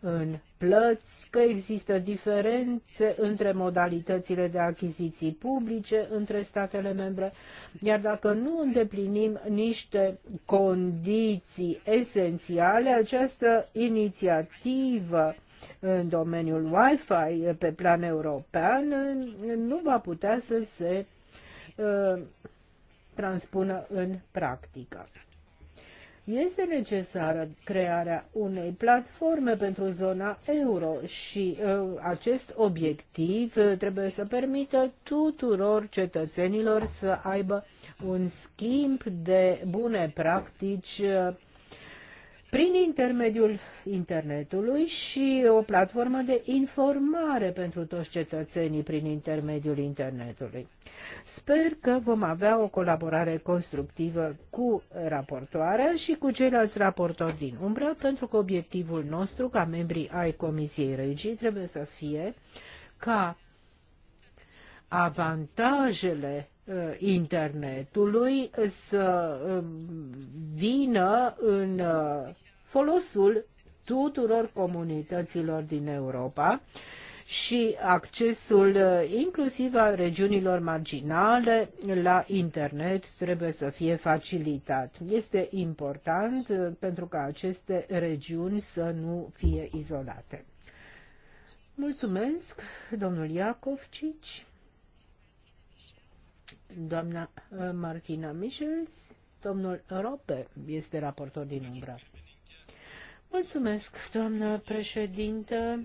S1: în plăți, că există diferențe între modalitățile de achiziții publice între statele membre, iar dacă nu îndeplinim niște condiții esențiale, această inițiativă în domeniul Wi-Fi pe plan european nu va putea să se uh, transpună în practică. Este necesară crearea unei platforme pentru zona euro și uh, acest obiectiv uh, trebuie să permită tuturor cetățenilor să aibă un schimb de bune practici uh, prin intermediul internetului și o platformă de informare pentru toți cetățenii prin intermediul internetului. Sper că vom avea o colaborare constructivă cu raportoarea și cu ceilalți raportori din umbră, pentru că obiectivul nostru ca membrii ai Comisiei Regii trebuie să fie ca avantajele Uh, internetului să um, vină în uh, folosul tuturor comunităților din Europa și accesul uh, inclusiv a regiunilor marginale la internet trebuie să fie facilitat. Este important pentru ca aceste regiuni să nu fie izolate. Mulțumesc, domnul Iacovcici doamna uh, Martina Michels, domnul Rope este raportor din Umbra. Mulțumesc, doamnă președintă.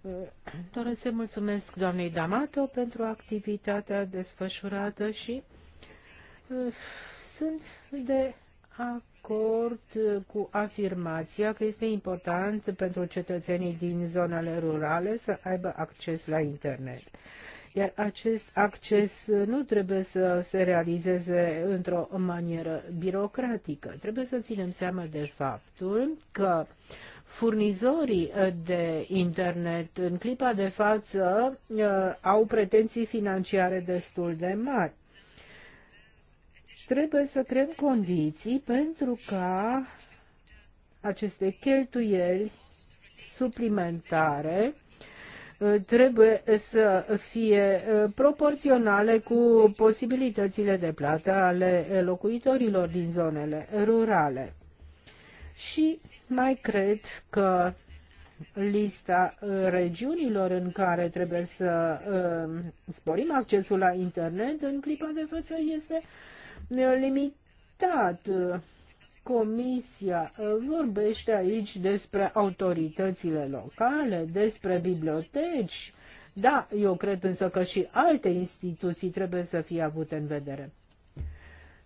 S1: Uh, doresc să mulțumesc doamnei Damato pentru activitatea desfășurată și uh, sunt de acord cu afirmația că este important pentru cetățenii din zonele rurale să aibă acces la internet. Iar acest acces nu trebuie să se realizeze într-o manieră birocratică. Trebuie să ținem seama de faptul că furnizorii de internet în clipa de față uh, au pretenții financiare destul de mari trebuie să creăm condiții pentru ca aceste cheltuieli suplimentare trebuie să fie uh, proporționale cu posibilitățile de plată ale locuitorilor din zonele rurale. Și mai cred că lista uh, regiunilor în care trebuie să uh, sporim accesul la internet în clipa de față este limitat Comisia vorbește aici despre autoritățile locale, despre biblioteci. Da, eu cred însă că și alte instituții trebuie să fie avute în vedere.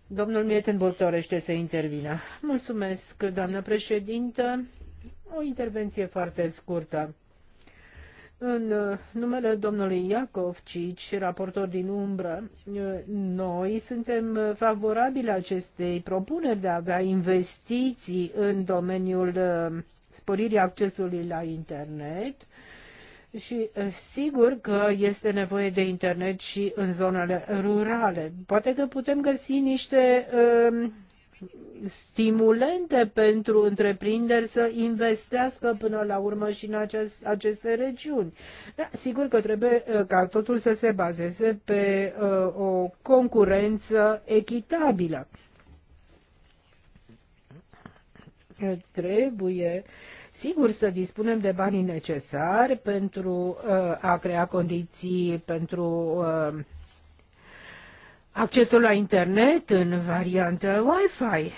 S1: Domnul Mietenburg dorește să intervină. Mulțumesc, doamnă președintă. O intervenție foarte scurtă. În uh, numele domnului Iacovcici, raportor din umbră, uh, noi suntem uh, favorabili acestei propuneri de a avea investiții în domeniul sporirii accesului la internet și sigur că este nevoie de internet și în zonele rurale. Poate că putem găsi niște uh, stimulente pentru întreprinderi să investească până la urmă și în aceste, aceste regiuni. Da, sigur că trebuie uh, ca totul să se bazeze pe uh, o concurență echitabilă. Trebuie sigur să dispunem de banii necesari pentru uh, a crea condiții pentru uh, accesul la internet în variantă Wi-Fi.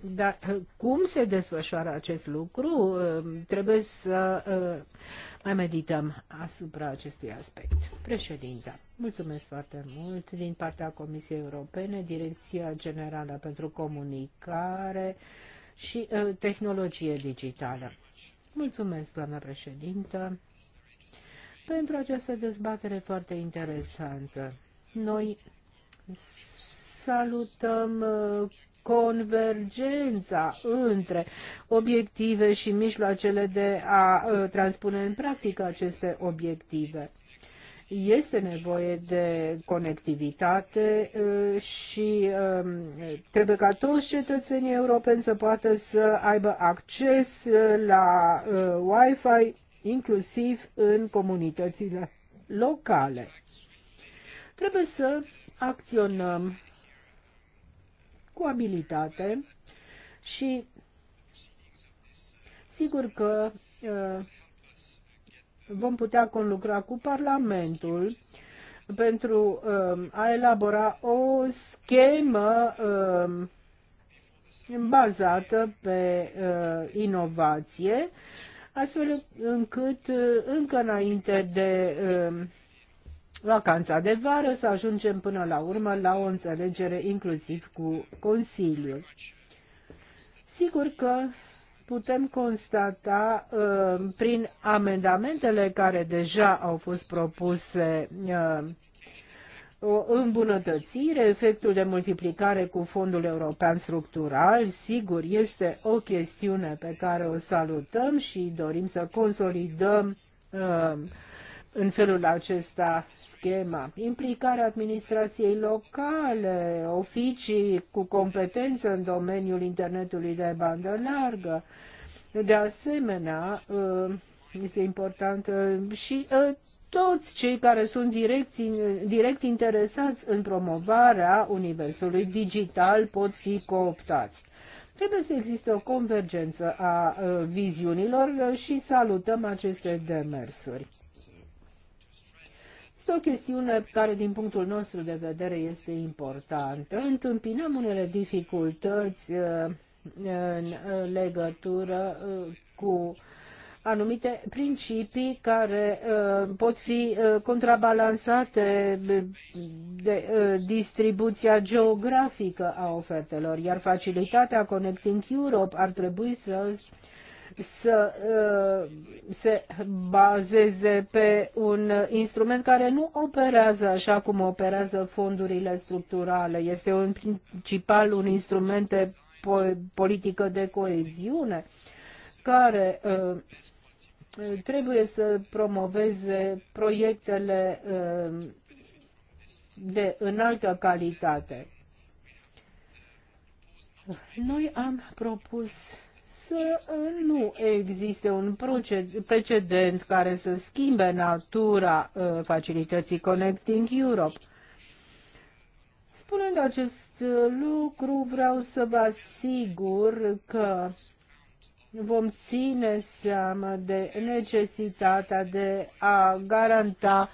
S1: Dar uh, cum se desfășoară acest lucru? Uh, trebuie să uh, mai medităm asupra acestui aspect. Președinta, mulțumesc foarte mult din partea Comisiei Europene, Direcția Generală pentru Comunicare și Tehnologie Digitală. Mulțumesc, doamna președintă, pentru această dezbatere foarte interesantă. Noi salutăm uh, convergența între obiective și mijloacele de a uh, transpune în practică aceste obiective. Este nevoie de conectivitate uh, și um, trebuie ca toți cetățenii europeni să poată să aibă acces la Wi-Fi, inclusiv în comunitățile locale. Trebuie să acționăm cu abilitate și sigur că uh, vom putea conlucra cu Parlamentul pentru um, a elabora o schemă um, bazată pe uh, inovație, astfel încât uh, încă înainte de um, vacanța de vară să ajungem până la urmă la o înțelegere inclusiv cu Consiliul. Sigur că putem constata uh, prin amendamentele care deja au fost propuse uh, o îmbunătățire, efectul de multiplicare cu Fondul European Structural, sigur, este o chestiune pe care o salutăm și dorim să consolidăm uh, în felul acesta schema. Implicarea administrației locale, oficii cu competență în domeniul internetului de bandă largă. De asemenea, uh, este important uh, și uh, toți cei care sunt direct, direct interesați în promovarea universului digital pot fi cooptați. Trebuie să existe o convergență a viziunilor și salutăm aceste demersuri. Este o chestiune care, din punctul nostru de vedere, este importantă. Întâmpinăm unele dificultăți uh, în legătură uh, cu anumite principii care uh, pot fi contrabalansate de distribuția geografică a ofertelor, iar facilitatea Connecting Europe ar trebui să să uh, se bazeze pe un instrument care nu operează așa cum operează fondurile structurale. Este un principal un instrument de politică de coeziune care uh, trebuie să promoveze proiectele uh, de înaltă calitate. Noi am propus să uh, nu existe un precedent care să schimbe natura uh, facilității Connecting Europe. Spunând acest uh, lucru, vreau să vă asigur că vom ține seama de necesitatea de a garanta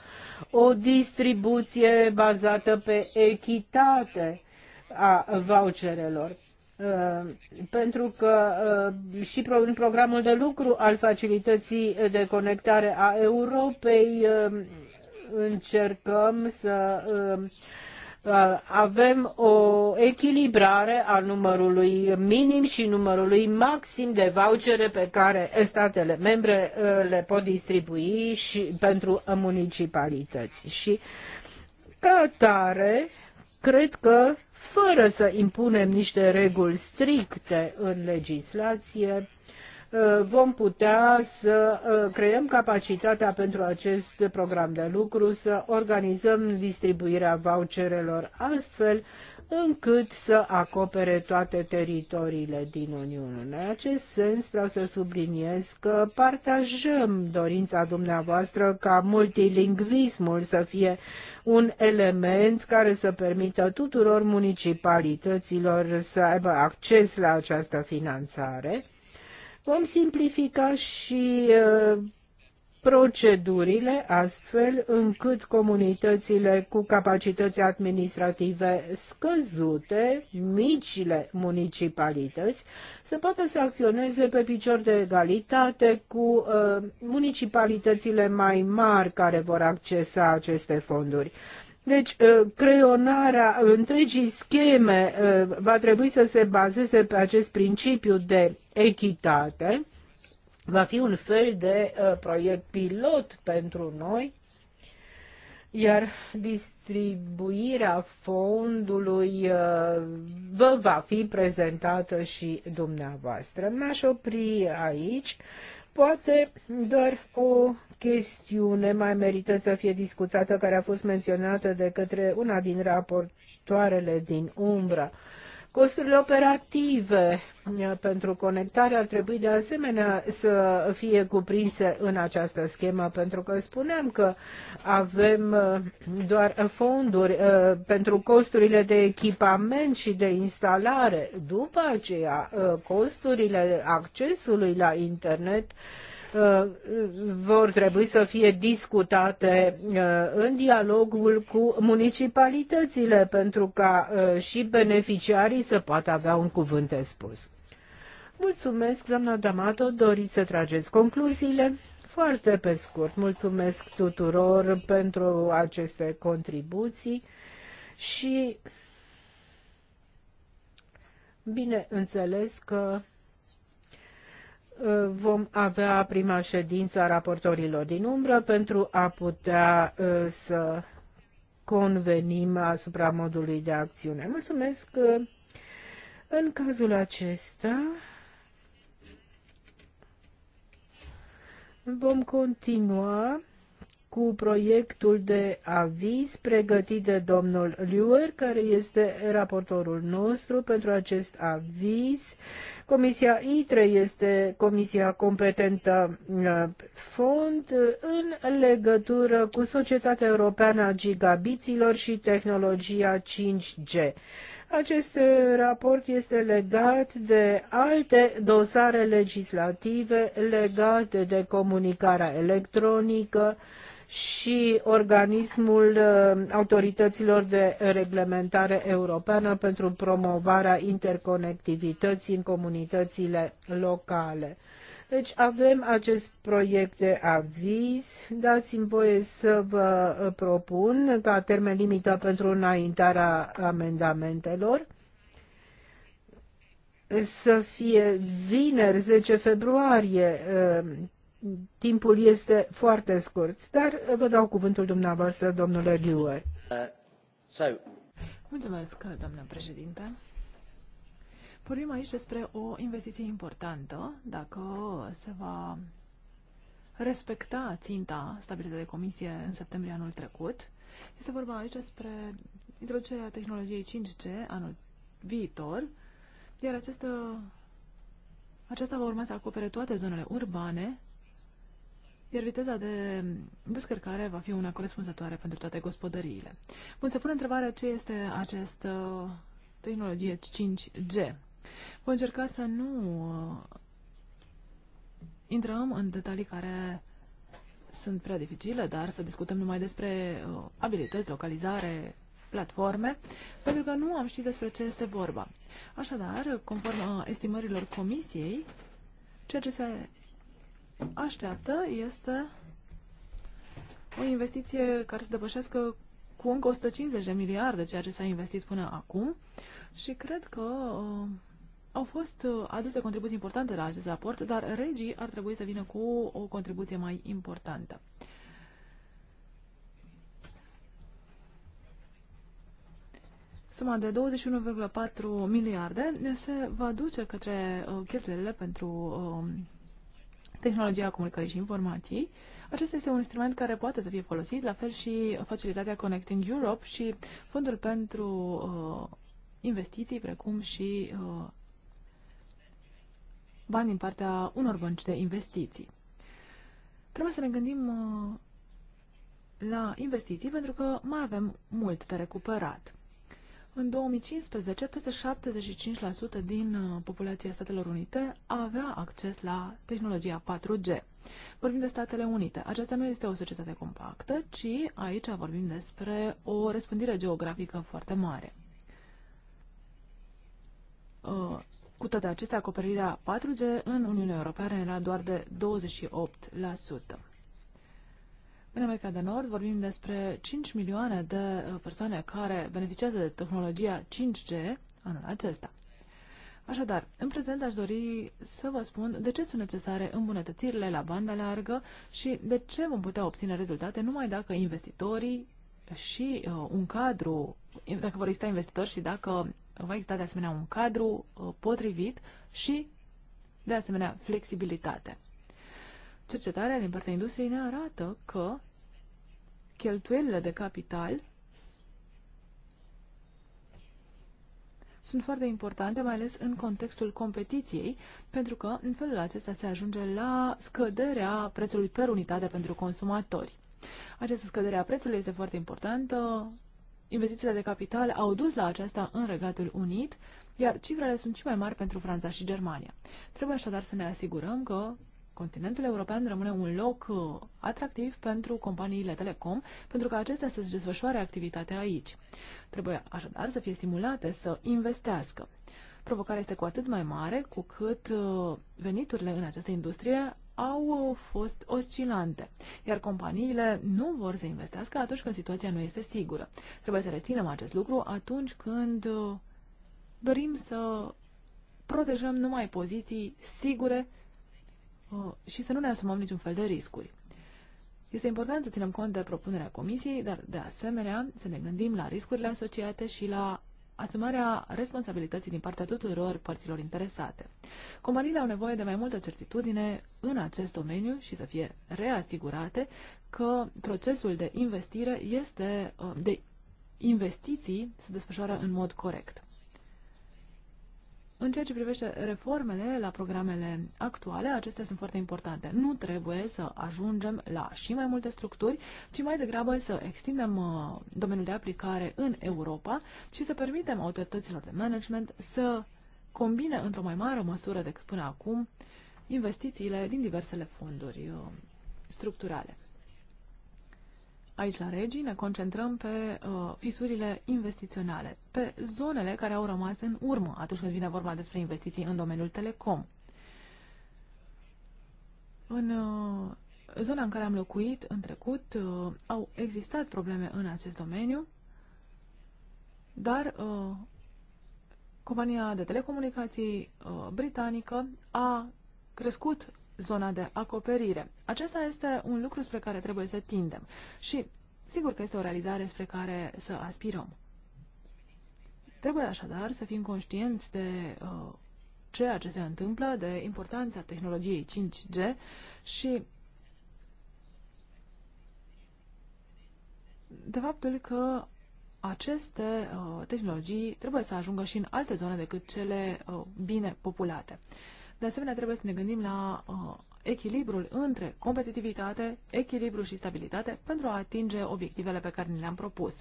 S1: o distribuție bazată pe echitate a voucherelor. Uh, pentru că uh, și în programul de lucru al facilității de conectare a Europei uh, încercăm să avem o echilibrare a numărului minim și numărului maxim de vouchere pe care statele membre le pot distribui și pentru municipalități. Și ca atare, cred că fără să impunem niște reguli stricte în legislație, uh, vom putea să uh, creăm capacitatea pentru acest program de lucru, să organizăm distribuirea voucherelor astfel încât să acopere toate teritoriile din Uniune. În acest sens vreau să subliniez că partajăm dorința dumneavoastră ca multilingvismul să fie un element care să permită tuturor municipalităților să aibă acces la această finanțare. Vom simplifica și uh, procedurile astfel încât comunitățile cu capacități administrative scăzute, micile municipalități, să poată să acționeze pe picior de egalitate cu uh, municipalitățile mai mari care vor accesa aceste fonduri. Deci, uh, creionarea întregii scheme uh, va trebui să se bazeze pe acest principiu de echitate va fi un fel de uh, proiect pilot pentru noi, iar distribuirea fondului uh, vă va fi prezentată și dumneavoastră. M-aș opri aici. Poate doar o chestiune mai merită să fie discutată, care a fost menționată de către una din raportoarele din umbră. Uh, Costurile operative eh, pentru conectare ar trebui de asemenea să fie cuprinse în această schemă, pentru că spuneam că avem eh, doar fonduri eh, pentru costurile de echipament și de instalare. După aceea, costurile accesului la internet Uh, vor trebui să fie discutate uh, în dialogul cu municipalitățile pentru ca uh, și beneficiarii să poată avea un cuvânt de spus. Mulțumesc, doamna Damato, doriți să trageți concluziile? Foarte pe scurt, mulțumesc tuturor pentru aceste contribuții și bineînțeles că vom avea prima ședință a raportorilor din umbră pentru a putea uh, să convenim asupra modului de acțiune. Mulțumesc că uh, în cazul acesta vom continua cu proiectul de aviz pregătit de domnul Liuer, care este raportorul nostru pentru acest aviz Comisia ITRE este comisia competentă uh, fond uh, în legătură cu Societatea Europeană a Gigabiților și tehnologia 5G. Acest uh, raport este legat de alte dosare legislative legate de comunicarea electronică, și organismul uh, autorităților de reglementare europeană pentru promovarea interconectivității în comunitățile locale. Deci avem acest proiect de aviz. Dați-mi voie să vă uh, propun ca termen limită pentru înaintarea amendamentelor să fie vineri 10 februarie uh, timpul este foarte scurt, dar vă dau cuvântul dumneavoastră, domnule Liuer.
S2: Uh, Mulțumesc, doamnă președinte. Vorbim aici despre o investiție importantă, dacă se va respecta ținta stabilită de comisie în septembrie anul trecut. Este vorba aici despre introducerea tehnologiei 5G anul viitor, iar această, aceasta va urma să acopere toate zonele urbane iar viteza de descărcare va fi una corespunzătoare pentru toate gospodăriile. Bun, se pune întrebarea ce este această tehnologie 5G. Voi încerca să nu uh, intrăm în detalii care sunt prea dificile, dar să discutăm numai despre uh, abilități, localizare, platforme, pentru că nu am ști despre ce este vorba. Așadar, conform uh, estimărilor comisiei, ceea ce se așteaptă este o investiție care se depășească cu încă 150 de miliarde ceea ce s-a investit până acum și cred că uh, au fost uh, aduse contribuții importante la acest raport, dar regii ar trebui să vină cu o contribuție mai importantă. Suma de 21,4 miliarde se va duce către uh, cheltuielile pentru uh, tehnologia comunicării și informații. Acesta este un instrument care poate să fie folosit, la fel și facilitatea Connecting Europe și fondul pentru uh, investiții, precum și uh, bani din partea unor bănci de investiții. Trebuie să ne gândim uh, la investiții pentru că mai avem mult de recuperat. În 2015, peste 75% din uh, populația Statelor Unite avea acces la tehnologia 4G. Vorbim de Statele Unite. Aceasta nu este o societate compactă, ci aici vorbim despre o răspândire geografică foarte mare. Uh, cu toate acestea, acoperirea 4G în Uniunea Europeană era doar de 28%. În America de Nord vorbim despre 5 milioane de uh, persoane care beneficiază de tehnologia 5G anul acesta. Așadar, în prezent aș dori să vă spun de ce sunt necesare îmbunătățirile la banda largă și de ce vom putea obține rezultate numai dacă investitorii și uh, un cadru, dacă vor exista investitori și dacă va exista de asemenea un cadru uh, potrivit și de asemenea flexibilitate cercetarea din partea industriei ne arată că cheltuielile de capital sunt foarte importante, mai ales în contextul competiției, pentru că în felul acesta se ajunge la scăderea prețului per unitate pentru consumatori. Această scădere a prețului este foarte importantă. Investițiile de capital au dus la aceasta în Regatul Unit, iar cifrele sunt și mai mari pentru Franța și Germania. Trebuie așadar să ne asigurăm că continentul european rămâne un loc uh, atractiv pentru companiile telecom, pentru că acestea să-și desfășoare activitatea aici. Trebuie așadar să fie stimulate să investească. Provocarea este cu atât mai mare cu cât uh, veniturile în această industrie au uh, fost oscilante, iar companiile nu vor să investească atunci când situația nu este sigură. Trebuie să reținem acest lucru atunci când dorim să protejăm numai poziții sigure Uh, și să nu ne asumăm niciun fel de riscuri. Este important să ținem cont de propunerea Comisiei, dar de asemenea să ne gândim la riscurile asociate și la asumarea responsabilității din partea tuturor părților interesate. Companiile au nevoie de mai multă certitudine în acest domeniu și să fie reasigurate că procesul de investire este uh, de investiții se desfășoară în mod corect. În ceea ce privește reformele la programele actuale, acestea sunt foarte importante. Nu trebuie să ajungem la și mai multe structuri, ci mai degrabă să extindem uh, domeniul de aplicare în Europa și să permitem autorităților de management să combine într-o mai mare măsură decât până acum investițiile din diversele fonduri uh, structurale aici la Regii ne concentrăm pe uh, fisurile investiționale, pe zonele care au rămas în urmă atunci când vine vorba despre investiții în domeniul telecom. În uh, zona în care am locuit în trecut uh, au existat probleme în acest domeniu, dar uh, compania de telecomunicații uh, britanică a crescut zona de acoperire. Acesta este un lucru spre care trebuie să tindem și sigur că este o realizare spre care să aspirăm. Trebuie așadar să fim conștienți de uh, ceea ce se întâmplă, de importanța tehnologiei 5G și de faptul că aceste uh, tehnologii trebuie să ajungă și în alte zone decât cele uh, bine populate. Uh, de asemenea, trebuie să ne gândim la uh, echilibrul între competitivitate, echilibru și stabilitate pentru a atinge obiectivele pe care ni le-am propus.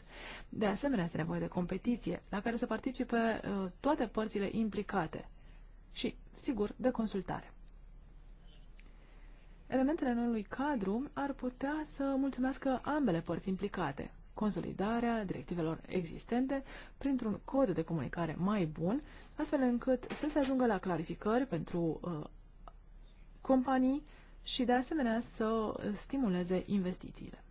S2: De asemenea, este nevoie de competiție la care să participe uh, toate părțile implicate și, sigur, de consultare. Elementele noului cadru ar putea să mulțumească ambele părți implicate, consolidarea directivelor existente printr-un cod de comunicare mai bun, astfel încât să se ajungă la clarificări pentru uh, companii și de asemenea să stimuleze investițiile.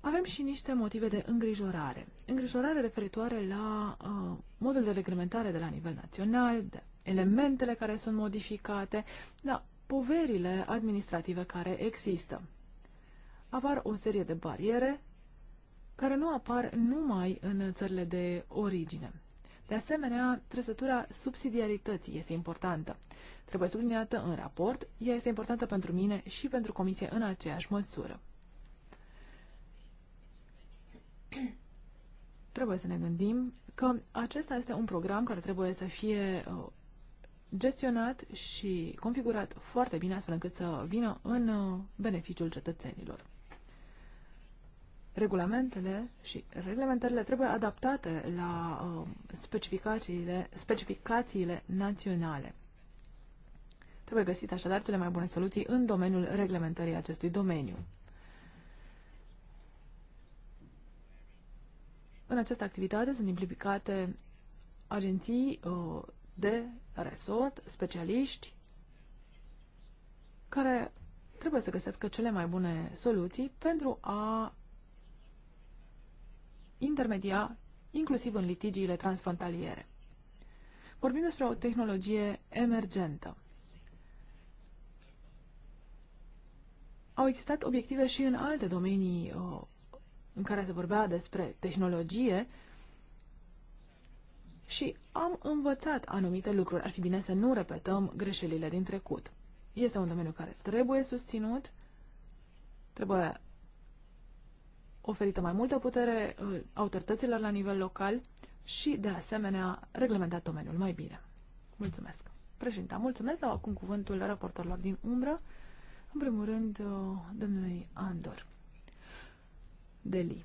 S2: Avem și niște motive de îngrijorare. Îngrijorare referitoare la uh, modul de reglementare de la nivel național, de elementele care sunt modificate, la poverile administrative care există apar o serie de bariere care nu apar numai în țările de origine. De asemenea, trăsătura subsidiarității este importantă. Trebuie subliniată în raport, ea este importantă pentru mine și pentru Comisie în aceeași măsură. trebuie să ne gândim că acesta este un program care trebuie să fie uh, gestionat și configurat foarte bine astfel încât să vină în uh, beneficiul cetățenilor regulamentele și reglementările trebuie adaptate la uh, specificațiile, specificațiile naționale. Trebuie găsit așadar cele mai bune soluții în domeniul reglementării acestui domeniu. În această activitate sunt implicate agenții uh, de resort, specialiști, care trebuie să găsească cele mai bune soluții pentru a intermedia, inclusiv în litigiile transfrontaliere. Vorbim despre o tehnologie emergentă. Au existat obiective și în alte domenii uh, în care se vorbea despre tehnologie și am învățat anumite lucruri. Ar fi bine să nu repetăm greșelile din trecut. Este un domeniu care trebuie susținut, trebuie oferită mai multă putere uh, autorităților la nivel local și, de asemenea, reglementat domeniul mai bine. Mulțumesc. Președinta, mulțumesc. Dau acum cuvântul raportorilor din umbră. În primul rând, uh, domnului Andor. Deli.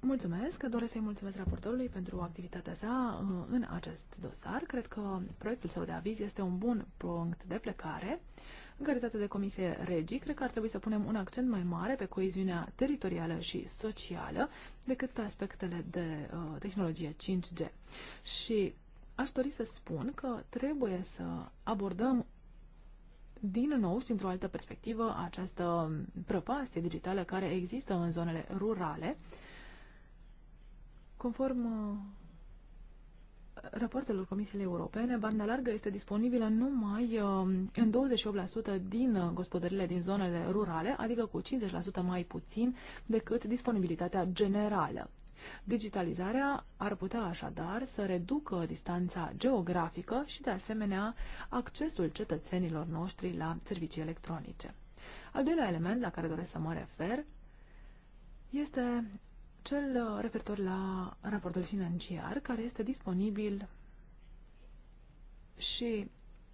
S2: Mulțumesc, doresc să-i mulțumesc raportorului pentru activitatea sa uh, în acest dosar. Cred că proiectul său de aviz este un bun punct de plecare. În calitate de comisie regii, cred că ar trebui să punem un accent mai mare pe coeziunea teritorială și socială decât pe aspectele de uh, tehnologie 5G. Și aș dori să spun că trebuie să abordăm din nou și dintr-o altă perspectivă această prăpastie digitală care există în zonele rurale, conform uh, rapoartelor Comisiei Europene, banda largă este disponibilă numai um, în 28% din uh, gospodările din zonele rurale, adică cu 50% mai puțin decât disponibilitatea generală. Digitalizarea ar putea așadar să reducă distanța geografică și, de asemenea, accesul cetățenilor noștri la servicii electronice. Al doilea element la care doresc să mă refer este cel uh, referitor la raportul financiar, care este disponibil și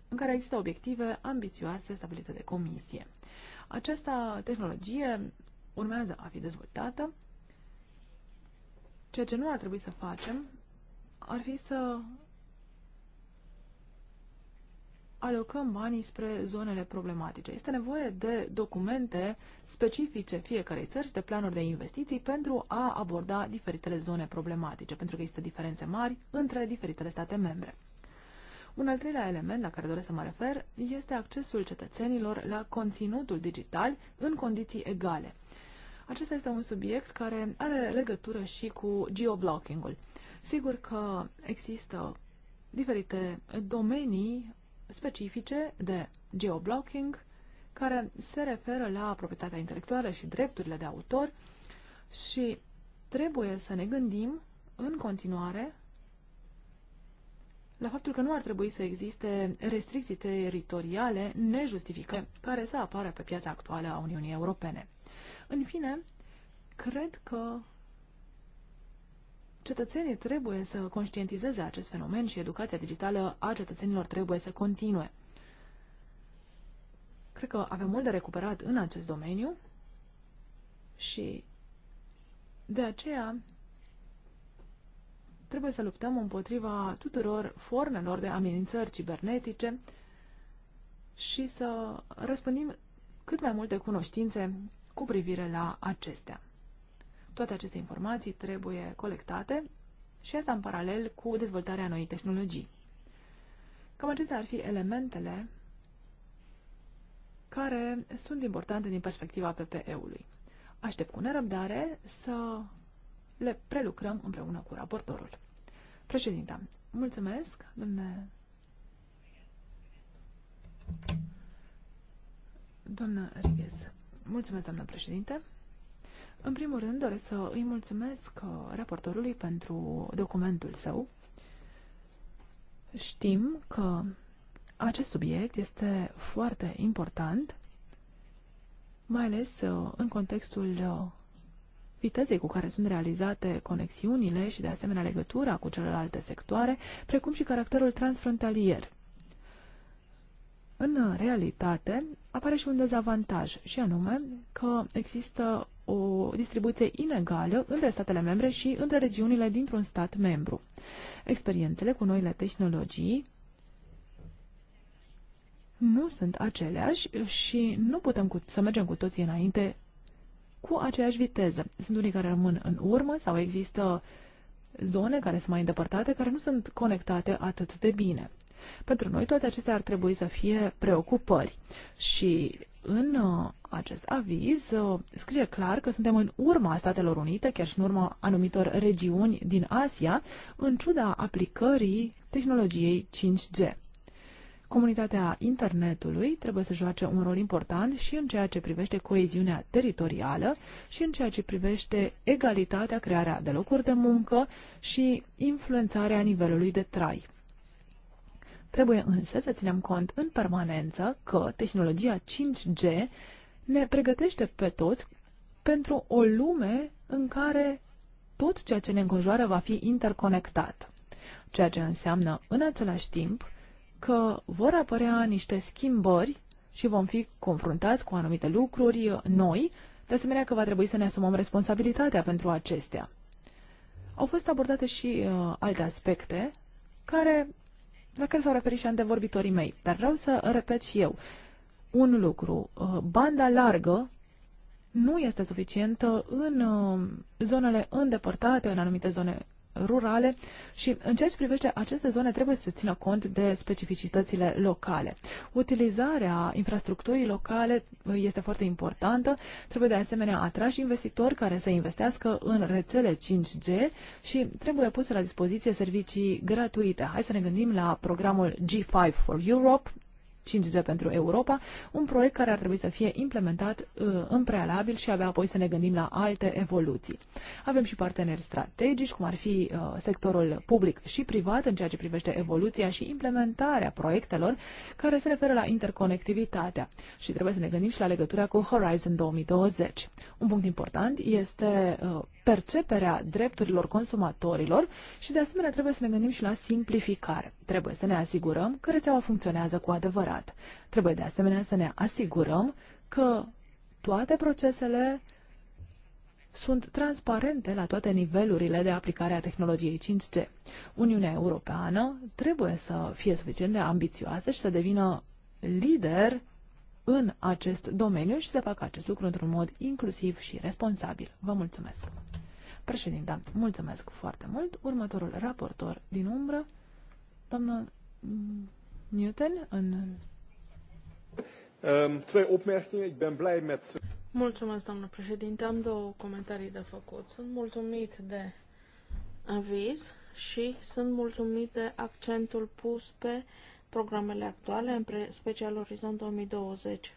S2: în care există obiective ambițioase stabilite de comisie. Această tehnologie urmează a fi dezvoltată. Ceea ce nu ar trebui să facem ar fi să alocăm banii spre zonele problematice. Este nevoie de documente specifice fiecarei țări și de planuri de investiții pentru a aborda diferitele zone problematice, pentru că există diferențe mari între diferitele state membre. Un al treilea element la care doresc să mă refer este accesul cetățenilor la conținutul digital în condiții egale. Acesta este un subiect care are legătură și cu geoblocking-ul. Sigur că există diferite domenii specifice de geoblocking, care se referă la proprietatea intelectuală și drepturile de autor și trebuie să ne gândim în continuare la faptul că nu ar trebui să existe restricții teritoriale nejustificate care să apară pe piața actuală a Uniunii Europene. În fine, cred că Cetățenii trebuie să conștientizeze acest fenomen și educația digitală a cetățenilor trebuie să continue. Cred că avem mult de recuperat în acest domeniu și de aceea trebuie să luptăm împotriva tuturor formelor de amenințări cibernetice și să răspândim cât mai multe cunoștințe cu privire la acestea. Toate aceste informații trebuie colectate și asta în paralel cu dezvoltarea noii tehnologii. Cam acestea ar fi elementele care sunt importante din perspectiva PPE-ului. Aștept cu nerăbdare să le prelucrăm împreună cu raportorul. Președinta, mulțumesc, domnule Doamnă Righez, mulțumesc, doamnă președinte. În primul rând, doresc să îi mulțumesc uh, raportorului pentru documentul său. Știm că acest subiect este foarte important, mai ales uh, în contextul uh, vitezei cu care sunt realizate conexiunile și de asemenea legătura cu celelalte sectoare, precum și caracterul transfrontalier. În realitate, apare și un dezavantaj, și anume că există o distribuție inegală între statele membre și între regiunile dintr-un stat membru. Experiențele cu noile tehnologii nu sunt aceleași și nu putem cu, să mergem cu toții înainte cu aceeași viteză. Sunt unii care rămân în urmă sau există zone care sunt mai îndepărtate, care nu sunt conectate atât de bine. Pentru noi toate acestea ar trebui să fie preocupări și în uh, acest aviz uh, scrie clar că suntem în urma Statelor Unite, chiar și în urma anumitor regiuni din Asia, în ciuda aplicării tehnologiei 5G. Comunitatea internetului trebuie să joace un rol important și în ceea ce privește coeziunea teritorială și în ceea ce privește egalitatea, crearea de locuri de muncă și influențarea nivelului de trai. Trebuie însă să ținem cont în permanență că tehnologia 5G ne pregătește pe toți pentru o lume în care tot ceea ce ne înconjoară va fi interconectat. Ceea ce înseamnă în același timp că vor apărea niște schimbări și vom fi confruntați cu anumite lucruri noi, de asemenea că va trebui să ne asumăm responsabilitatea pentru acestea. Au fost abordate și uh, alte aspecte care la care s-au referit și antevorbitorii mei. Dar vreau să repet și eu un lucru. Uh, banda largă nu este suficientă în uh, zonele îndepărtate, în anumite zone rurale și în ceea ce privește aceste zone trebuie să țină cont de specificitățile locale. Utilizarea infrastructurii locale uh, este foarte importantă, trebuie de asemenea atrași investitori care să investească în rețele 5G și trebuie puse la dispoziție servicii gratuite. Hai să ne gândim la programul G5 for Europe, 5G pentru Europa, un proiect care ar trebui să fie implementat uh, în prealabil și abia apoi să ne gândim la alte evoluții. Avem și parteneri strategici, cum ar fi uh, sectorul public și privat în ceea ce privește evoluția și implementarea proiectelor care se referă la interconectivitatea și trebuie să ne gândim și la legătura cu Horizon 2020. Un punct important este uh, perceperea drepturilor consumatorilor și de asemenea trebuie să ne gândim și la simplificare. Trebuie să ne asigurăm că rețeaua funcționează cu adevărat. Trebuie de asemenea să ne asigurăm că toate procesele sunt transparente la toate nivelurile de aplicare a tehnologiei 5G. Uniunea Europeană trebuie să fie suficient de ambițioasă și să devină lider în acest domeniu și să facă acest lucru într-un mod inclusiv și responsabil. Vă mulțumesc! Președinta, mulțumesc foarte mult. Următorul raportor din umbră, doamna Newton, în... Ehm, mulțumesc, doamnă președinte.
S3: Am două comentarii de făcut. Sunt mulțumit de aviz și sunt mulțumit de accentul pus pe uh, programele actuale, în special Orizont 2020.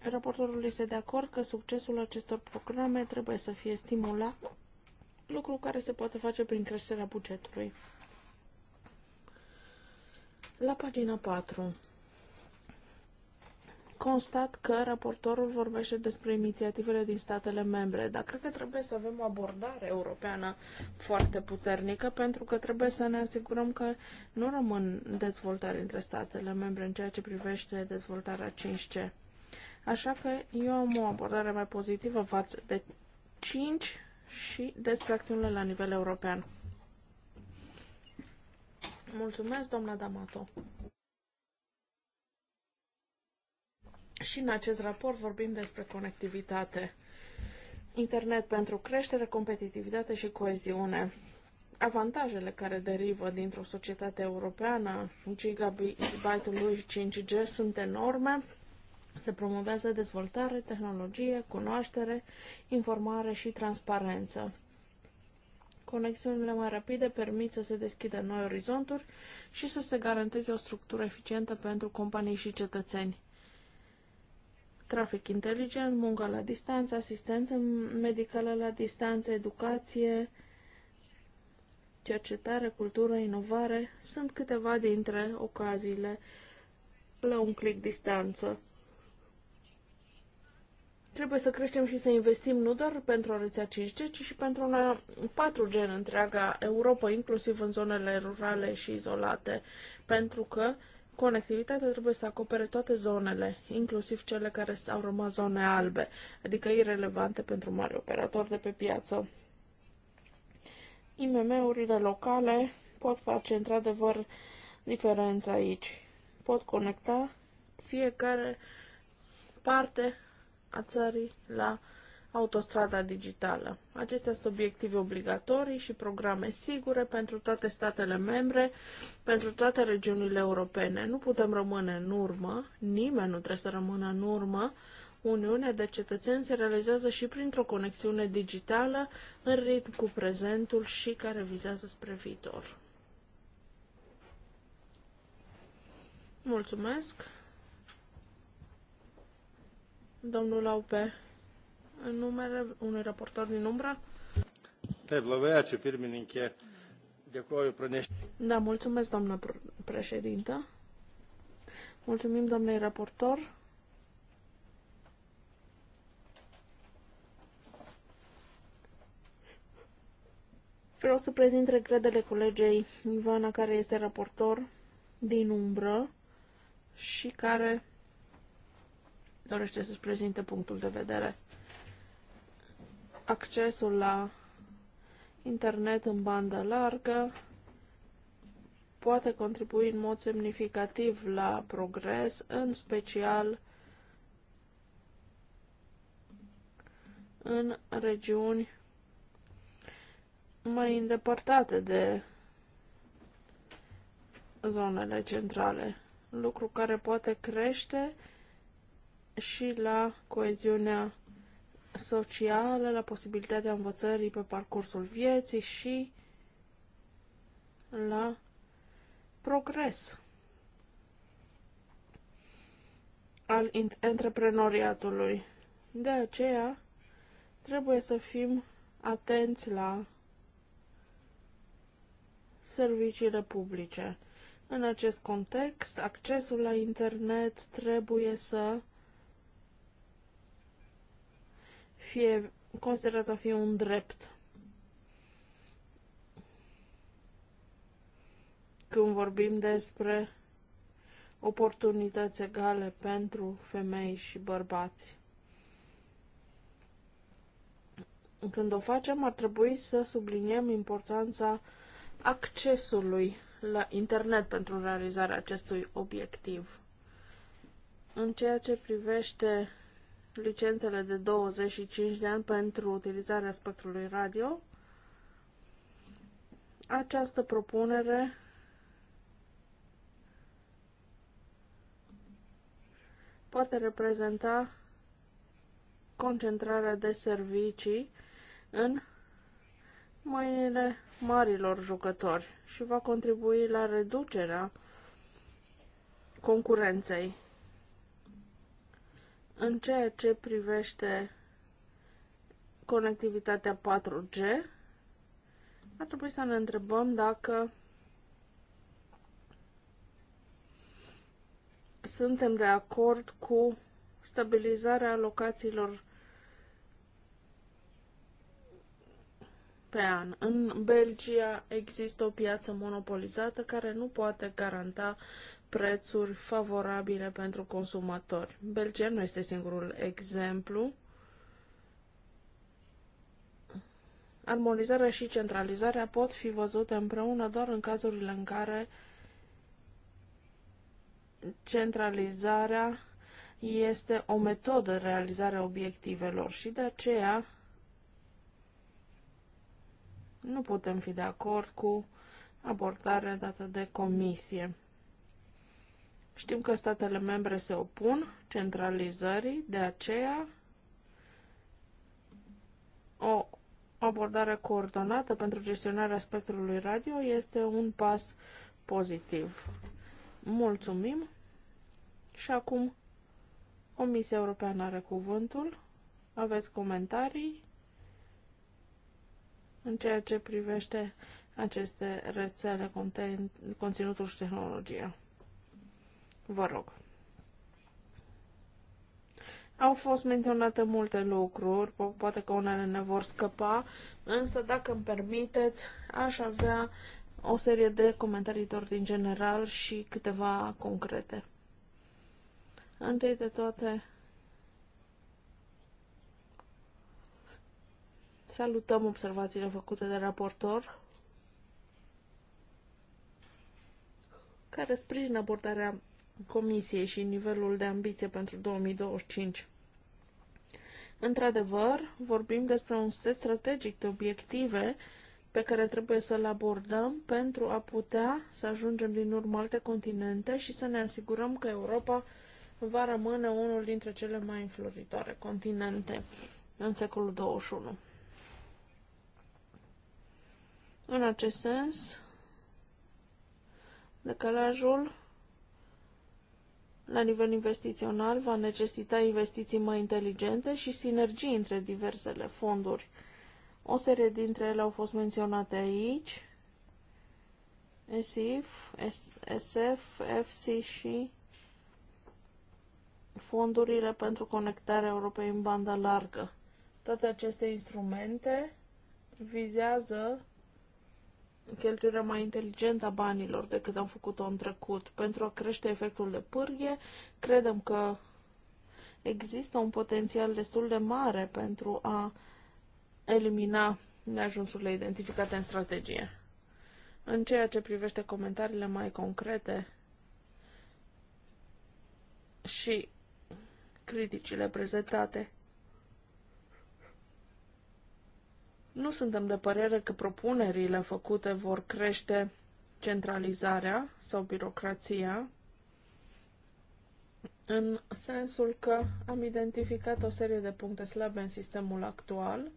S3: Raportorul este de acord că succesul acestor programe trebuie să fie stimulat, lucru care se poate face prin creșterea bugetului. La pagina 4 constat că raportorul vorbește despre inițiativele din statele membre, dar cred că trebuie să avem o abordare europeană foarte puternică, pentru că trebuie să ne asigurăm că nu rămân dezvoltare între statele membre în ceea ce privește dezvoltarea 5G. Așa că eu am o abordare mai pozitivă față de 5 și despre acțiunile la nivel european. Mulțumesc, doamna Damato. Și în acest raport vorbim despre conectivitate, internet pentru creștere, competitivitate și coeziune. Avantajele care derivă dintr-o societate europeană, gigabyte-ului 5G, sunt enorme. Se promovează dezvoltare, tehnologie, cunoaștere, informare și transparență. Conexiunile mai rapide permit să se deschidă noi orizonturi și să se garanteze o structură eficientă pentru companii și cetățeni trafic inteligent, muncă la distanță, asistență medicală la distanță, educație, cercetare, cultură, inovare, sunt câteva dintre ocaziile la un clic distanță. Trebuie să creștem și să investim nu doar pentru o rețea 5G, ci și pentru una 4G în întreaga Europa, inclusiv în zonele rurale și izolate, pentru că Conectivitatea trebuie să acopere toate zonele, inclusiv cele care au rămas zone albe, adică irelevante pentru mari operatori de pe piață. IMM-urile locale pot face într-adevăr diferența aici. Pot conecta fiecare parte a țării la autostrada digitală. Acestea sunt obiective obligatorii și programe sigure pentru toate statele membre, pentru toate regiunile europene. Nu putem rămâne în urmă, nimeni nu trebuie să rămână în urmă. Uniunea de cetățeni se realizează și printr-o conexiune digitală în ritm cu prezentul și care vizează spre viitor. Mulțumesc! Domnul Laupe în numele unui raportor din umbră.
S2: Taip, labai ačiū
S1: pirmininkė. Dėkuoju pranešti.
S3: Da, mulțumesc, doamnă președintă. Mulțumim, doamnei raportor. Vreau să prezint regretele colegei Ivana, care este raportor din umbră și care dorește să-și prezinte punctul de vedere accesul la internet în bandă largă poate contribui în mod semnificativ la progres, în special în regiuni mai îndepărtate de zonele centrale, lucru care poate crește și la coeziunea sociale, la posibilitatea învățării pe parcursul vieții și la progres al antreprenoriatului. De aceea, trebuie să fim atenți la serviciile publice. În acest context, accesul la internet trebuie să fie considerat a fi un drept. Când vorbim despre oportunități egale pentru femei și bărbați. Când o facem, ar trebui să subliniem importanța accesului la internet pentru realizarea acestui obiectiv. În ceea ce privește licențele de 25 de ani pentru utilizarea spectrului radio. Această propunere poate reprezenta concentrarea de servicii în mâinile marilor jucători și va contribui la reducerea concurenței în ceea ce privește conectivitatea 4G, ar trebui să ne întrebăm dacă suntem de acord cu stabilizarea locațiilor pe an. În Belgia există o piață monopolizată care nu poate garanta prețuri favorabile pentru consumatori. Belgia nu este singurul exemplu. Armonizarea și centralizarea pot fi văzute împreună doar în cazurile în care centralizarea este o metodă de realizare a obiectivelor și de aceea nu putem fi de acord cu abordarea dată de comisie. Știm că statele membre se opun centralizării, de aceea o abordare coordonată pentru gestionarea spectrului radio este un pas pozitiv. Mulțumim! Și acum Comisia Europeană are cuvântul. Aveți comentarii în ceea ce privește aceste rețele, conținutul și tehnologia. Vă rog. Au fost menționate multe lucruri, po poate că unele ne vor scăpa, însă dacă îmi permiteți, aș avea o serie de comentarii de ordin general și câteva concrete. Întâi de toate, salutăm observațiile făcute de raportor, care sprijină abordarea Comisiei și nivelul de ambiție pentru 2025. Într-adevăr, vorbim despre un set strategic de obiective pe care trebuie să-l abordăm pentru a putea să ajungem din urmă alte continente și să ne asigurăm că Europa va rămâne unul dintre cele mai înfloritoare continente în secolul 21. În acest sens, decalajul la nivel investițional va necesita investiții mai inteligente și sinergii între diversele fonduri. O serie dintre ele au fost menționate aici. SIF, SF, FC și fondurile pentru conectarea Europei în bandă largă. Toate aceste instrumente vizează cheltuirea mai inteligentă a banilor decât am făcut-o în trecut. Pentru a crește efectul de pârghie, credem că există un potențial destul de mare pentru a elimina neajunsurile identificate în strategie. În ceea ce privește comentariile mai concrete și criticile prezentate, Nu suntem de părere că propunerile făcute vor crește centralizarea sau birocrația, în sensul că am identificat o serie de puncte slabe în sistemul actual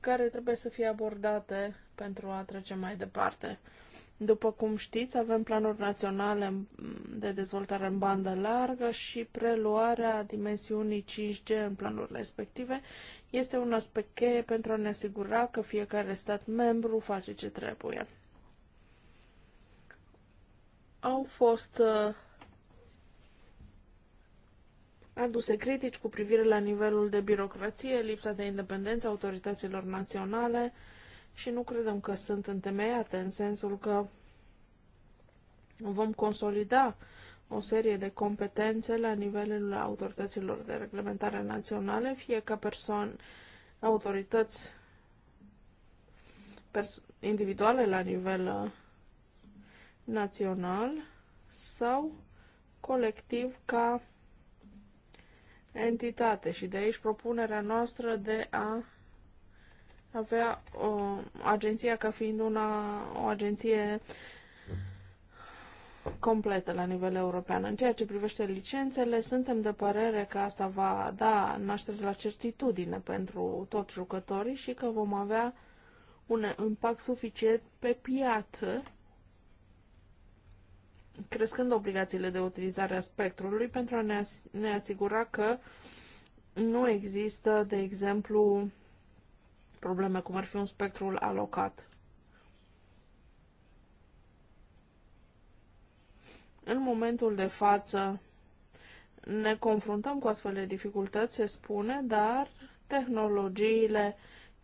S3: care trebuie să fie abordate pentru a trece mai departe. După cum știți, avem planuri naționale de dezvoltare în bandă largă și preluarea dimensiunii 5G în planurile respective este un aspect cheie pentru a ne asigura că fiecare stat membru face ce trebuie. Au fost uh, aduse critici cu privire la nivelul de birocrație, lipsa de independență a autorităților naționale și nu credem că sunt întemeiate în sensul că vom consolida uh, o serie de competențe la nivelul autorităților de reglementare naționale, fie ca persoane, autorități pers- individuale la nivel uh, național sau colectiv ca entitate. Și de aici propunerea noastră de a avea o uh, agenția ca fiind una, o agenție completă la nivel european. În ceea ce privește licențele, suntem de părere că asta va da naștere la certitudine pentru toți jucătorii și că vom avea un impact suficient pe piață, crescând obligațiile de utilizare a spectrului pentru a ne asigura că nu există, de exemplu, probleme cum ar fi un spectrul alocat. În momentul de față ne confruntăm cu astfel de dificultăți, se spune, dar tehnologiile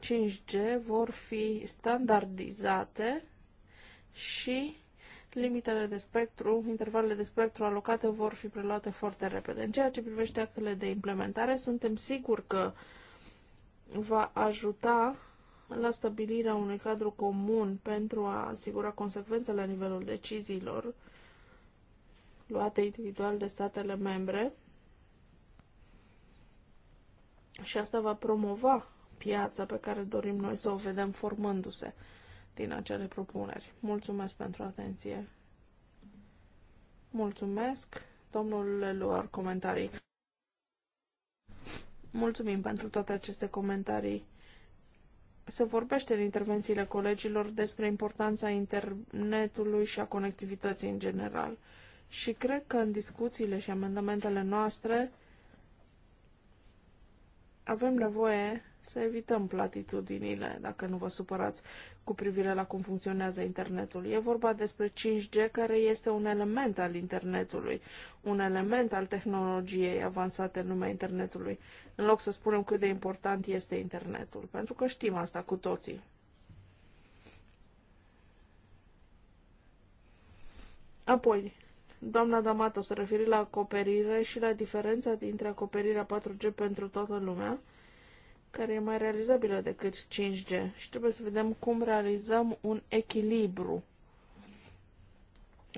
S3: 5G vor fi standardizate și limitele de spectru, intervalele de spectru alocate vor fi preluate foarte repede. În ceea ce privește actele de implementare, suntem siguri că va ajuta la stabilirea unui cadru comun pentru a asigura consecvențele la nivelul deciziilor luate individual de statele membre și asta va promova piața pe care dorim noi să o vedem formându-se din acele propuneri. Mulțumesc pentru atenție. Mulțumesc. Domnul Leluar, comentarii. Mulțumim pentru toate aceste comentarii. Se vorbește în intervențiile colegilor despre importanța internetului și a conectivității în general și cred că în discuțiile și amendamentele noastre avem nevoie să evităm platitudinile, dacă nu vă supărați, cu privire la cum funcționează internetul. E vorba despre 5G, care este un element al internetului, un element al tehnologiei avansate în lumea internetului, în loc să spunem cât de important este internetul, pentru că știm asta cu toții. Apoi, Doamna Damato se referi la acoperire și la diferența dintre acoperirea 4G pentru toată lumea, care e mai realizabilă decât 5G și trebuie să vedem cum realizăm un echilibru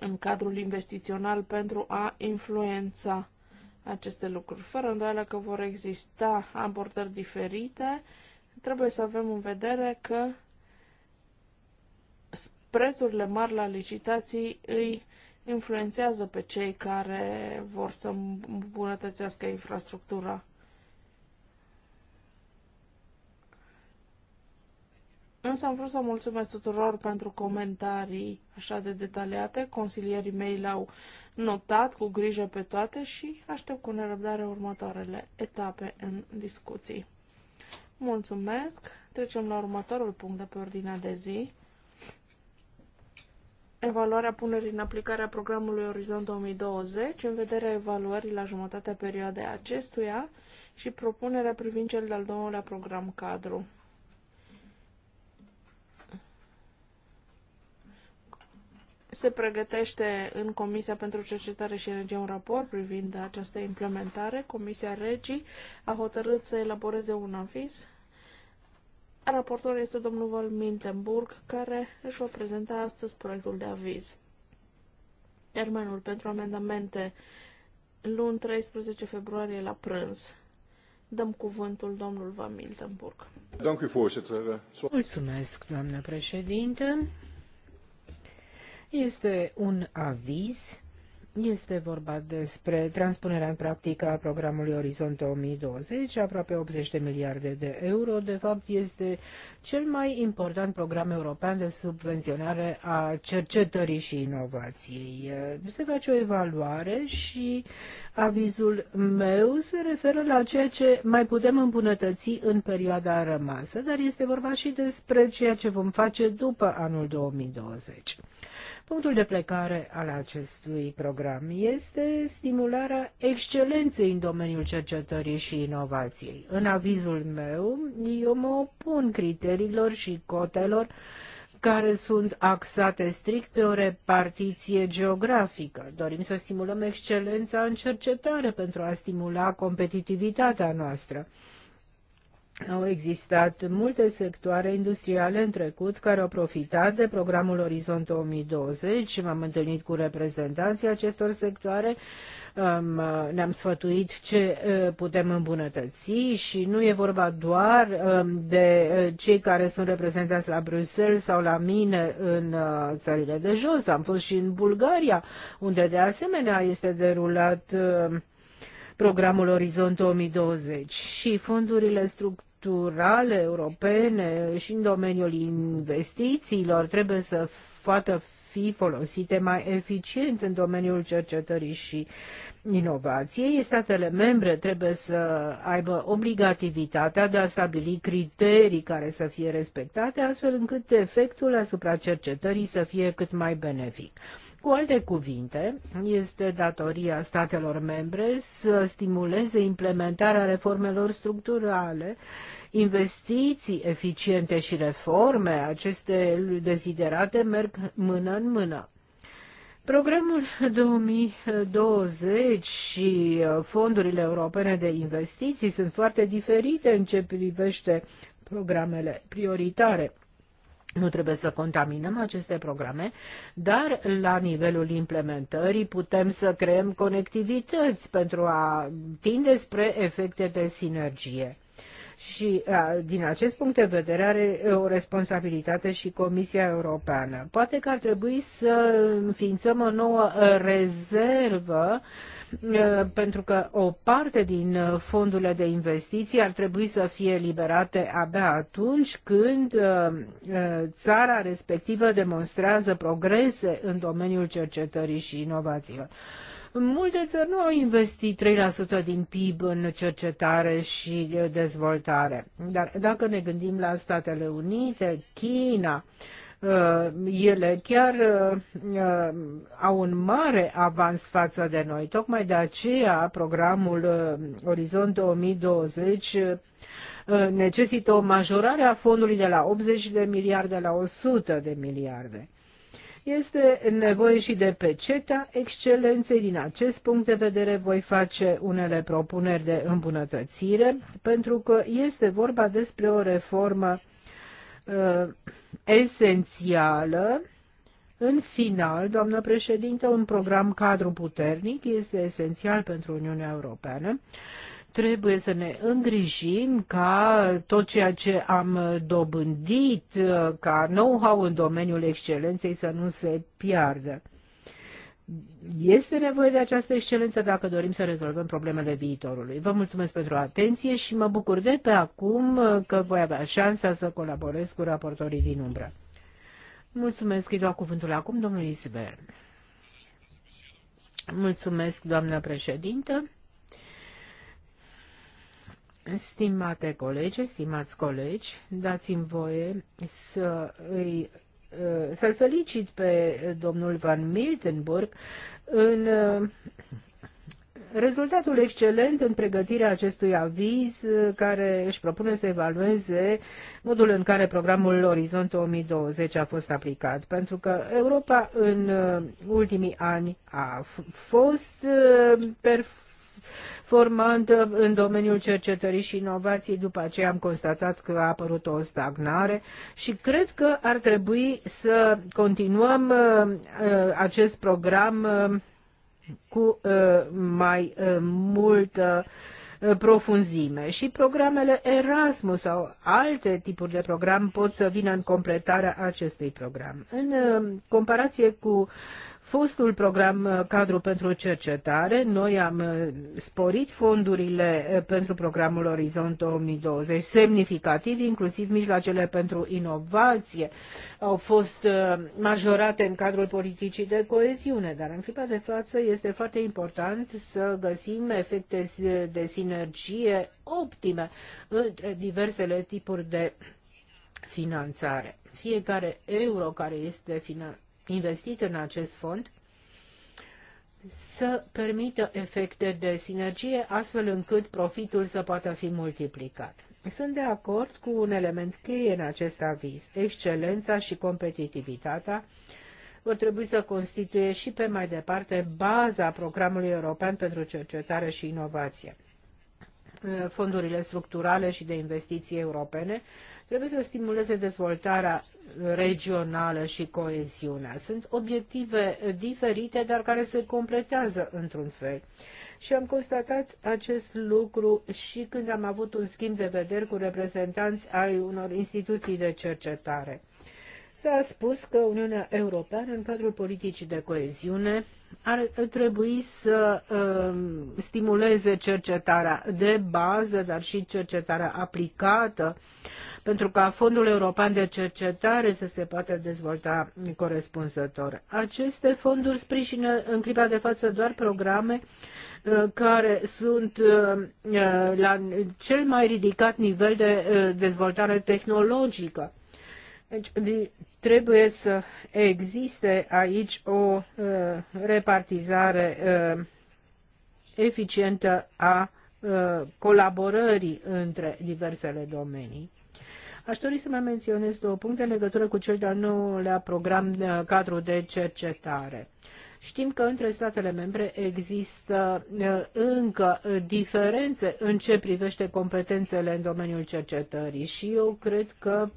S3: în cadrul investițional pentru a influența aceste lucruri. Fără îndoială că vor exista abordări diferite, trebuie să avem în vedere că prețurile mari la licitații îi influențează pe cei care vor să îmbunătățească infrastructura. Însă am vrut să mulțumesc tuturor pentru comentarii așa de detaliate. Consilierii mei le-au notat cu grijă pe toate și aștept cu nerăbdare următoarele etape în discuții. Mulțumesc! Trecem la următorul punct de pe ordinea de zi evaluarea punerii în aplicare a programului Orizont 2020 în vederea evaluării la jumătatea perioadei acestuia și propunerea privind cel de-al doilea program cadru. Se pregătește în Comisia pentru Cercetare și Energie un raport privind această implementare. Comisia Regii a hotărât să elaboreze un aviz Raportorul este domnul Val Mintenburg, care își va prezenta astăzi proiectul de aviz. Termenul pentru amendamente luni 13 februarie la prânz. Dăm cuvântul domnul Van Miltenburg.
S1: Mulțumesc, doamnă președinte. Este un aviz este vorba despre transpunerea în practică a programului Orizont 2020, aproape 80 de miliarde de euro. De fapt, este cel mai important program european de subvenționare a cercetării și inovației. Se face o evaluare și avizul meu se referă la ceea ce mai putem îmbunătăți în perioada rămasă, dar este vorba și despre ceea ce vom face după anul 2020. Punctul de plecare al acestui program este stimularea excelenței în domeniul cercetării și inovației. În avizul meu, eu mă opun criteriilor și cotelor care sunt axate strict pe o repartiție geografică. Dorim să stimulăm excelența în cercetare pentru a stimula competitivitatea noastră. Au existat multe sectoare industriale în trecut care au profitat de programul Orizont 2020. M-am întâlnit cu reprezentanții acestor sectoare, ne-am sfătuit ce putem îmbunătăți și nu e vorba doar de cei care sunt reprezentați la Bruxelles sau la mine în țările de jos. Am fost și în Bulgaria, unde de asemenea este derulat programul Orizont 2020 și fondurile structurale structurale europene și în domeniul investițiilor trebuie să poată fi folosite mai eficient în domeniul cercetării și inovației. Statele membre trebuie să aibă obligativitatea de a stabili criterii care să fie respectate, astfel încât efectul asupra cercetării să fie cât mai benefic. Cu alte cuvinte, este datoria statelor membre să stimuleze implementarea reformelor structurale, investiții eficiente și reforme, aceste deziderate merg mână în mână. Programul 2020 și uh, fondurile europene de investiții sunt foarte diferite în ce privește programele prioritare. Nu trebuie să contaminăm aceste programe, dar la nivelul implementării putem să creăm conectivități pentru a tinde spre efecte de sinergie. Și din acest punct de vedere are o responsabilitate și Comisia Europeană. Poate că ar trebui să înființăm o nouă rezervă uh, Uh, pentru că o parte din uh, fondurile de investiții ar trebui să fie liberate abia atunci când uh, țara respectivă demonstrează progrese în domeniul cercetării și inovațiilor. Multe țări nu au investit 3% din PIB în cercetare și dezvoltare. Dar dacă ne gândim la Statele Unite, China, Uh, ele chiar uh, uh, au un mare avans față de noi. Tocmai de aceea programul Orizont 2020 necesită o majorare a fondului de la 80 de miliarde la 100 de miliarde. Este nevoie și de peceta excelenței. Din acest punct de vedere voi face unele propuneri de îmbunătățire, pentru că este vorba despre o reformă uh, esențială. În final, doamnă președinte, un program cadru puternic este esențial pentru Uniunea Europeană. Trebuie să ne îngrijim ca tot ceea ce am dobândit ca know-how în domeniul excelenței să nu se piardă. Este nevoie de această excelență dacă dorim să rezolvăm problemele viitorului. Vă mulțumesc pentru atenție și mă bucur de pe acum că voi avea șansa să colaborez cu raportorii din umbră. Mulțumesc, îi dau cuvântul acum domnului Isber. Mulțumesc, doamnă președintă. Stimate colegi, stimați colegi, dați-mi voie să îi Uh, să-l felicit pe domnul Van Miltenburg în uh, rezultatul excelent în pregătirea acestui aviz uh, care își propune să evalueze modul în care programul Orizont 2020 a fost aplicat. Pentru că Europa în ultimii ani a fost perfect formând uh, în domeniul cercetării și inovației. După aceea am constatat că a apărut o stagnare și cred că ar trebui să continuăm uh, uh, acest program cu mai multă profunzime și programele Erasmus sau alte tipuri de program pot să vină în completarea acestui program. În comparație cu uh, fostul program uh, cadru pentru cercetare, noi am uh, sporit fondurile uh, pentru programul Orizont 2020 semnificativ, inclusiv mijloacele pentru inovație au fost majorate în cadrul politicii de coeziune, dar în clipa de față este foarte important să găsim efecte de sinergie optime între diversele tipuri de finanțare. Fiecare euro care este finanțat investit în acest fond să permită efecte de sinergie, astfel încât profitul să poată fi multiplicat. Sunt de acord cu un element cheie în acest aviz. Excelența și competitivitatea vor trebui să constituie și pe mai departe baza programului european pentru cercetare și inovație. Fondurile structurale și de investiții europene Trebuie să stimuleze dezvoltarea regională și coeziunea. Sunt obiective diferite, dar care se completează într-un fel. Și am constatat acest lucru și când am avut un schimb de vederi cu reprezentanți ai unor instituții de cercetare. S-a spus că Uniunea Europeană, în cadrul politicii de coeziune, ar trebui să uh, stimuleze cercetarea de bază, dar și cercetarea aplicată, pentru ca Fondul European de Cercetare să se poată dezvolta corespunzător. Aceste fonduri sprijină în clipa de față doar programe uh, care sunt uh, uh, la cel mai ridicat nivel de dezvoltare tehnologică. Deci trebuie să existe aici o repartizare eficientă a colaborării între diversele domenii. Aș dori să mai menționez două puncte în legătură cu cel de-al nouălea program de uh, cadru de cercetare. Știm că între statele membre există uh, încă diferențe în ce privește competențele în domeniul cercetării și eu cred că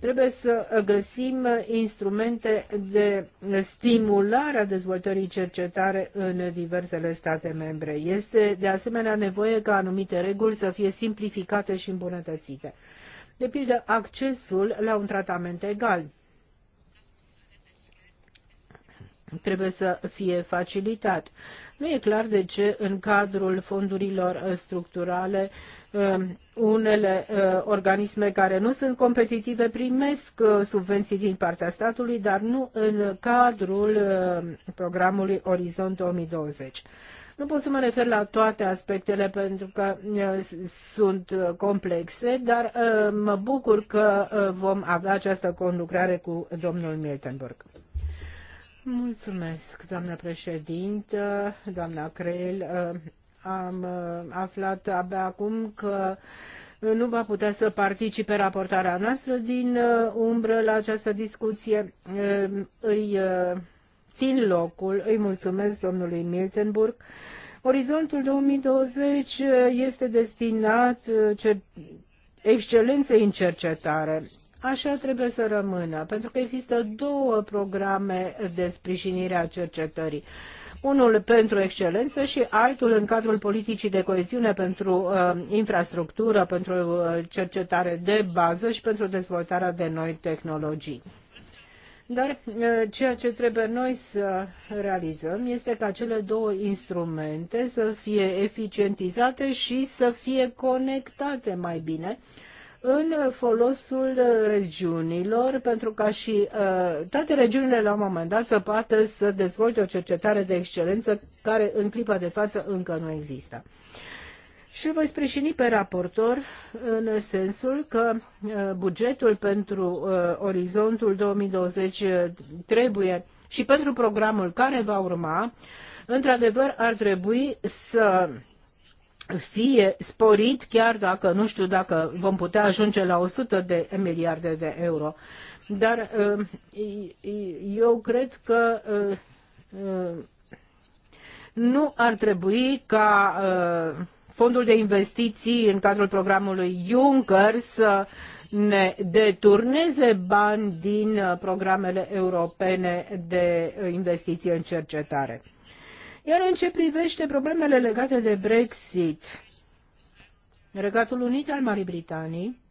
S1: trebuie să găsim instrumente de stimulare a dezvoltării cercetare în diversele state membre. Este de asemenea nevoie ca anumite reguli să fie simplificate și îmbunătățite de pildă accesul la un tratament egal. trebuie să fie facilitat. Nu e clar de ce în cadrul fondurilor structurale um, unele uh, organisme care nu sunt competitive primesc uh, subvenții din partea statului, dar nu în cadrul uh, programului Orizont 2020. Nu pot să mă refer la toate aspectele pentru că sunt complexe, dar mă bucur că vom avea această conlucrare cu domnul Miltenburg. Mulțumesc, doamnă președintă, doamna Creel. Am aflat abia acum că nu va putea să participe raportarea noastră din umbră la această discuție. Îi țin locul. Îi mulțumesc domnului Miltenburg. Orizontul 2020 este destinat uh, excelenței în cercetare. Așa trebuie să rămână, pentru că există două programe de sprijinire a cercetării. Unul pentru excelență și altul în cadrul politicii de coeziune pentru uh, infrastructură, pentru uh, cercetare de bază și pentru dezvoltarea de noi tehnologii. Dar uh, ceea ce trebuie noi să realizăm este ca cele două instrumente să fie eficientizate și să fie conectate mai bine în folosul regiunilor, pentru ca și uh, toate regiunile la un moment dat să poată să dezvolte o cercetare de excelență care în clipa de față încă nu există. Uh, și voi sprijini pe raportor în sensul că uh, bugetul pentru uh, orizontul 2020 uh, trebuie și pentru programul care va urma, într-adevăr ar trebui să fie sporit, chiar dacă nu știu dacă vom putea ajunge la 100 de miliarde de euro. Dar eu cred că nu ar trebui ca fondul de investiții în cadrul programului Juncker să ne deturneze bani din uh, programele europene de uh, investiție în cercetare. Iar în ce privește problemele legate de Brexit, Regatul Unit al Marii Britanii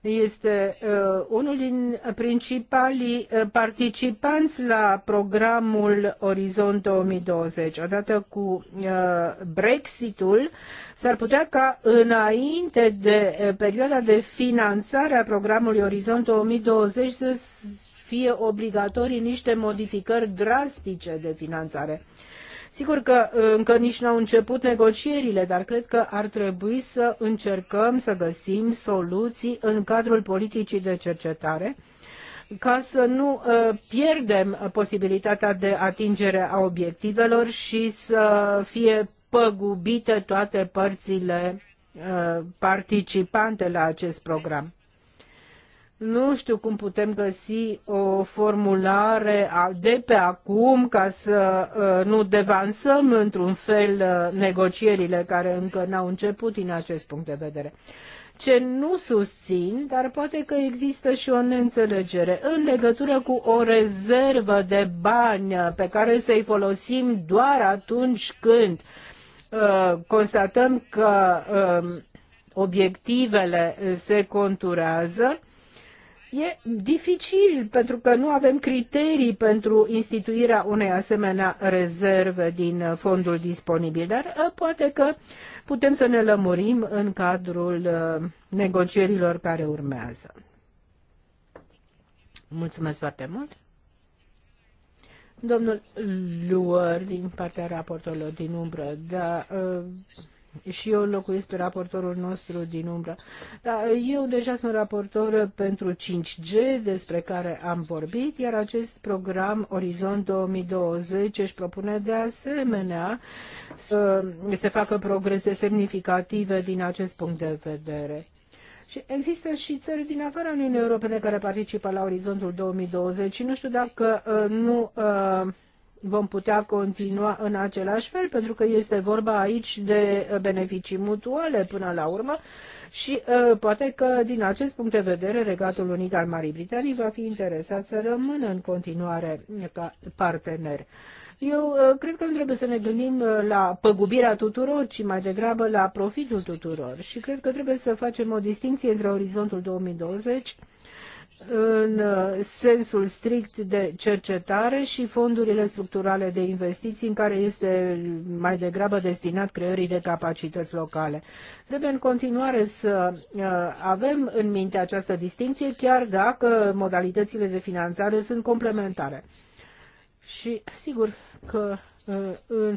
S1: este uh, unul din principalii uh, participanți la programul Orizont 2020. Odată cu uh, Brexitul, s-ar putea ca înainte de perioada de finanțare a programului Orizont 2020 să fie obligatorii niște modificări drastice de finanțare. Sigur că uh, încă nici n-au început negocierile, dar cred că ar trebui să încercăm să găsim soluții în cadrul politicii de cercetare ca să nu uh, pierdem posibilitatea de atingere a obiectivelor și să fie păgubite toate părțile uh, participante la acest program. Nu știu cum putem găsi o formulare de pe acum ca să uh, nu devansăm într-un fel uh, negocierile care încă n-au început din acest punct de vedere. Ce nu susțin, dar poate că există și o neînțelegere în legătură cu o rezervă de bani pe care să-i folosim doar atunci când uh, constatăm că um, obiectivele se conturează, E dificil pentru că nu avem criterii pentru instituirea unei asemenea rezerve din fondul disponibil, dar uh, poate că putem să ne lămurim în cadrul uh, negocierilor care urmează. Mulțumesc foarte mult. Domnul Luăr, din partea raportorilor din umbră, da, uh, și eu locuiesc pe raportorul nostru din umbră. Dar eu deja sunt raportor pentru 5G, despre care am vorbit, iar acest program Orizont 2020 își propune de asemenea să se facă progrese semnificative din acest punct de vedere. Și există și țări din afara Uniunii Europene care participă la Orizontul 2020 și nu știu dacă uh, nu uh, vom putea continua în același fel, pentru că este vorba aici de beneficii mutuale până la urmă și uh, poate că din acest punct de vedere Regatul Unit al Marii Britanii va fi interesat să rămână în continuare ca partener. Eu uh, cred că nu trebuie să ne gândim uh, la păgubirea tuturor, ci mai degrabă la profitul tuturor și cred că trebuie să facem o distinție între orizontul 2020 în uh, sensul strict de cercetare și fondurile structurale de investiții în care este mai degrabă destinat creării de capacități locale. Trebuie în continuare să uh, avem în minte această distinție chiar dacă modalitățile de finanțare sunt complementare. Și sigur că uh, în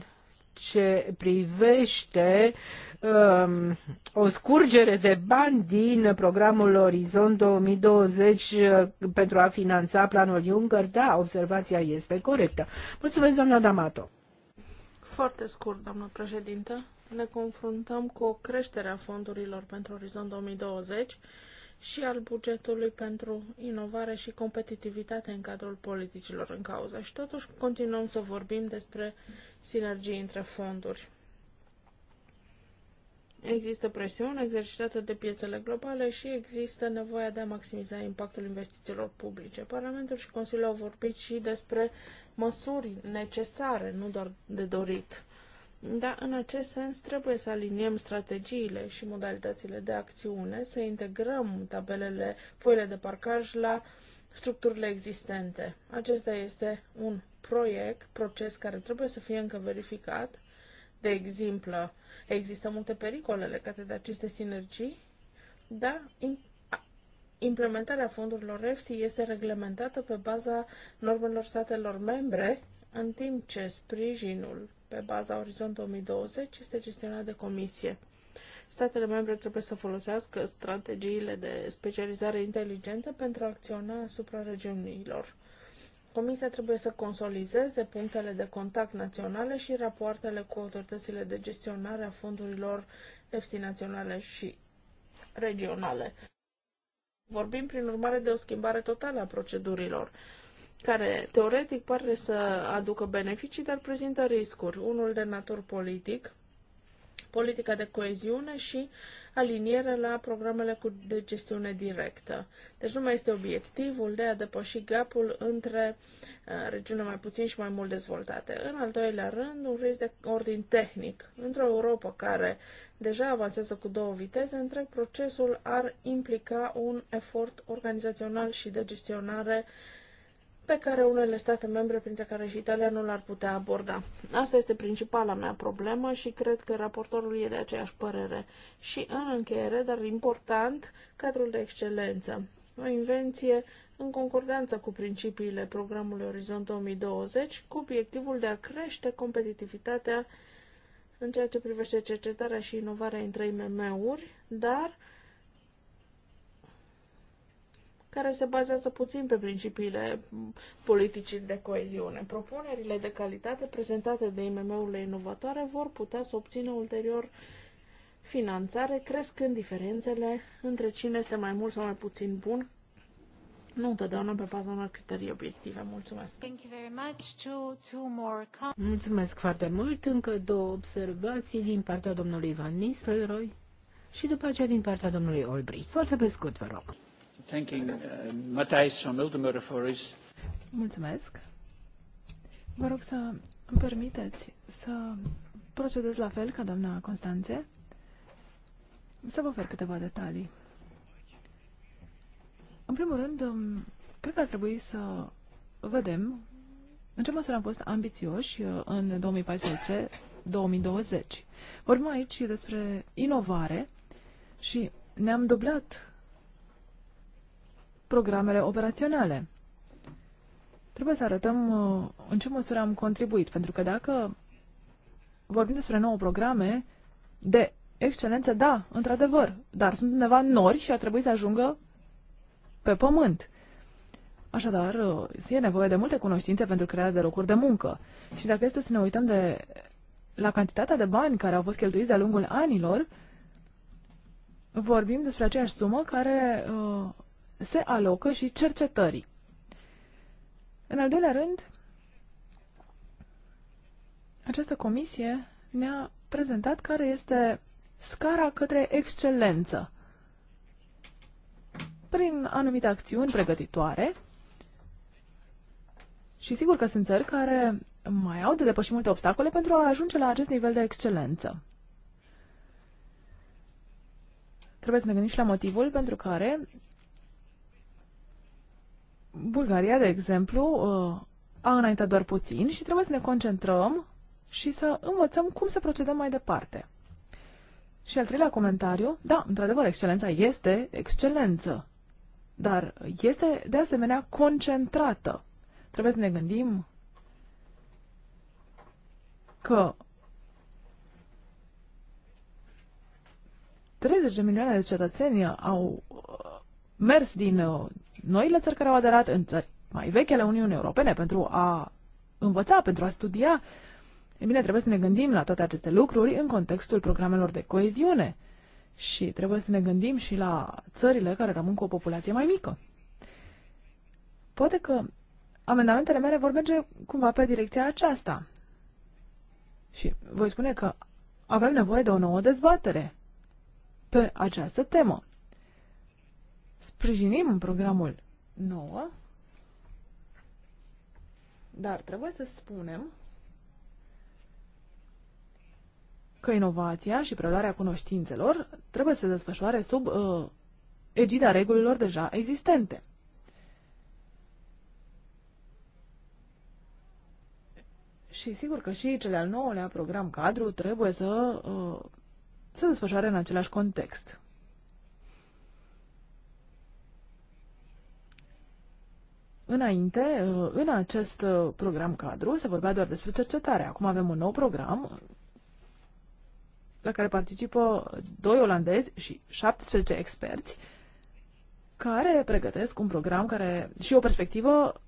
S1: ce privește um, o scurgere de bani din programul Orizont 2020 uh, pentru a finanța planul Juncker, da, observația este corectă. Mulțumesc, doamna D'Amato.
S3: Foarte scurt, doamnă președinte. Ne confruntăm cu o creștere a fondurilor pentru Orizont 2020 și al bugetului pentru inovare și competitivitate în cadrul politicilor în cauză. Și totuși continuăm să vorbim despre sinergii între fonduri. Există presiune exercitată de piețele globale și există nevoia de a maximiza impactul investițiilor publice. Parlamentul și Consiliul au vorbit și despre măsuri necesare, nu doar de dorit. Dar, în acest sens, trebuie să aliniem strategiile și modalitățile de acțiune, să integrăm tabelele, foile de parcaj la structurile existente. Acesta este un proiect, proces care trebuie să fie încă verificat. De exemplu, există multe pericole legate de aceste sinergii, dar implementarea fondurilor EFSI este reglementată pe baza normelor statelor membre, în timp ce sprijinul pe baza Orizont 2020 este gestionat de comisie. Statele membre trebuie să folosească strategiile de specializare inteligentă pentru a acționa asupra regiunilor. Comisia trebuie să consolideze punctele de contact naționale și rapoartele cu autoritățile de gestionare a fondurilor EFSI naționale și regionale. Vorbim, prin urmare, de o schimbare totală a procedurilor care teoretic pare să aducă beneficii, dar prezintă riscuri. Unul de natur politic, politica de coeziune și aliniere la programele cu de gestiune directă. Deci nu mai este obiectivul de a depăși gapul între regiune uh, regiunile mai puțin și mai mult dezvoltate. În al doilea rând, un risc de ordin tehnic. Într-o Europa care deja avansează cu două viteze, întreg procesul ar implica un efort organizațional și de gestionare uh, pe care unele state membre, printre care și Italia, nu l-ar putea aborda. Asta este principala mea problemă și cred că raportorul e de aceeași părere. Și în încheiere, dar important, cadrul de excelență. O invenție în concordanță cu principiile programului Orizont 2020, cu obiectivul de a crește competitivitatea în ceea ce privește cercetarea și inovarea între IMM-uri, dar care se bazează puțin pe principiile politicii de coeziune. Propunerile de calitate prezentate de IMM-urile inovatoare vor putea să obțină ulterior finanțare, crescând diferențele între cine este mai mult sau mai puțin bun nu întotdeauna pe baza unor criterii obiective. Mulțumesc.
S1: Thank you very much. Two, two more
S3: Mulțumesc
S1: foarte mult. Încă două observații din partea domnului Van Nistelrooy și după aceea din partea domnului Olbrich. Foarte pe scurt, vă rog.
S2: Uh, Mulțumesc. Vă rog să îmi permiteți să procedez la fel ca doamna Constanțe, să vă ofer câteva detalii. În primul rând, um, cred că ar trebui să vedem în ce măsură am fost ambițioși uh, în 2014-2020. Vorbim aici despre inovare și ne-am dublat programele operaționale. Trebuie să arătăm uh, în ce măsură am contribuit, pentru că dacă vorbim despre nouă programe de excelență, da, într-adevăr, dar sunt undeva nori și a trebuit să ajungă pe pământ. Așadar, uh, e nevoie de multe cunoștințe pentru crearea de locuri de muncă. Și dacă este să ne uităm de la cantitatea de bani care au fost cheltuiți de-a lungul anilor, vorbim despre aceeași sumă care uh, se alocă și cercetării. În al doilea rând, această comisie ne-a prezentat care este scara către excelență prin anumite acțiuni pregătitoare și sigur că sunt țări care mai au de depășit multe obstacole pentru a ajunge la acest nivel de excelență. Trebuie să ne gândim și la motivul pentru care Bulgaria, de exemplu, uh, a înaintat doar puțin și trebuie să ne concentrăm și să învățăm cum să procedăm mai departe. Și al treilea comentariu, da, într-adevăr, excelența este excelență, dar este de asemenea concentrată. Trebuie să ne gândim că 30 de milioane de cetățeni au uh, mers din uh, noile țări care au aderat, în țări mai vechi ale Uniunii Europene pentru a învăța, pentru a studia. E bine, trebuie să ne gândim la toate aceste lucruri în contextul programelor de coeziune și trebuie să ne gândim și la țările care rămân cu o populație mai mică. Poate că amendamentele mele vor merge cumva pe direcția aceasta. Și voi spune că avem nevoie de o nouă dezbatere pe această temă. Sprijinim programul nouă, dar trebuie să spunem că inovația și preluarea cunoștințelor trebuie să se desfășoare sub uh, egida regulilor deja existente. Și sigur că și cele al nouălea program cadru trebuie să uh, se desfășoare în același context. Înainte, uh, în acest uh, program cadru se vorbea doar despre cercetare. Acum avem un nou program la care participă doi olandezi și 17 experți care pregătesc un program care și o perspectivă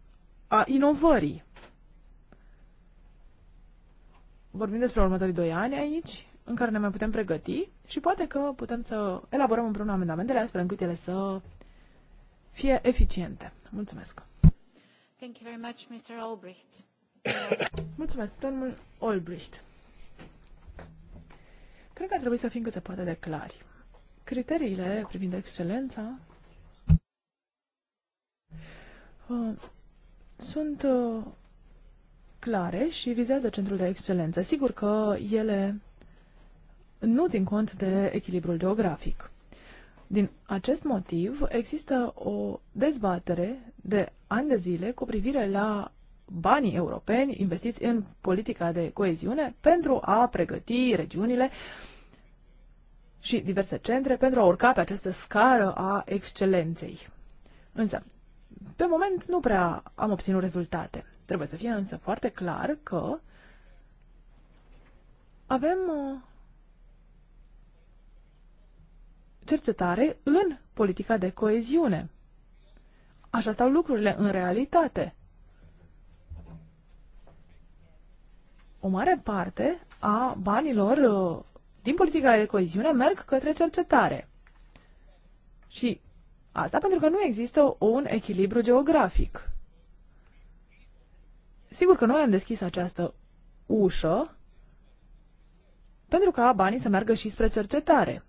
S2: a inovării. Vorbim despre următorii doi ani aici, în care ne mai putem pregăti și poate că putem să elaborăm împreună amendamentele astfel încât ele să fie eficiente. Mulțumesc! Mulțumesc, domnul Olbricht. Cred că ar trebui să fim cât se poate de clari. Criteriile privind excelența uh, sunt uh, clare și vizează centrul de excelență. Sigur că ele nu țin cont de echilibrul geografic. Din acest motiv, există o dezbatere de ani de zile cu privire la banii europeni investiți în politica de coeziune pentru a pregăti regiunile și diverse centre pentru a urca pe această scară a excelenței. Însă, pe moment nu prea am obținut rezultate. Trebuie să fie însă foarte clar că avem uh, cercetare în politica de coeziune. Așa stau lucrurile în realitate. O mare parte a banilor uh, din politica de coeziune merg către cercetare. Și asta pentru că nu există un echilibru geografic. Sigur că noi am deschis această ușă pentru ca banii să meargă și spre cercetare.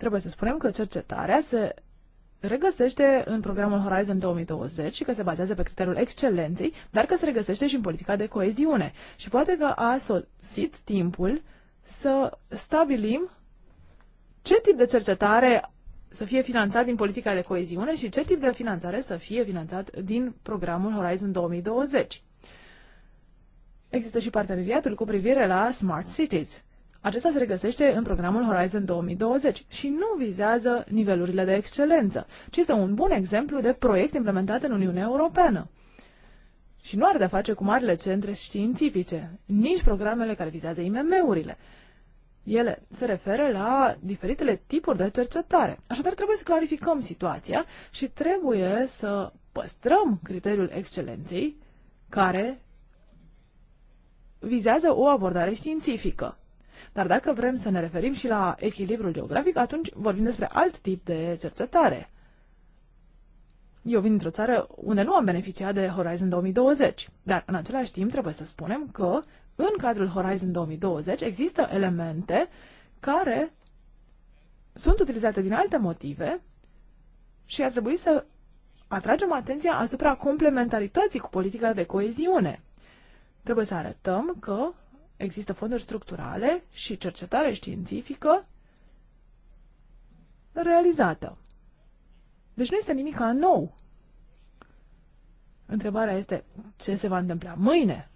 S2: Trebuie să spunem că cercetarea se regăsește în programul Horizon 2020 și că se bazează pe criteriul excelenței, dar că se regăsește și în politica de coeziune. Și poate că a sosit timpul să stabilim ce tip de cercetare să fie finanțat din politica de coeziune și ce tip de finanțare să fie finanțat din programul Horizon 2020. Există și parteneriatul cu privire la Smart Cities. Acesta se regăsește în programul Horizon 2020 și nu vizează nivelurile de excelență, ci este un bun exemplu de proiect implementat în Uniunea Europeană. Și nu are de-a face cu marile centre științifice, nici programele care vizează IMM-urile. Ele se referă la diferitele tipuri de cercetare. Așadar, trebuie să clarificăm situația și trebuie să păstrăm criteriul excelenței care vizează o abordare științifică. Dar dacă vrem să ne referim și la echilibrul geografic, atunci vorbim despre alt tip de cercetare. Eu vin dintr-o țară unde nu am beneficiat de Horizon 2020, dar în același timp trebuie să spunem că în cadrul Horizon 2020 există elemente care sunt utilizate din alte motive și ar trebui să atragem atenția asupra complementarității cu politica de coeziune. Trebuie să arătăm că Există fonduri structurale și cercetare științifică realizată. Deci nu este nimic nou. Întrebarea este ce se va întâmpla mâine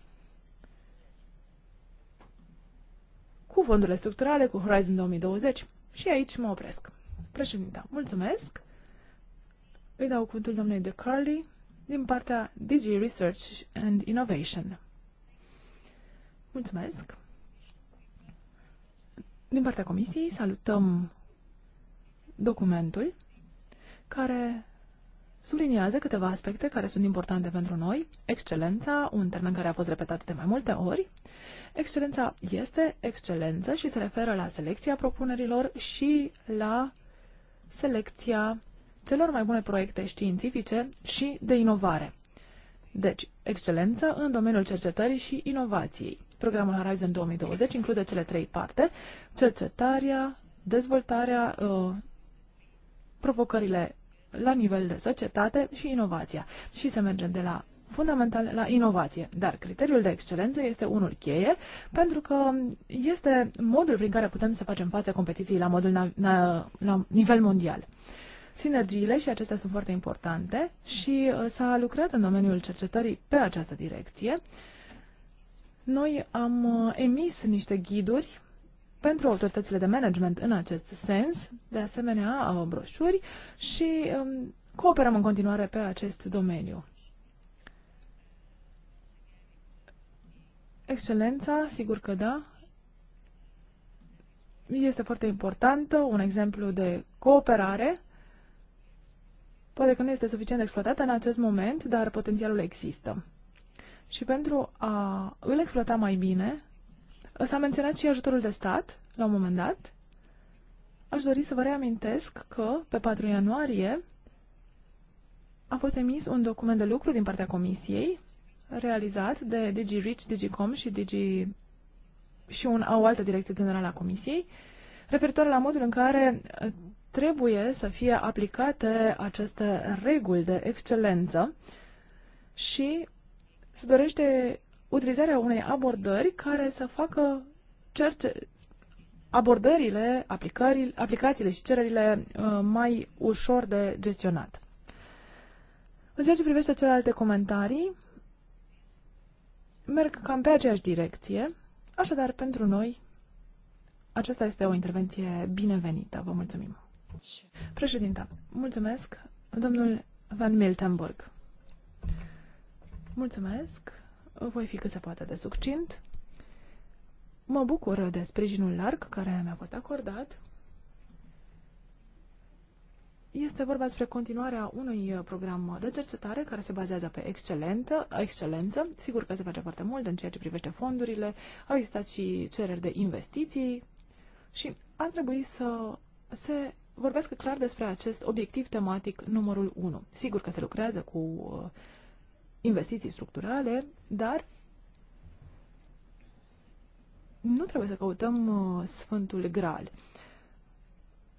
S2: cu fondurile structurale, cu Horizon 2020. Și aici mă opresc. Președinta, mulțumesc. Îi dau cuvântul domnului De Carly din partea DG Research and Innovation. Mulțumesc! Din partea Comisiei salutăm documentul care subliniază câteva aspecte care sunt importante pentru noi. Excelența, un termen care a fost repetat de mai multe ori. Excelența este excelență și se referă la selecția propunerilor și la selecția celor mai bune proiecte științifice și de inovare. Deci, excelență în domeniul cercetării și inovației. Programul Horizon 2020 include cele trei parte, cercetarea, dezvoltarea, uh, provocările la nivel de societate și inovația. Și se merge de la fundamental la inovație. Dar criteriul de excelență este unul cheie pentru că este modul prin care putem să facem față competiției la, modul na- na- la nivel mondial. Sinergiile și acestea sunt foarte importante și uh, s-a lucrat în domeniul cercetării pe această direcție. Uh, noi am uh, emis niște ghiduri pentru autoritățile de management în acest sens, de asemenea uh, broșuri și um, cooperăm în continuare pe acest domeniu. Excelența, sigur că da, este foarte importantă, un exemplu de cooperare. Poate că nu este suficient exploatată în acest moment, dar potențialul există. Și pentru a îl exploata mai bine, s-a menționat și ajutorul de stat, la un moment dat. Aș dori să vă reamintesc că pe 4 ianuarie a fost emis un document de lucru din partea Comisiei, realizat de DigiReach, DigiCom și Digi și un, o altă direcție generală a Comisiei, referitor la modul în care uh, trebuie să fie aplicate aceste reguli de excelență și se dorește utilizarea unei abordări care să facă cerce abordările, aplicațiile și cererile uh, mai ușor de gestionat. În ceea ce privește celelalte comentarii, merg cam pe aceeași direcție, așadar pentru noi aceasta este o intervenție binevenită. Vă mulțumim. Președinta, mulțumesc, domnul Van Miltenburg. Mulțumesc. Voi fi cât se poate de succint. Mă bucur de sprijinul larg care mi-a fost acordat. Este vorba despre continuarea unui program de cercetare care se bazează pe excelentă, excelență. Sigur că se face foarte mult în ceea ce privește fondurile. Au existat și cereri de investiții și ar trebui să se vorbească clar despre acest obiectiv tematic numărul 1. Sigur că se lucrează cu uh, investiții structurale, dar nu trebuie să căutăm uh, Sfântul Graal.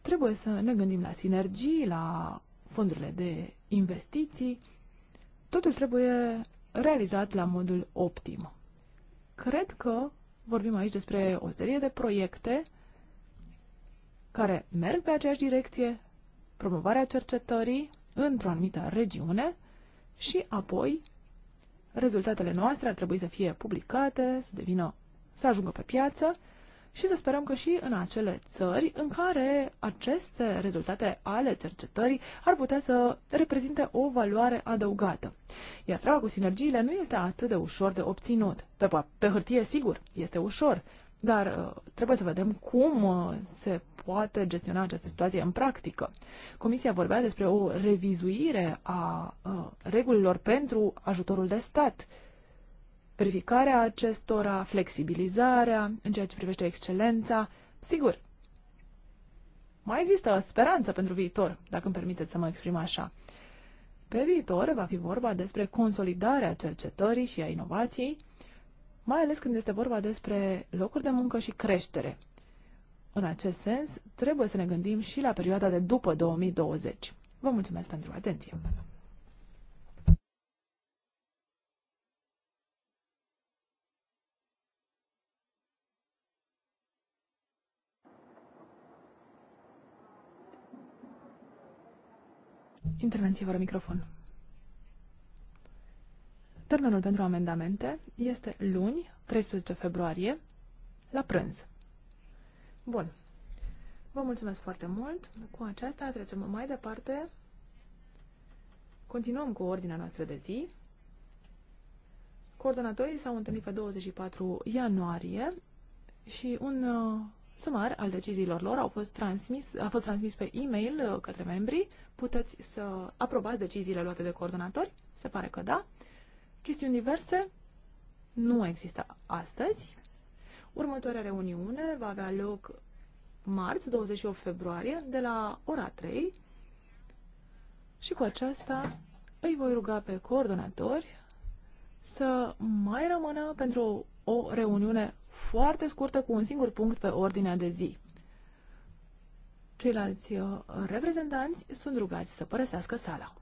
S2: Trebuie să ne gândim la sinergii, la fondurile de investiții. Totul trebuie realizat la modul optim. Cred că vorbim aici despre o serie de proiecte care merg pe aceeași direcție, promovarea cercetării într-o anumită regiune și apoi Rezultatele noastre ar trebui să fie publicate, să devină, să ajungă pe piață și să sperăm că și în acele țări în care aceste rezultate ale cercetării ar putea să reprezinte o valoare adăugată. Iar treaba cu sinergiile nu este atât de ușor de obținut. Pe, pe hârtie, sigur, este ușor, dar uh, trebuie să vedem cum uh, se poate gestiona această situație în practică. Comisia vorbea despre o revizuire a uh, regulilor pentru ajutorul de stat, verificarea acestora, flexibilizarea în ceea ce privește excelența. Sigur, mai există speranță pentru viitor, dacă îmi permiteți să mă exprim așa. Pe viitor va fi vorba despre consolidarea cercetării și a inovației, mai ales când este vorba despre locuri de muncă și creștere. În acest sens, trebuie să ne gândim și la perioada de după 2020. Vă mulțumesc pentru atenție! Intervenție fără microfon. Termenul pentru amendamente este luni, 13 februarie, la prânz. Bun. Vă mulțumesc foarte mult. Cu aceasta trecem mai departe. Continuăm cu ordinea noastră de zi. Coordonatorii s-au întâlnit pe 24 ianuarie și un uh, sumar al deciziilor lor au fost transmis, a fost transmis pe e-mail uh, către membrii. Puteți să aprobați deciziile luate de coordonatori? Se pare că da. Chestiuni diverse nu există astăzi. Următoarea reuniune va avea loc marți, 28 februarie, de la ora 3. Și cu aceasta îi voi ruga pe coordonatori să mai rămână pentru o reuniune foarte scurtă cu un singur punct pe ordinea de zi. Ceilalți uh, reprezentanți sunt rugați să părăsească sala.